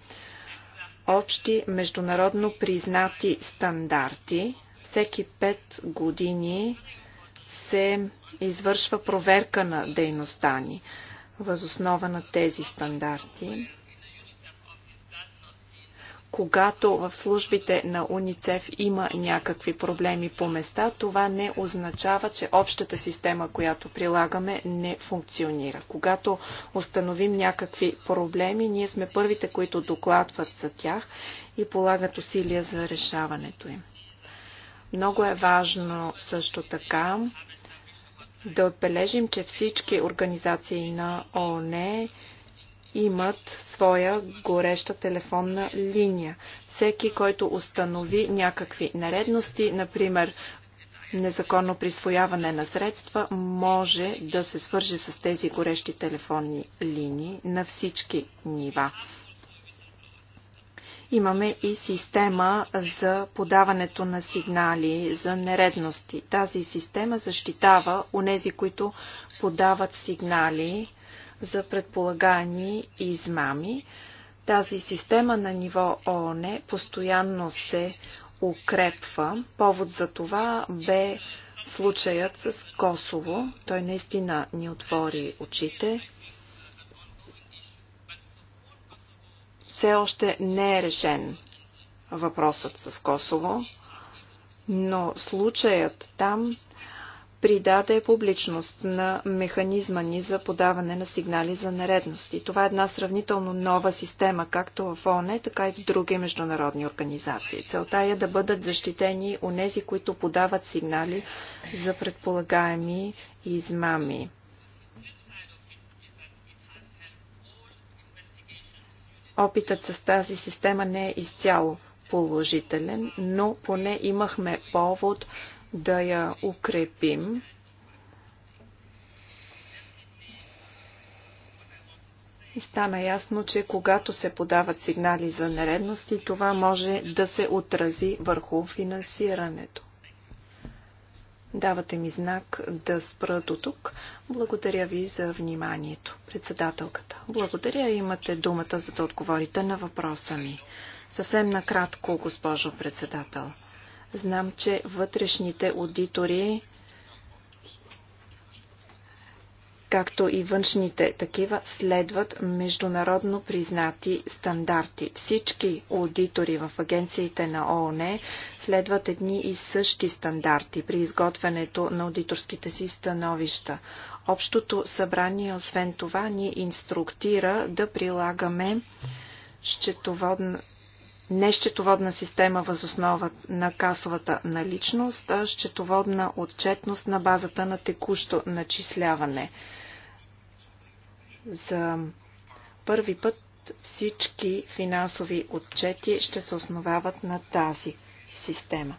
общи международно признати стандарти. Всеки пет години се извършва проверка на дейността ни възоснова на тези стандарти. Когато в службите на УНИЦЕФ има някакви проблеми по места, това не означава, че общата система, която прилагаме, не функционира. Когато установим някакви проблеми, ние сме първите, които докладват за тях и полагат усилия за решаването им. Много е важно също така да отбележим, че всички организации на ООН имат своя гореща телефонна линия. Всеки, който установи някакви наредности, например незаконно присвояване на средства, може да се свържи с тези горещи телефонни линии на всички нива. Имаме и система за подаването на сигнали за нередности. Тази система защитава онези, които подават сигнали за предполагани измами. Тази система на ниво ООН постоянно се укрепва. Повод за това бе случаят с Косово. Той наистина ни отвори очите. Все още не е решен въпросът с Косово, но случаят там придаде публичност на механизма ни за подаване на сигнали за нередности. Това е една сравнително нова система, както в ОНЕ, така и в други международни организации. Целта е да бъдат защитени нези, които подават сигнали за предполагаеми измами. Опитът с тази система не е изцяло положителен, но поне имахме повод да я укрепим. И стана ясно, че когато се подават сигнали за нередности, това може да се отрази върху финансирането. Давате ми знак да спра до тук. Благодаря ви за вниманието, председателката. Благодаря, имате думата за да отговорите на въпроса ми. Съвсем накратко, госпожо председател. Знам, че вътрешните аудитори, както и външните такива, следват международно признати стандарти. Всички аудитори в агенциите на ООН следват едни и същи стандарти при изготвянето на аудиторските си становища. Общото събрание, освен това, ни инструктира да прилагаме счетоводна не счетоводна система възоснова на касовата наличност, а счетоводна отчетност на базата на текущо начисляване. За първи път всички финансови отчети ще се основават на тази система.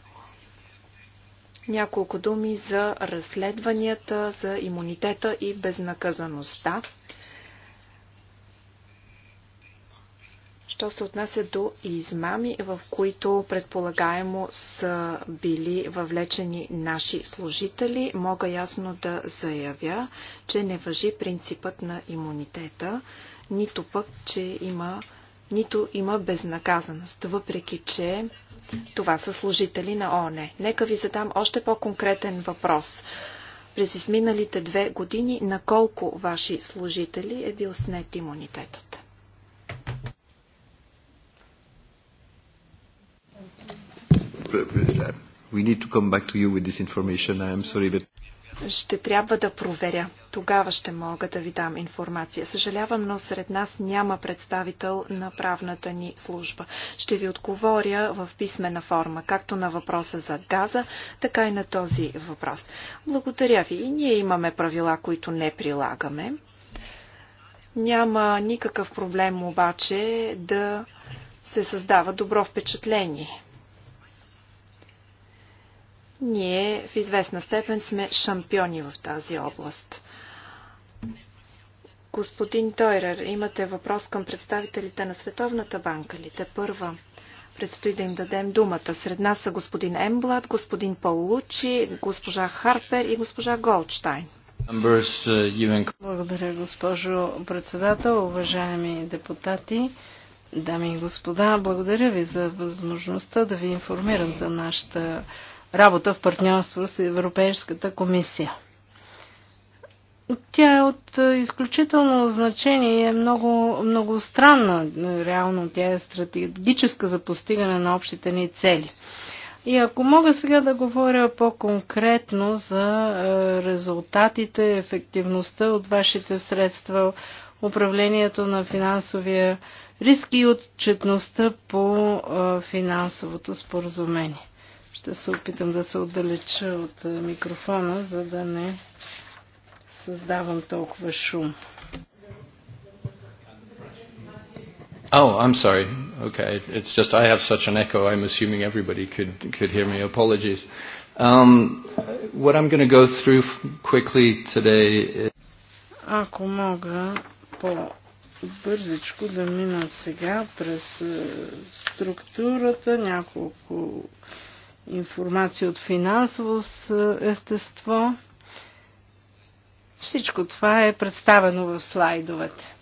Няколко думи за разследванията, за имунитета и безнаказаността. Що се отнася до измами, в които предполагаемо са били въвлечени наши служители, мога ясно да заявя, че не въжи принципът на имунитета, нито пък, че има нито има безнаказаност, въпреки че това са служители на ОНЕ. Нека ви задам още по-конкретен въпрос. През изминалите две години на колко ваши служители е бил снет имунитетът? We need to come back to you with this information. I am sorry, but... Ще трябва да проверя. Тогава ще мога да ви дам информация. Съжалявам, но сред нас няма представител на правната ни служба. Ще ви отговоря в писмена форма, както на въпроса за газа, така и на този въпрос. Благодаря ви. И ние имаме правила, които не прилагаме. Няма никакъв проблем обаче да се създава добро впечатление ние в известна степен сме шампиони в тази област. Господин Тойрер, имате въпрос към представителите на Световната банка ли? Те първа предстои да им дадем думата. Сред нас са господин Емблад, господин Паулучи, госпожа Харпер и госпожа Голдштайн. Благодаря, госпожо председател, уважаеми депутати, дами и господа. Благодаря ви за възможността да ви информирам за нашата работа в партньорство с Европейската комисия. Тя е от е, изключително значение и е много, много странна. Реално тя е стратегическа за постигане на общите ни цели. И ако мога сега да говоря по-конкретно за е, резултатите, ефективността от вашите средства, управлението на финансовия риск и отчетността по е, финансовото споразумение. Ще се опитам да се отдалеча от микрофона, за да не създавам толкова шум. Oh, I'm sorry. Okay, it's just I have such an echo. I'm assuming everybody could could hear me. Apologies. Um, what I'm going to go through quickly today. Is... Ако мога по бързичко да мина сега през структурата, няколко информация от финансово е, естество. Всичко това е представено в слайдовете.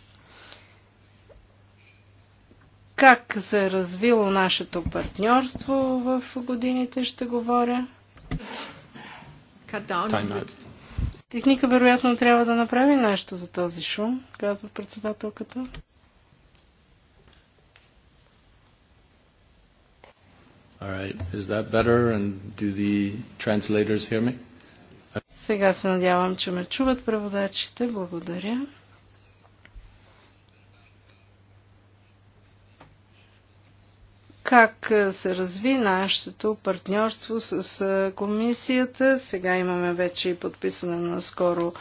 Как се е развило нашето партньорство в годините, ще говоря. Техника вероятно трябва да направи нещо за този шум, казва председателката. All right. Is that better? And do the translators hear me? Сега се надявам, че ме чуват преводачите. Благодаря. Как е, се разви нашето партньорство с е, комисията? Сега имаме вече и подписане на скоро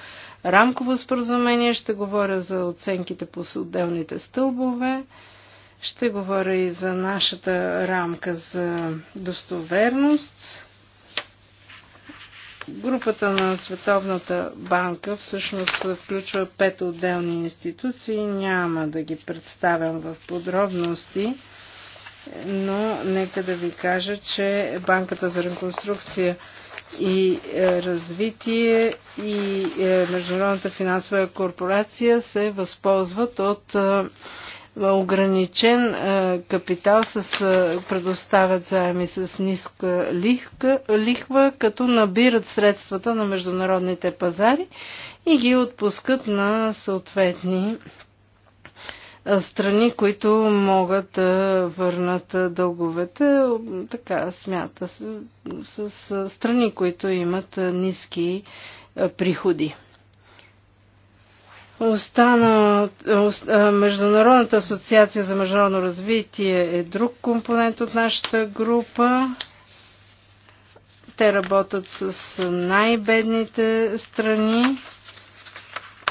рамково споразумение. Ще говоря за оценките по отделните стълбове. Ще говоря и за нашата рамка за достоверност. Групата на Световната банка всъщност включва пет отделни институции. Няма да ги представям в подробности, но нека да ви кажа, че Банката за реконструкция и е, развитие и е, Международната финансова корпорация се възползват от е, ограничен капитал с, предоставят заеми с ниска лихва, като набират средствата на международните пазари и ги отпускат на съответни страни, които могат да върнат дълговете, така смята, с, с, с страни, които имат ниски приходи. Остана, Международната асоциация за международно развитие е друг компонент от нашата група. Те работят с най-бедните страни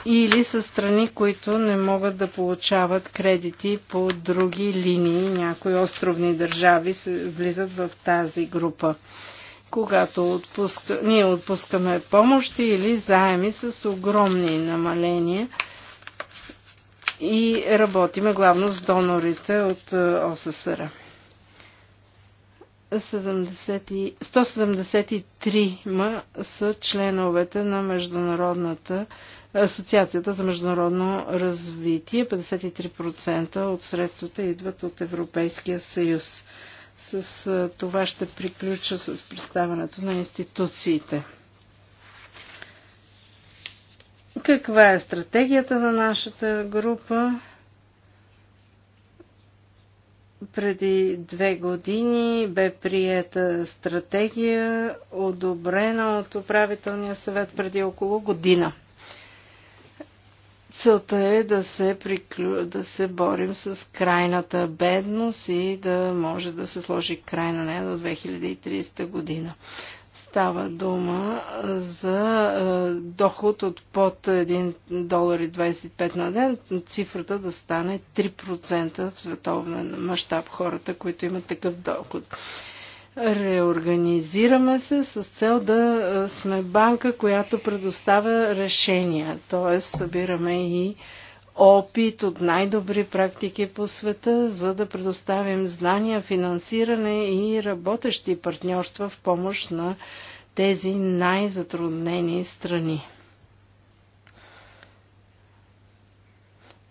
или с страни, които не могат да получават кредити по други линии. Някои островни държави влизат в тази група когато отпуска, ние отпускаме помощи или заеми с огромни намаления и работиме главно с донорите от е, ОССР. 173 ма са членовете на Международната е, Асоциацията за международно развитие. 53% от средствата идват от Европейския съюз. С това ще приключа с представането на институциите. Каква е стратегията на нашата група? преди две години бе приета стратегия, одобрена от управителния съвет преди около година. Целта е да се, приклю... да се борим с крайната бедност и да може да се сложи край на нея до 2030 година. Става дума за доход от под 1 долар и 25 на ден, цифрата да стане 3% в световен мащаб хората, които имат такъв доход. Реорганизираме се с цел да сме банка, която предоставя решения, т.е. събираме и опит от най-добри практики по света, за да предоставим знания, финансиране и работещи партньорства в помощ на тези най-затруднени страни.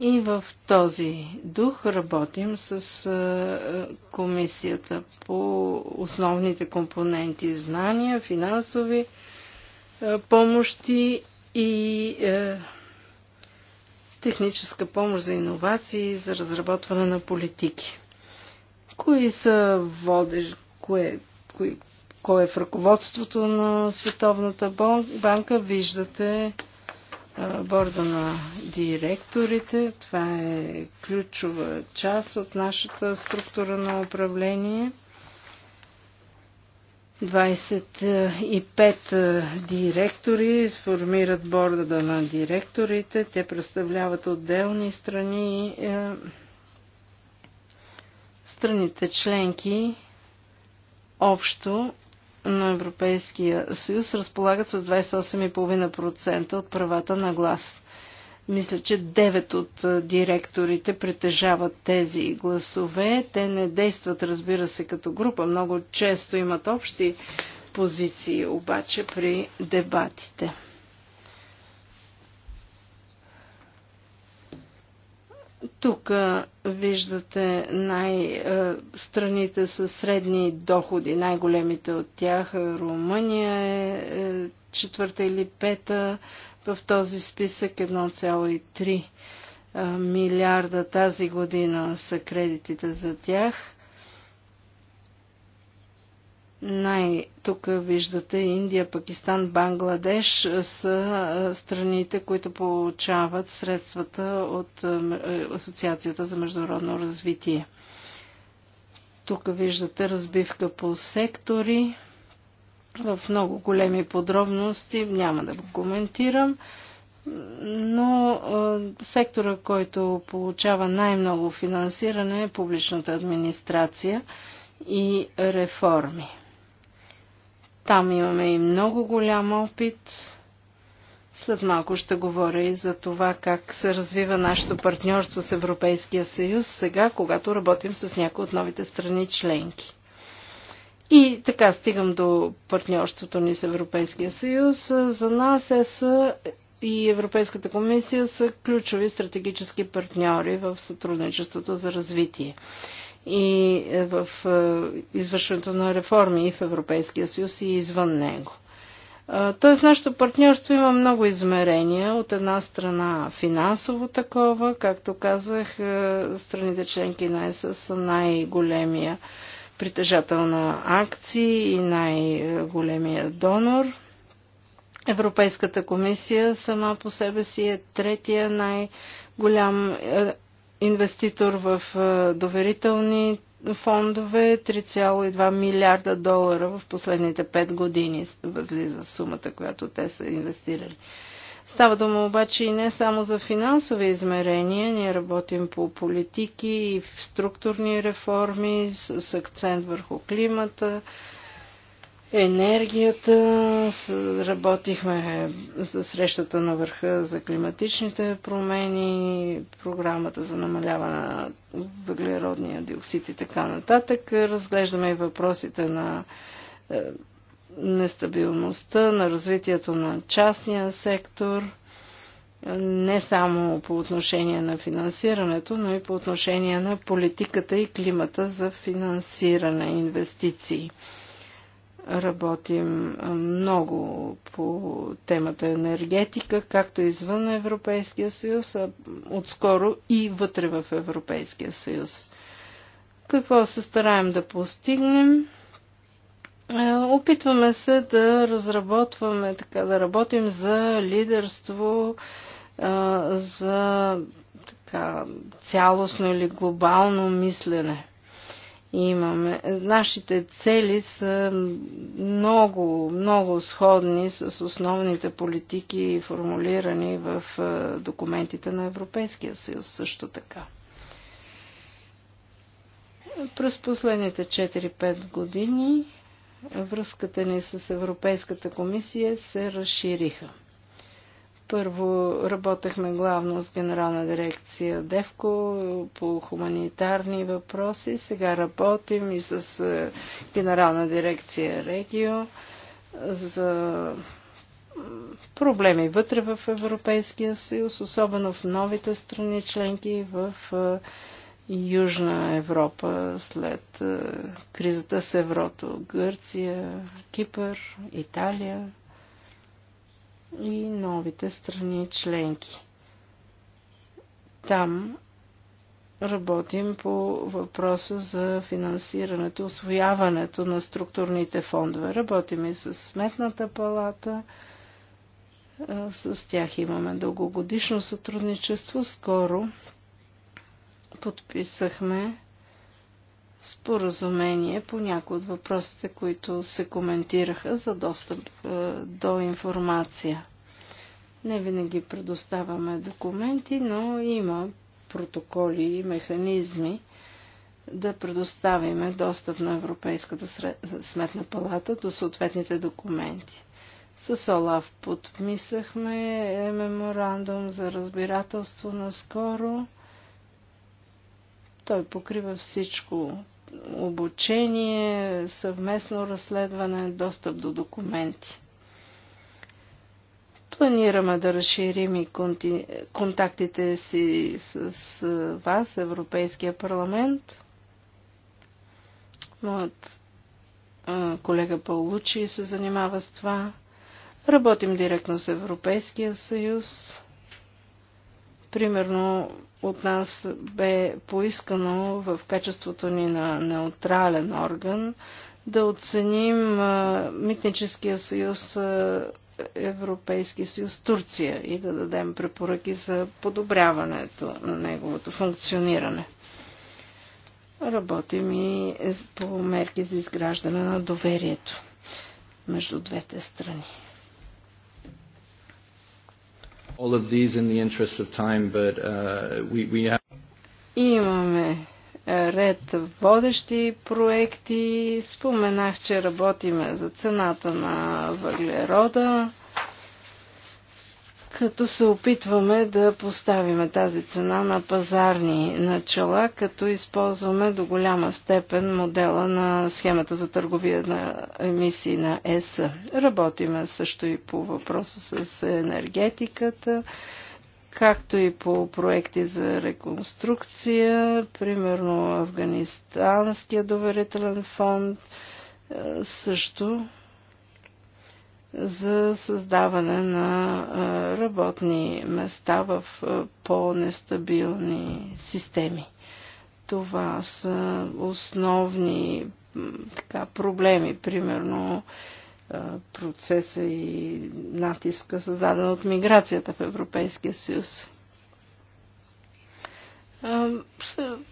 И в този дух работим с комисията по основните компоненти знания, финансови помощи и техническа помощ за иновации и за разработване на политики. Кои са водеж, кое, кое, кое е в ръководството на Световната банка, виждате борда на директорите. Това е ключова част от нашата структура на управление. 25 директори сформират борда на директорите. Те представляват отделни страни. Страните членки общо на Европейския съюз разполагат с 28,5% от правата на глас. Мисля, че 9 от директорите притежават тези гласове. Те не действат, разбира се, като група. Много често имат общи позиции, обаче при дебатите. Тук виждате най- страните с средни доходи, най-големите от тях. Румъния е, е четвърта или пета в този списък 1,3 милиарда тази година са кредитите за тях. Най- тук виждате Индия, Пакистан, Бангладеш са страните, които получават средствата от Асоциацията за международно развитие. Тук виждате разбивка по сектори. В много големи подробности няма да го коментирам, но сектора, който получава най-много финансиране е публичната администрация и реформи. Там имаме и много голям опит. След малко ще говоря и за това как се развива нашето партньорство с Европейския съюз сега, когато работим с някои от новите страни членки. И така стигам до партньорството ни с Европейския съюз. За нас ЕС и Европейската комисия са ключови стратегически партньори в сътрудничеството за развитие и е, в е, извършването на реформи и в Европейския съюз и извън него. Тоест, нашето партньорство има много измерения. От една страна финансово такова, както казах, е, страните членки на ЕС са най-големия притежател на акции и най-големия донор. Европейската комисия сама по себе си е третия най-голям инвеститор в доверителни фондове 3,2 милиарда долара в последните 5 години възлиза сумата, която те са инвестирали. Става дума обаче и не само за финансови измерения. Ние работим по политики и структурни реформи с акцент върху климата, енергията, работихме за срещата на върха за климатичните промени, програмата за намаляване на въглеродния диоксид и така нататък. Разглеждаме и въпросите на е, нестабилността, на развитието на частния сектор, не само по отношение на финансирането, но и по отношение на политиката и климата за финансиране, инвестиции. Работим много по темата енергетика, както извън Европейския съюз, а отскоро и вътре в Европейския съюз. Какво се стараем да постигнем? Е, опитваме се да разработваме, така да работим за лидерство, за така, цялостно или глобално мислене имаме. Нашите цели са много, много сходни с основните политики, формулирани в е, документите на Европейския съюз също така. През последните 4-5 години връзката ни с Европейската комисия се разшириха. Първо работехме главно с генерална дирекция Девко по хуманитарни въпроси. Сега работим и с е, генерална дирекция Регио за проблеми вътре в Европейския съюз, особено в новите страни членки в е, Южна Европа след е, кризата с еврото. Гърция, Кипър, Италия и новите страни членки. Там работим по въпроса за финансирането, освояването на структурните фондове. Работим и с Сметната палата. С тях имаме дългогодишно сътрудничество. Скоро подписахме споразумение по някои от въпросите, които се коментираха за достъп е, до информация. Не винаги предоставяме документи, но има протоколи и механизми да предоставиме достъп на Европейската сметна палата до съответните документи. С Олаф подписахме меморандум за разбирателство наскоро. Той покрива всичко обучение, съвместно разследване, достъп до документи. Планираме да разширим и контактите си с, вас, Европейския парламент. Моят колега Паулучи се занимава с това. Работим директно с Европейския съюз Примерно от нас бе поискано в качеството ни на неутрален орган да оценим Митническия съюз Европейски съюз Турция и да дадем препоръки за подобряването на неговото функциониране. Работим и по мерки за изграждане на доверието между двете страни all of these in the interest of time, but uh, we, we have... Имаме е, ред водещи проекти. Споменах, че работиме за цената на въглерода като се опитваме да поставиме тази цена на пазарни начала, като използваме до голяма степен модела на схемата за търговия на емисии на ЕС. Работиме също и по въпроса с енергетиката, както и по проекти за реконструкция, примерно Афганистанския доверителен фонд също за създаване на работни места в по-нестабилни системи. Това са основни така, проблеми, примерно процеса и натиска, създаден от миграцията в Европейския съюз.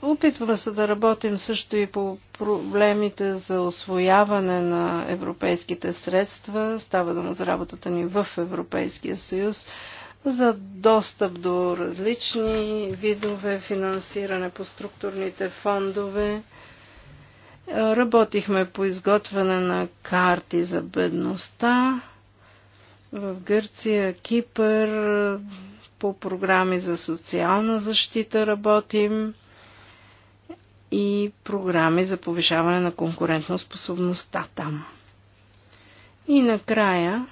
Опитваме се да работим също и по проблемите за освояване на европейските средства. Става дума за работата ни в Европейския съюз за достъп до различни видове финансиране по структурните фондове. Работихме по изготвяне на карти за бедността в Гърция, Кипър, по програми за социална защита работим и програми за повишаване на конкурентоспособността там. И накрая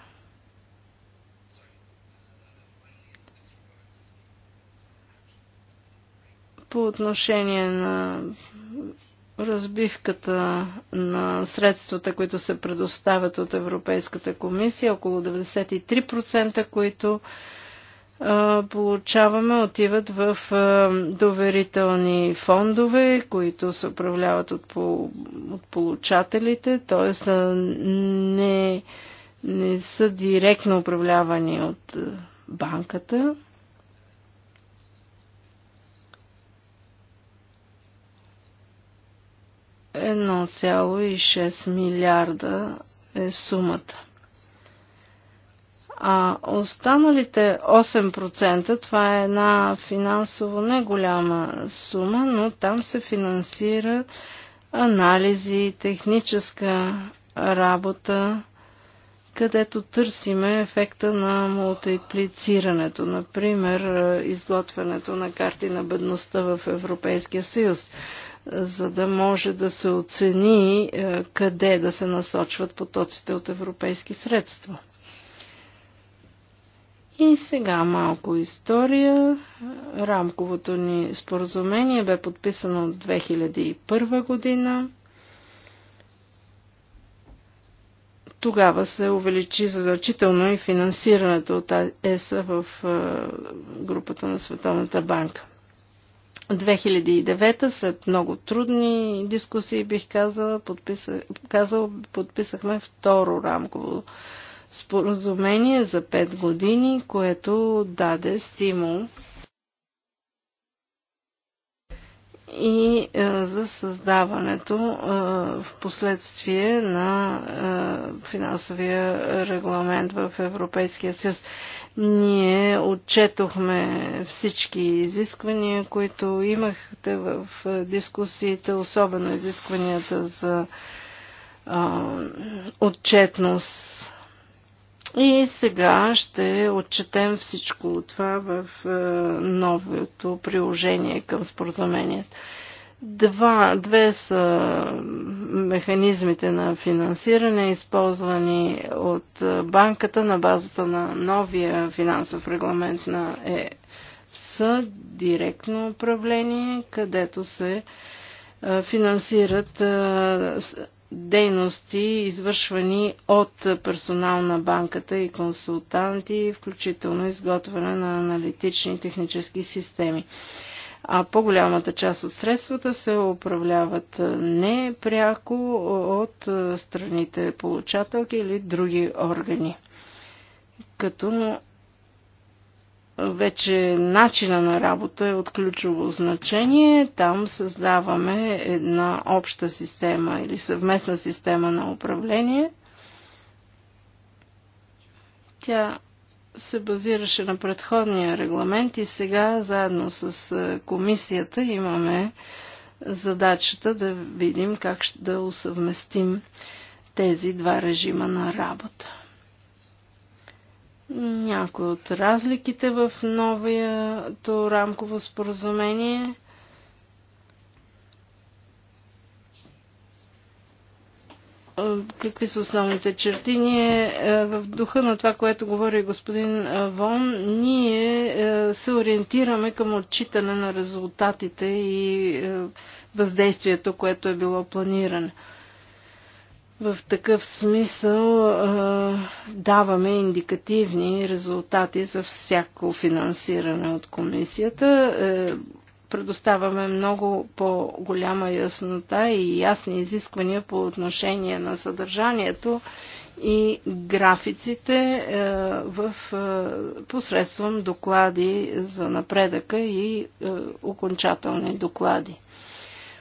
по отношение на разбивката на средствата, които се предоставят от Европейската комисия, около 93%, които получаваме отиват в доверителни фондове, които се управляват от, по, от получателите, т.е. Не, не са директно управлявани от банката. Едно цяло и 6 милиарда е сумата. А останалите 8%, това е една финансово не голяма сума, но там се финансира анализи, техническа работа, където търсиме ефекта на мултиплицирането, например изготвянето на карти на бедността в Европейския съюз, за да може да се оцени е, къде да се насочват потоците от европейски средства. И сега малко история. Рамковото ни споразумение бе подписано от 2001 година. Тогава се увеличи значително и финансирането от ЕСА в групата на Световната банка. 2009, след много трудни дискусии, бих казала, подписах, казал, подписахме второ рамково споразумение за 5 години, което даде стимул и е, за създаването е, в последствие на е, финансовия регламент в Европейския съюз. Ние отчетохме всички изисквания, които имахте в дискусиите, особено изискванията за е, отчетност и сега ще отчетем всичко това в е, новото приложение към споразумението. Два, две са механизмите на финансиране, използвани от банката на базата на новия финансов регламент на ЕС, директно управление, където се е, финансират е, дейности, извършвани от персонал на банката и консултанти, включително изготвяне на аналитични и технически системи. А по-голямата част от средствата се управляват не пряко от страните получателки или други органи. Като вече начина на работа е от ключово значение. Там създаваме една обща система или съвместна система на управление. Тя се базираше на предходния регламент и сега заедно с комисията имаме задачата да видим как ще да усъвместим тези два режима на работа някои от разликите в новото рамково споразумение. Е, какви са основните черти? Ние е, в духа на това, което говори господин е, Вон, ние се ориентираме към отчитане на резултатите и въздействието, което е било планирано. В такъв смисъл даваме индикативни резултати за всяко финансиране от комисията. Е, предоставяме много по-голяма яснота и ясни изисквания по отношение на съдържанието и графиците е, в, е, посредством доклади за напредъка и окончателни доклади.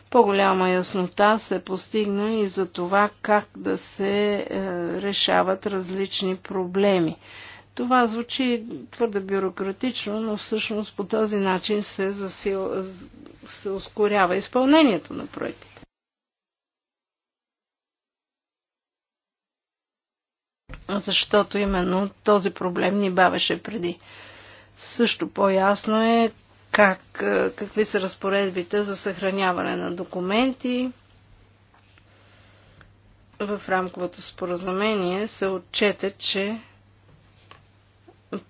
По-голяма яснота се постигна и за това как да се е, решават различни проблеми. Това звучи твърде бюрократично, но всъщност по този начин се, засил, се ускорява изпълнението на проектите. Защото именно този проблем ни бавеше преди. Също по-ясно е как, е, какви са разпоредбите за съхраняване на документи. В рамковото споразумение се отчете, че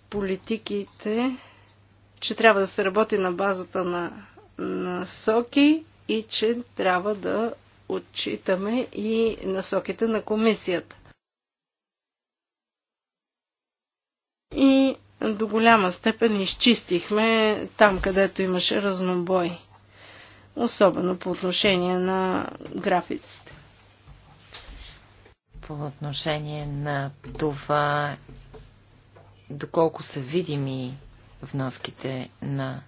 политиките, че трябва да се работи на базата на насоки и че трябва да отчитаме и насоките на комисията. И до голяма степен изчистихме там, където имаше разнобой, особено по отношение на графиците. По отношение на това, доколко са видими вноските на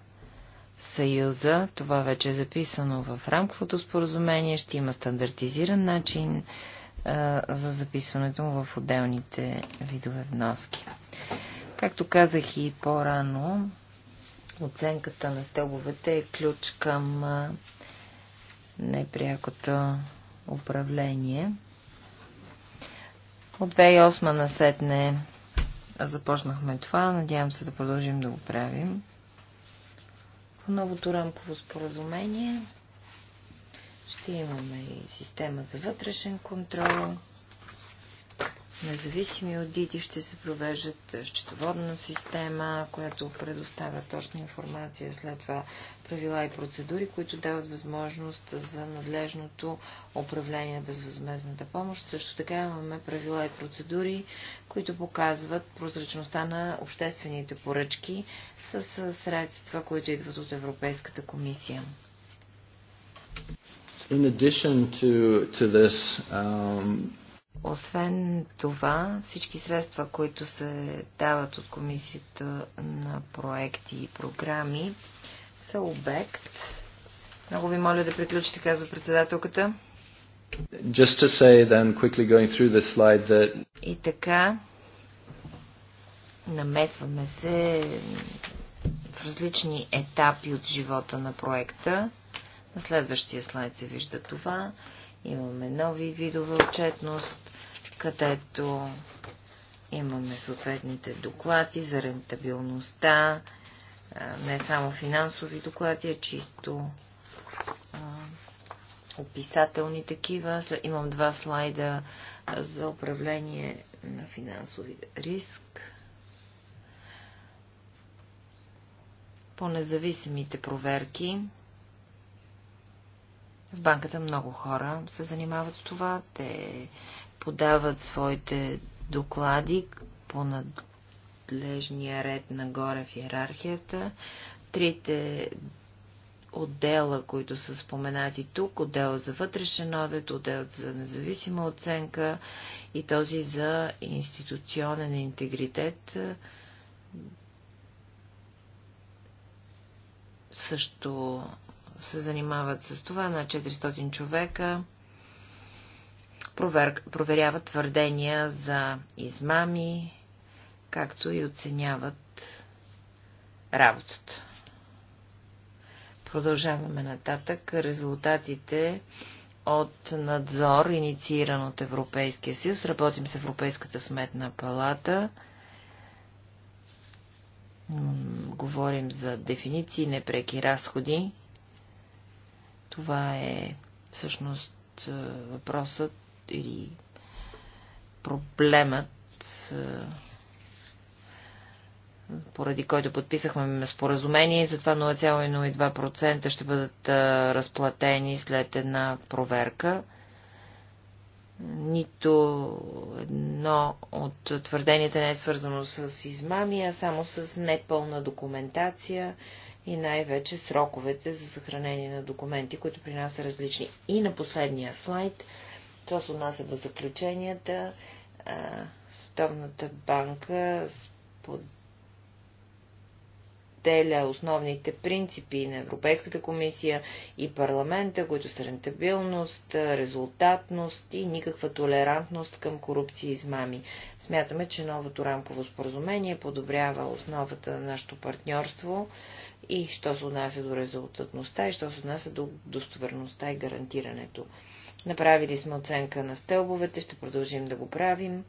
Съюза, това вече е записано в рамковото споразумение, ще има стандартизиран начин а, за записването му в отделните видове вноски. Както казах и по-рано, оценката на стълбовете е ключ към непрякото управление. От 2008 насетне започнахме това. Надявам се да продължим да го правим. По новото рамково споразумение ще имаме и система за вътрешен контрол. Независими аудити ще се провеждат счетоводна система, която предоставя точна информация, след това правила и процедури, които дават възможност за надлежното управление на безвъзмезната помощ. Също така имаме правила и процедури, които показват прозрачността на обществените поръчки с средства, които идват от Европейската комисия. In addition to, to this, um, освен това, всички средства, които се дават от комисията на проекти и програми, са обект. Много ви моля да приключите, казва председателката. Just to say then, quickly going through this slide, that... И така, намесваме се в различни етапи от живота на проекта. На следващия слайд се вижда това. Имаме нови видове отчетност, където имаме съответните доклади за рентабилността, не само финансови доклади, а чисто описателни такива. Имам два слайда за управление на финансови риск. По независимите проверки в банката много хора се занимават с това. Те подават своите доклади по надлежния ред нагоре в иерархията. Трите отдела, които са споменати тук, отдела за вътрешен одет, отдел за независима оценка и този за институционен интегритет, също се занимават с това на 400 човека. Провер... Проверяват твърдения за измами, както и оценяват работата. Продължаваме нататък. Резултатите от надзор, иницииран от Европейския съюз. Работим с Европейската сметна палата. Говорим за дефиниции, непреки разходи. Това е всъщност е, въпросът или проблемът, е, поради който подписахме споразумение, затова 0,02% ще бъдат е, разплатени след една проверка. Нито едно от твърденията не е свързано с измами, а само с непълна документация и най-вече сроковете за съхранение на документи, които при нас са различни. И на последния слайд, това се отнася до заключенията, Световната банка определя основните принципи на Европейската комисия и парламента, които са рентабилност, резултатност и никаква толерантност към корупция и измами. Смятаме, че новото рамково споразумение подобрява основата на нашето партньорство и що се отнася до резултатността и що се отнася до достоверността и гарантирането. Направили сме оценка на стълбовете, ще продължим да го правим.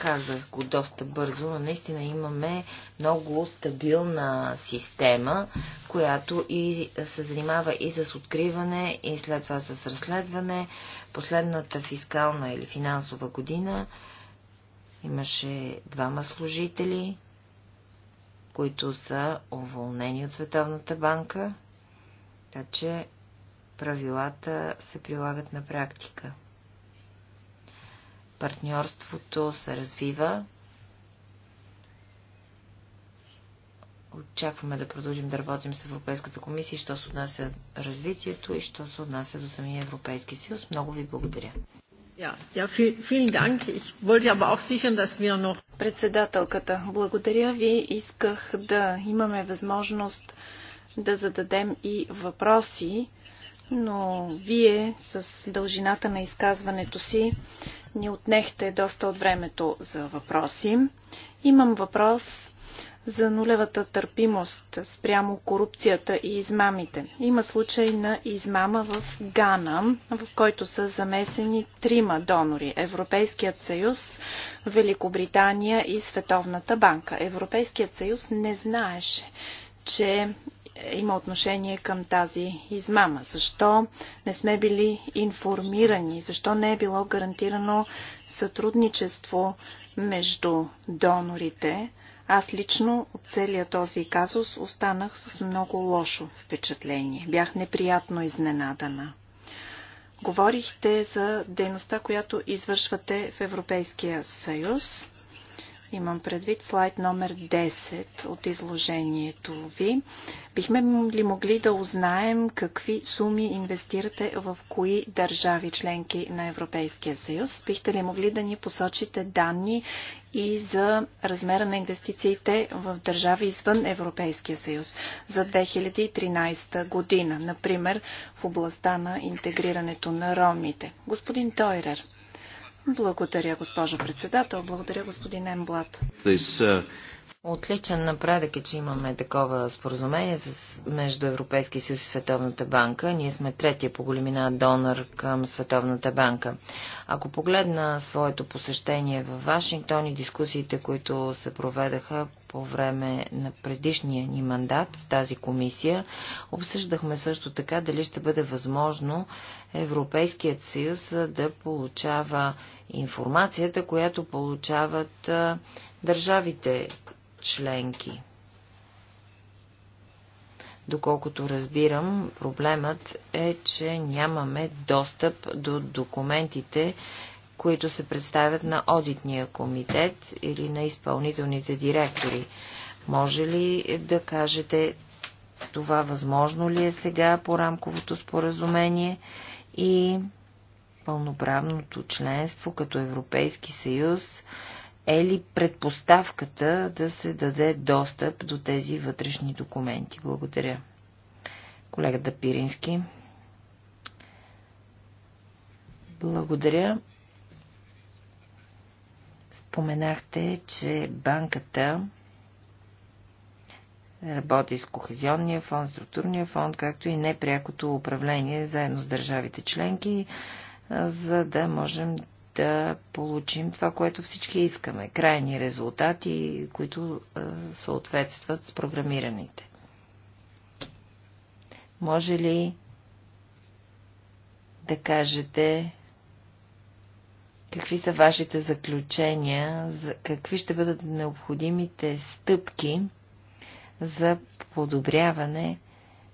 Казах го доста бързо, но наистина имаме много стабилна система, която и се занимава и с откриване, и след това с разследване. Последната фискална или финансова година имаше двама служители, които са уволнени от Световната банка, така че правилата се прилагат на практика. Партньорството се развива. Очакваме да продължим да работим с Европейската комисия, що се отнася развитието и що се отнася до самия Европейски съюз. Много ви благодаря. Председателката, благодаря ви. Исках да имаме възможност да зададем и въпроси, но вие с дължината на изказването си ни отнехте доста от времето за въпроси. Имам въпрос за нулевата търпимост спрямо корупцията и измамите. Има случай на измама в Гана, в който са замесени трима донори – Европейският съюз, Великобритания и Световната банка. Европейският съюз не знаеше, че има отношение към тази измама? Защо не сме били информирани? Защо не е било гарантирано сътрудничество между донорите? Аз лично от целия този казус останах с много лошо впечатление. Бях неприятно изненадана. Говорихте за дейността, която извършвате в Европейския съюз. Имам предвид слайд номер 10 от изложението ви. Бихме ли могли да узнаем какви суми инвестирате в кои държави членки на Европейския съюз? Бихте ли могли да ни посочите данни и за размера на инвестициите в държави извън Европейския съюз за 2013 година, например в областта на интегрирането на ромите? Господин Тойрер, благодаря, госпожо председател. Благодаря, господин Емблат. This, uh... Отличен напредък е, че имаме такова споразумение с, между Европейския съюз и Световната банка. Ние сме третия по големина донор към Световната банка. Ако погледна своето посещение в Вашингтон и дискусиите, които се проведаха по време на предишния ни мандат в тази комисия, обсъждахме също така дали ще бъде възможно Европейският съюз да получава информацията, която получават държавите членки. Доколкото разбирам, проблемът е, че нямаме достъп до документите, които се представят на одитния комитет или на изпълнителните директори. Може ли да кажете това възможно ли е сега по рамковото споразумение и пълноправното членство като Европейски съюз е ли предпоставката да се даде достъп до тези вътрешни документи? Благодаря. Колегата Пирински. Благодаря. Споменахте, че банката работи с Кохезионния фонд, Структурния фонд, както и непрякото управление заедно с държавите членки, за да можем да получим това, което всички искаме. Крайни резултати, които съответстват с програмираните. Може ли да кажете какви са вашите заключения, за какви ще бъдат необходимите стъпки за подобряване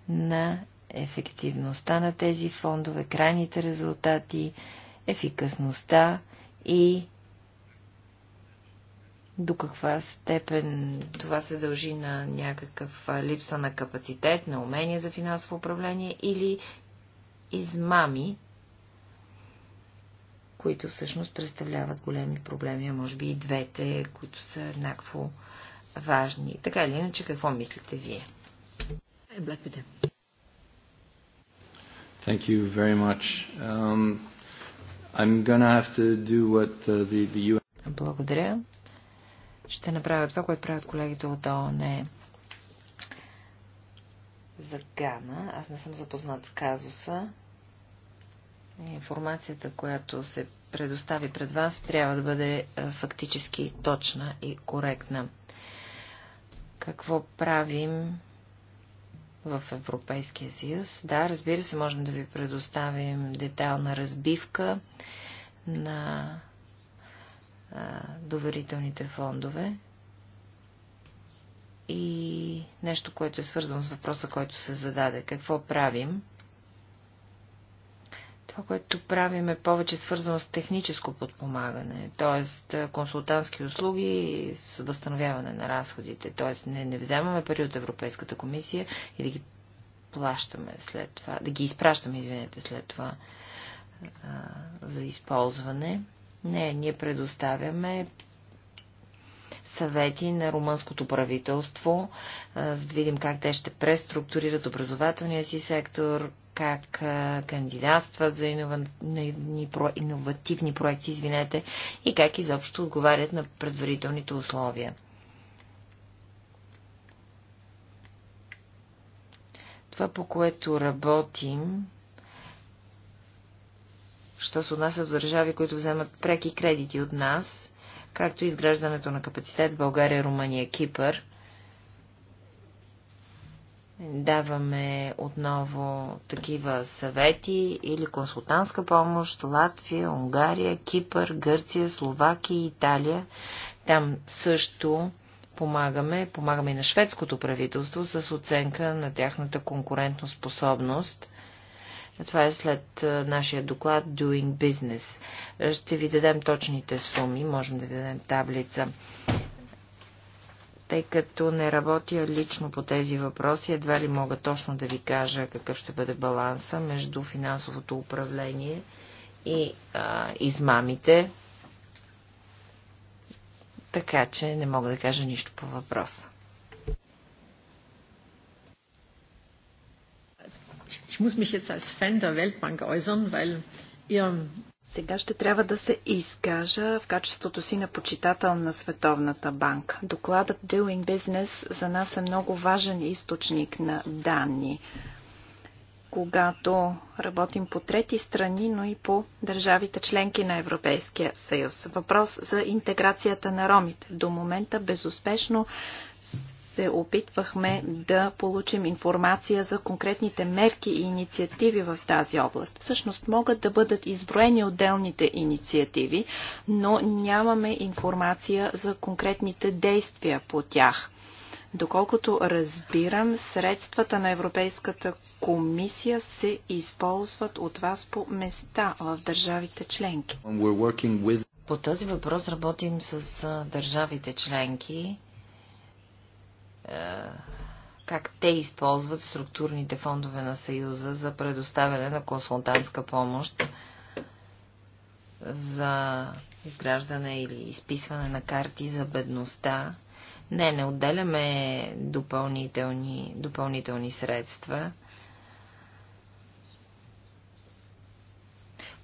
на ефективността на тези фондове, крайните резултати, ефикасността и до каква степен това се дължи на някакъв липса на капацитет, на умение за финансово управление или измами, които всъщност представляват големи проблеми, а може би и двете, които са еднакво важни. Така или иначе, какво мислите вие? Е, Thank you very much. Um... I'm gonna have to do what uh, the, the UN... Благодаря. Ще направя това, което правят колегите от ООН. За Гана. Аз не съм запознат с казуса. Информацията, която се предостави пред вас, трябва да бъде е, фактически точна и коректна. Какво правим в Европейския съюз. Да, разбира се, можем да ви предоставим детална разбивка на а, доверителните фондове и нещо, което е свързано с въпроса, който се зададе. Какво правим? Това, което правим е повече свързано с техническо подпомагане, т.е. консултантски услуги и с възстановяване на разходите. Т.е. Не, не вземаме пари от Европейската комисия и да ги плащаме след това, да ги изпращаме, извинете, след това а, за използване. Не, ние предоставяме съвети на румънското правителство, а, за да видим как те ще преструктурират образователния си сектор, как кандидатстват за иновативни проекти, извинете, и как изобщо отговарят на предварителните условия. Това, по което работим, що се отнася до държави, които вземат преки кредити от нас, както изграждането на капацитет в България, Румъния, Кипър – Даваме отново такива съвети или консултантска помощ Латвия, Унгария, Кипър, Гърция, Словакия Италия. Там също помагаме, помагаме и на шведското правителство с оценка на тяхната конкурентно способност. Това е след нашия доклад Doing Business. Ще ви дадем точните суми, можем да ви дадем таблица тъй като не работя лично по тези въпроси, едва ли мога точно да ви кажа какъв ще бъде баланса между финансовото управление и а, измамите. Така че не мога да кажа нищо по въпроса. Ich muss mich jetzt als Fan der Weltbank äußern, weil ihr сега ще трябва да се изкажа в качеството си на почитател на Световната банка. Докладът Doing Business за нас е много важен източник на данни когато работим по трети страни, но и по държавите членки на Европейския съюз. Въпрос за интеграцията на ромите. До момента безуспешно се опитвахме да получим информация за конкретните мерки и инициативи в тази област. Всъщност могат да бъдат изброени отделните инициативи, но нямаме информация за конкретните действия по тях. Доколкото разбирам, средствата на Европейската комисия се използват от вас по места в държавите членки. По този въпрос работим с държавите членки е, как те използват структурните фондове на Съюза за предоставяне на консултантска помощ за изграждане или изписване на карти за бедността. Не, не отделяме допълнителни, допълнителни средства.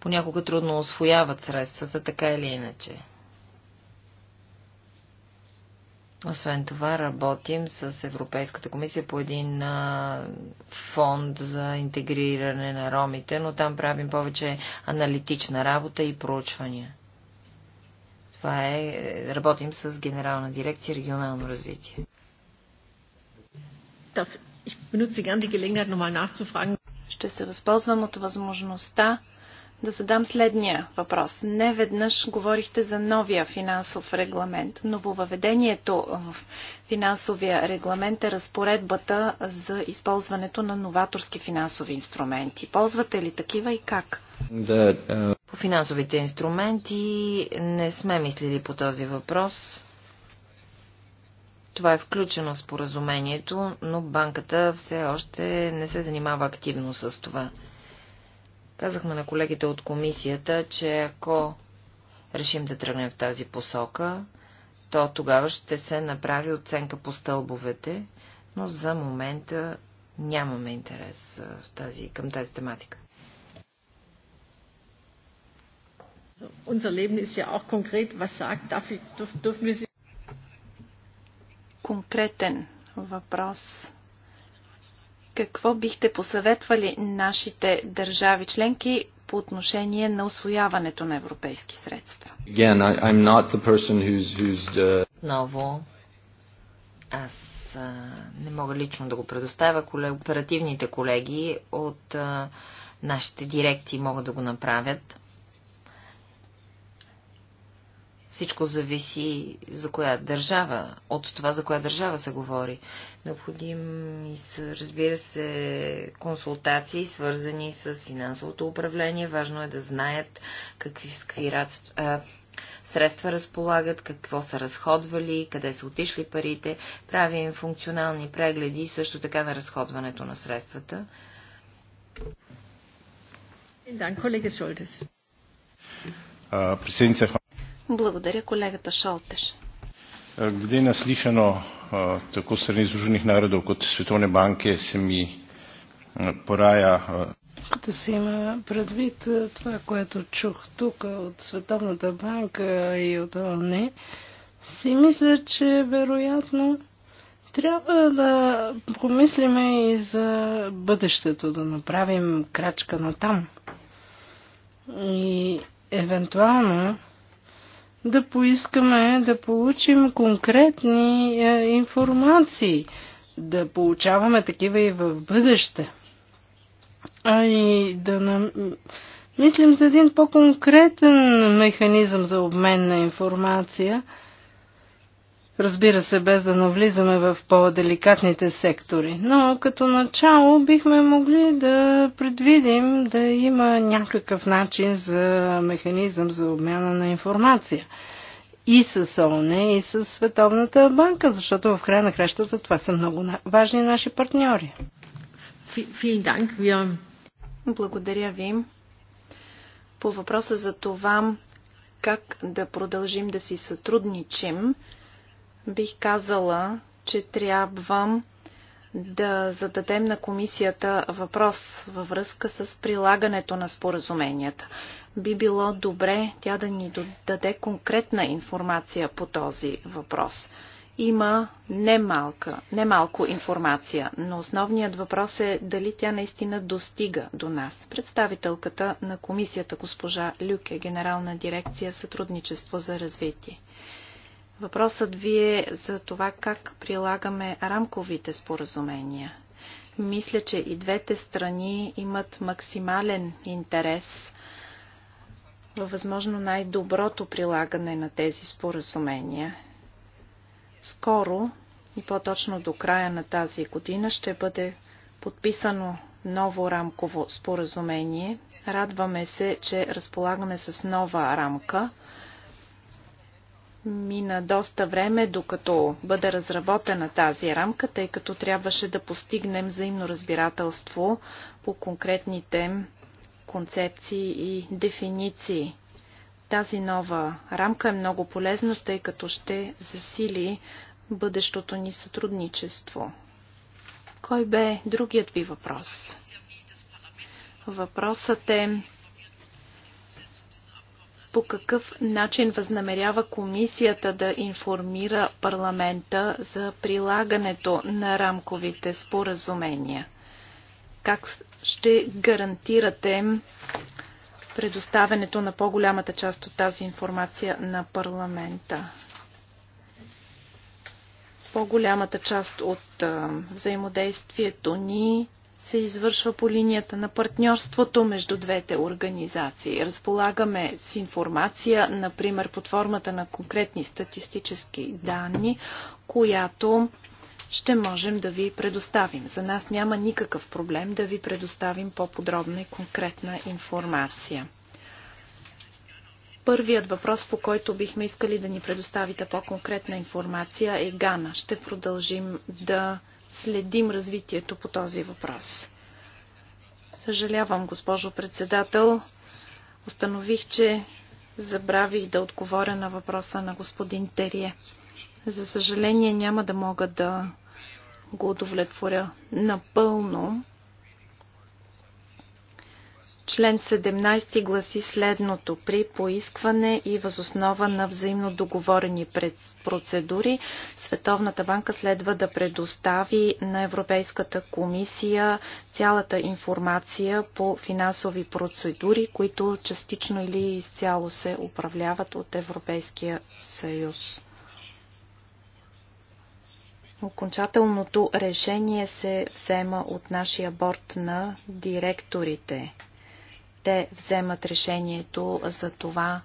Понякога трудно освояват средствата, така или иначе. Освен това работим с Европейската комисия по един а, фонд за интегриране на ромите, но там правим повече аналитична работа и проучвания. Това е, работим с Генерална дирекция регионално развитие. Ще се възползвам от възможността да задам следния въпрос. Не веднъж говорихте за новия финансов регламент. Нововъведението в финансовия регламент е разпоредбата за използването на новаторски финансови инструменти. Ползвате ли такива и как? Да, а... Е, по финансовите инструменти не сме мислили по този въпрос. Това е включено в споразумението, но банката все още не се занимава активно с това. Казахме на колегите от комисията, че ако решим да тръгнем в тази посока, то тогава ще се направи оценка по стълбовете, но за момента нямаме интерес в тази, към тази тематика. Конкретен въпрос какво бихте посъветвали нашите държави членки по отношение на освояването на европейски средства? Ново, аз не мога лично да го предоставя. Оперативните колеги от нашите дирекции могат да го направят. Всичко зависи за коя държава, от това за коя държава се говори. Необходими са, разбира се, консултации, свързани с финансовото управление. Важно е да знаят какви, скви средства разполагат, какво са разходвали, къде са отишли парите. Правим функционални прегледи също така на разходването на средствата. Благодаря, колега Шолдес. Uh, благодаря колегата Шолтеш. Glede na slišano tako strani Združenih narodov kot Световне банки се ми е, порая. Като се има предвид е, това, което чух тук от Световната банка и от ООН, си мисля, че вероятно трябва да помислиме и за бъдещето, да направим крачка на там. И евентуално да поискаме да получим конкретни е, информации, да получаваме такива и в бъдеще. А и да нам... мислим за един по-конкретен механизъм за обмен на информация – Разбира се, без да навлизаме в по-деликатните сектори. Но като начало бихме могли да предвидим да има някакъв начин за механизъм за обмяна на информация. И с ООН, и с Световната банка, защото в края на кращата това са много важни наши партньори. Благодаря ви. По въпроса за това как да продължим да си сътрудничим, бих казала, че трябва да зададем на комисията въпрос във връзка с прилагането на споразуменията. Би било добре тя да ни даде конкретна информация по този въпрос. Има немалка, немалко информация, но основният въпрос е дали тя наистина достига до нас. Представителката на комисията госпожа Люке, генерална дирекция Сътрудничество за развитие. Въпросът ви е за това как прилагаме рамковите споразумения. Мисля, че и двете страни имат максимален интерес във възможно най-доброто прилагане на тези споразумения. Скоро и по-точно до края на тази година ще бъде подписано ново рамково споразумение. Радваме се, че разполагаме с нова рамка – Мина доста време, докато бъде разработена тази рамка, тъй като трябваше да постигнем взаимно разбирателство по конкретните концепции и дефиниции. Тази нова рамка е много полезна, тъй като ще засили бъдещото ни сътрудничество. Кой бе другият ви въпрос? Въпросът е по какъв начин възнамерява комисията да информира парламента за прилагането на рамковите споразумения? Как ще гарантирате предоставянето на по-голямата част от тази информация на парламента? По-голямата част от взаимодействието ни се извършва по линията на партньорството между двете организации. Разполагаме с информация, например под формата на конкретни статистически данни, която ще можем да ви предоставим. За нас няма никакъв проблем да ви предоставим по-подробна и конкретна информация. Първият въпрос, по който бихме искали да ни предоставите по-конкретна информация е Гана. Ще продължим да следим развитието по този въпрос. Съжалявам, госпожо председател. Установих, че забравих да отговоря на въпроса на господин Терие. За съжаление няма да мога да го удовлетворя напълно. Член 17 гласи следното. При поискване и възоснова на взаимно договорени процедури, Световната банка следва да предостави на Европейската комисия цялата информация по финансови процедури, които частично или изцяло се управляват от Европейския съюз. Окончателното решение се взема от нашия борт на директорите те вземат решението за това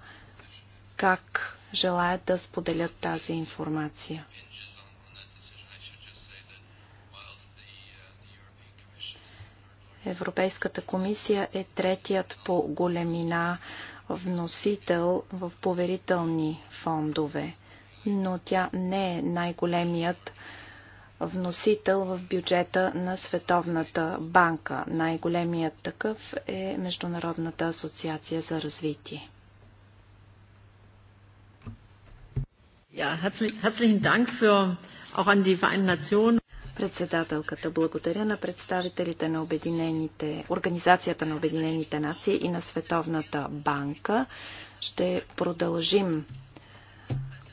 как желаят да споделят тази информация. Европейската комисия е третият по големина вносител в поверителни фондове, но тя не е най-големият вносител в бюджета на Световната банка. Най-големият такъв е Международната асоциация за развитие. Председателката благодаря на представителите на Обединените, Организацията на Обединените нации и на Световната банка. Ще продължим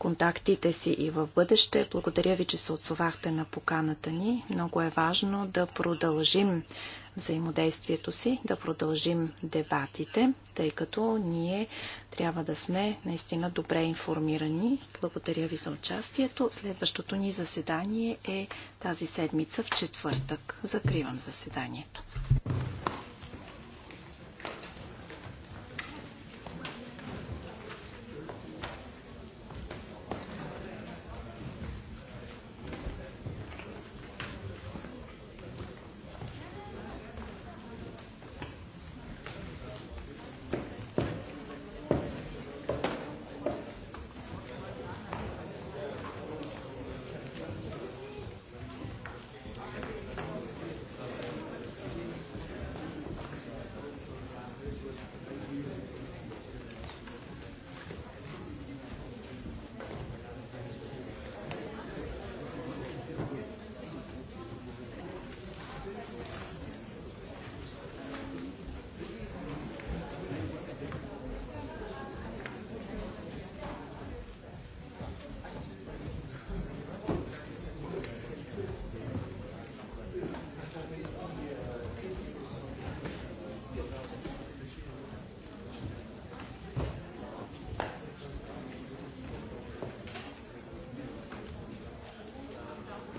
контактите си и в бъдеще. Благодаря ви, че се отсовахте на поканата ни. Много е важно да продължим взаимодействието си, да продължим дебатите, тъй като ние трябва да сме наистина добре информирани. Благодаря ви за участието. Следващото ни заседание е тази седмица в четвъртък. Закривам заседанието.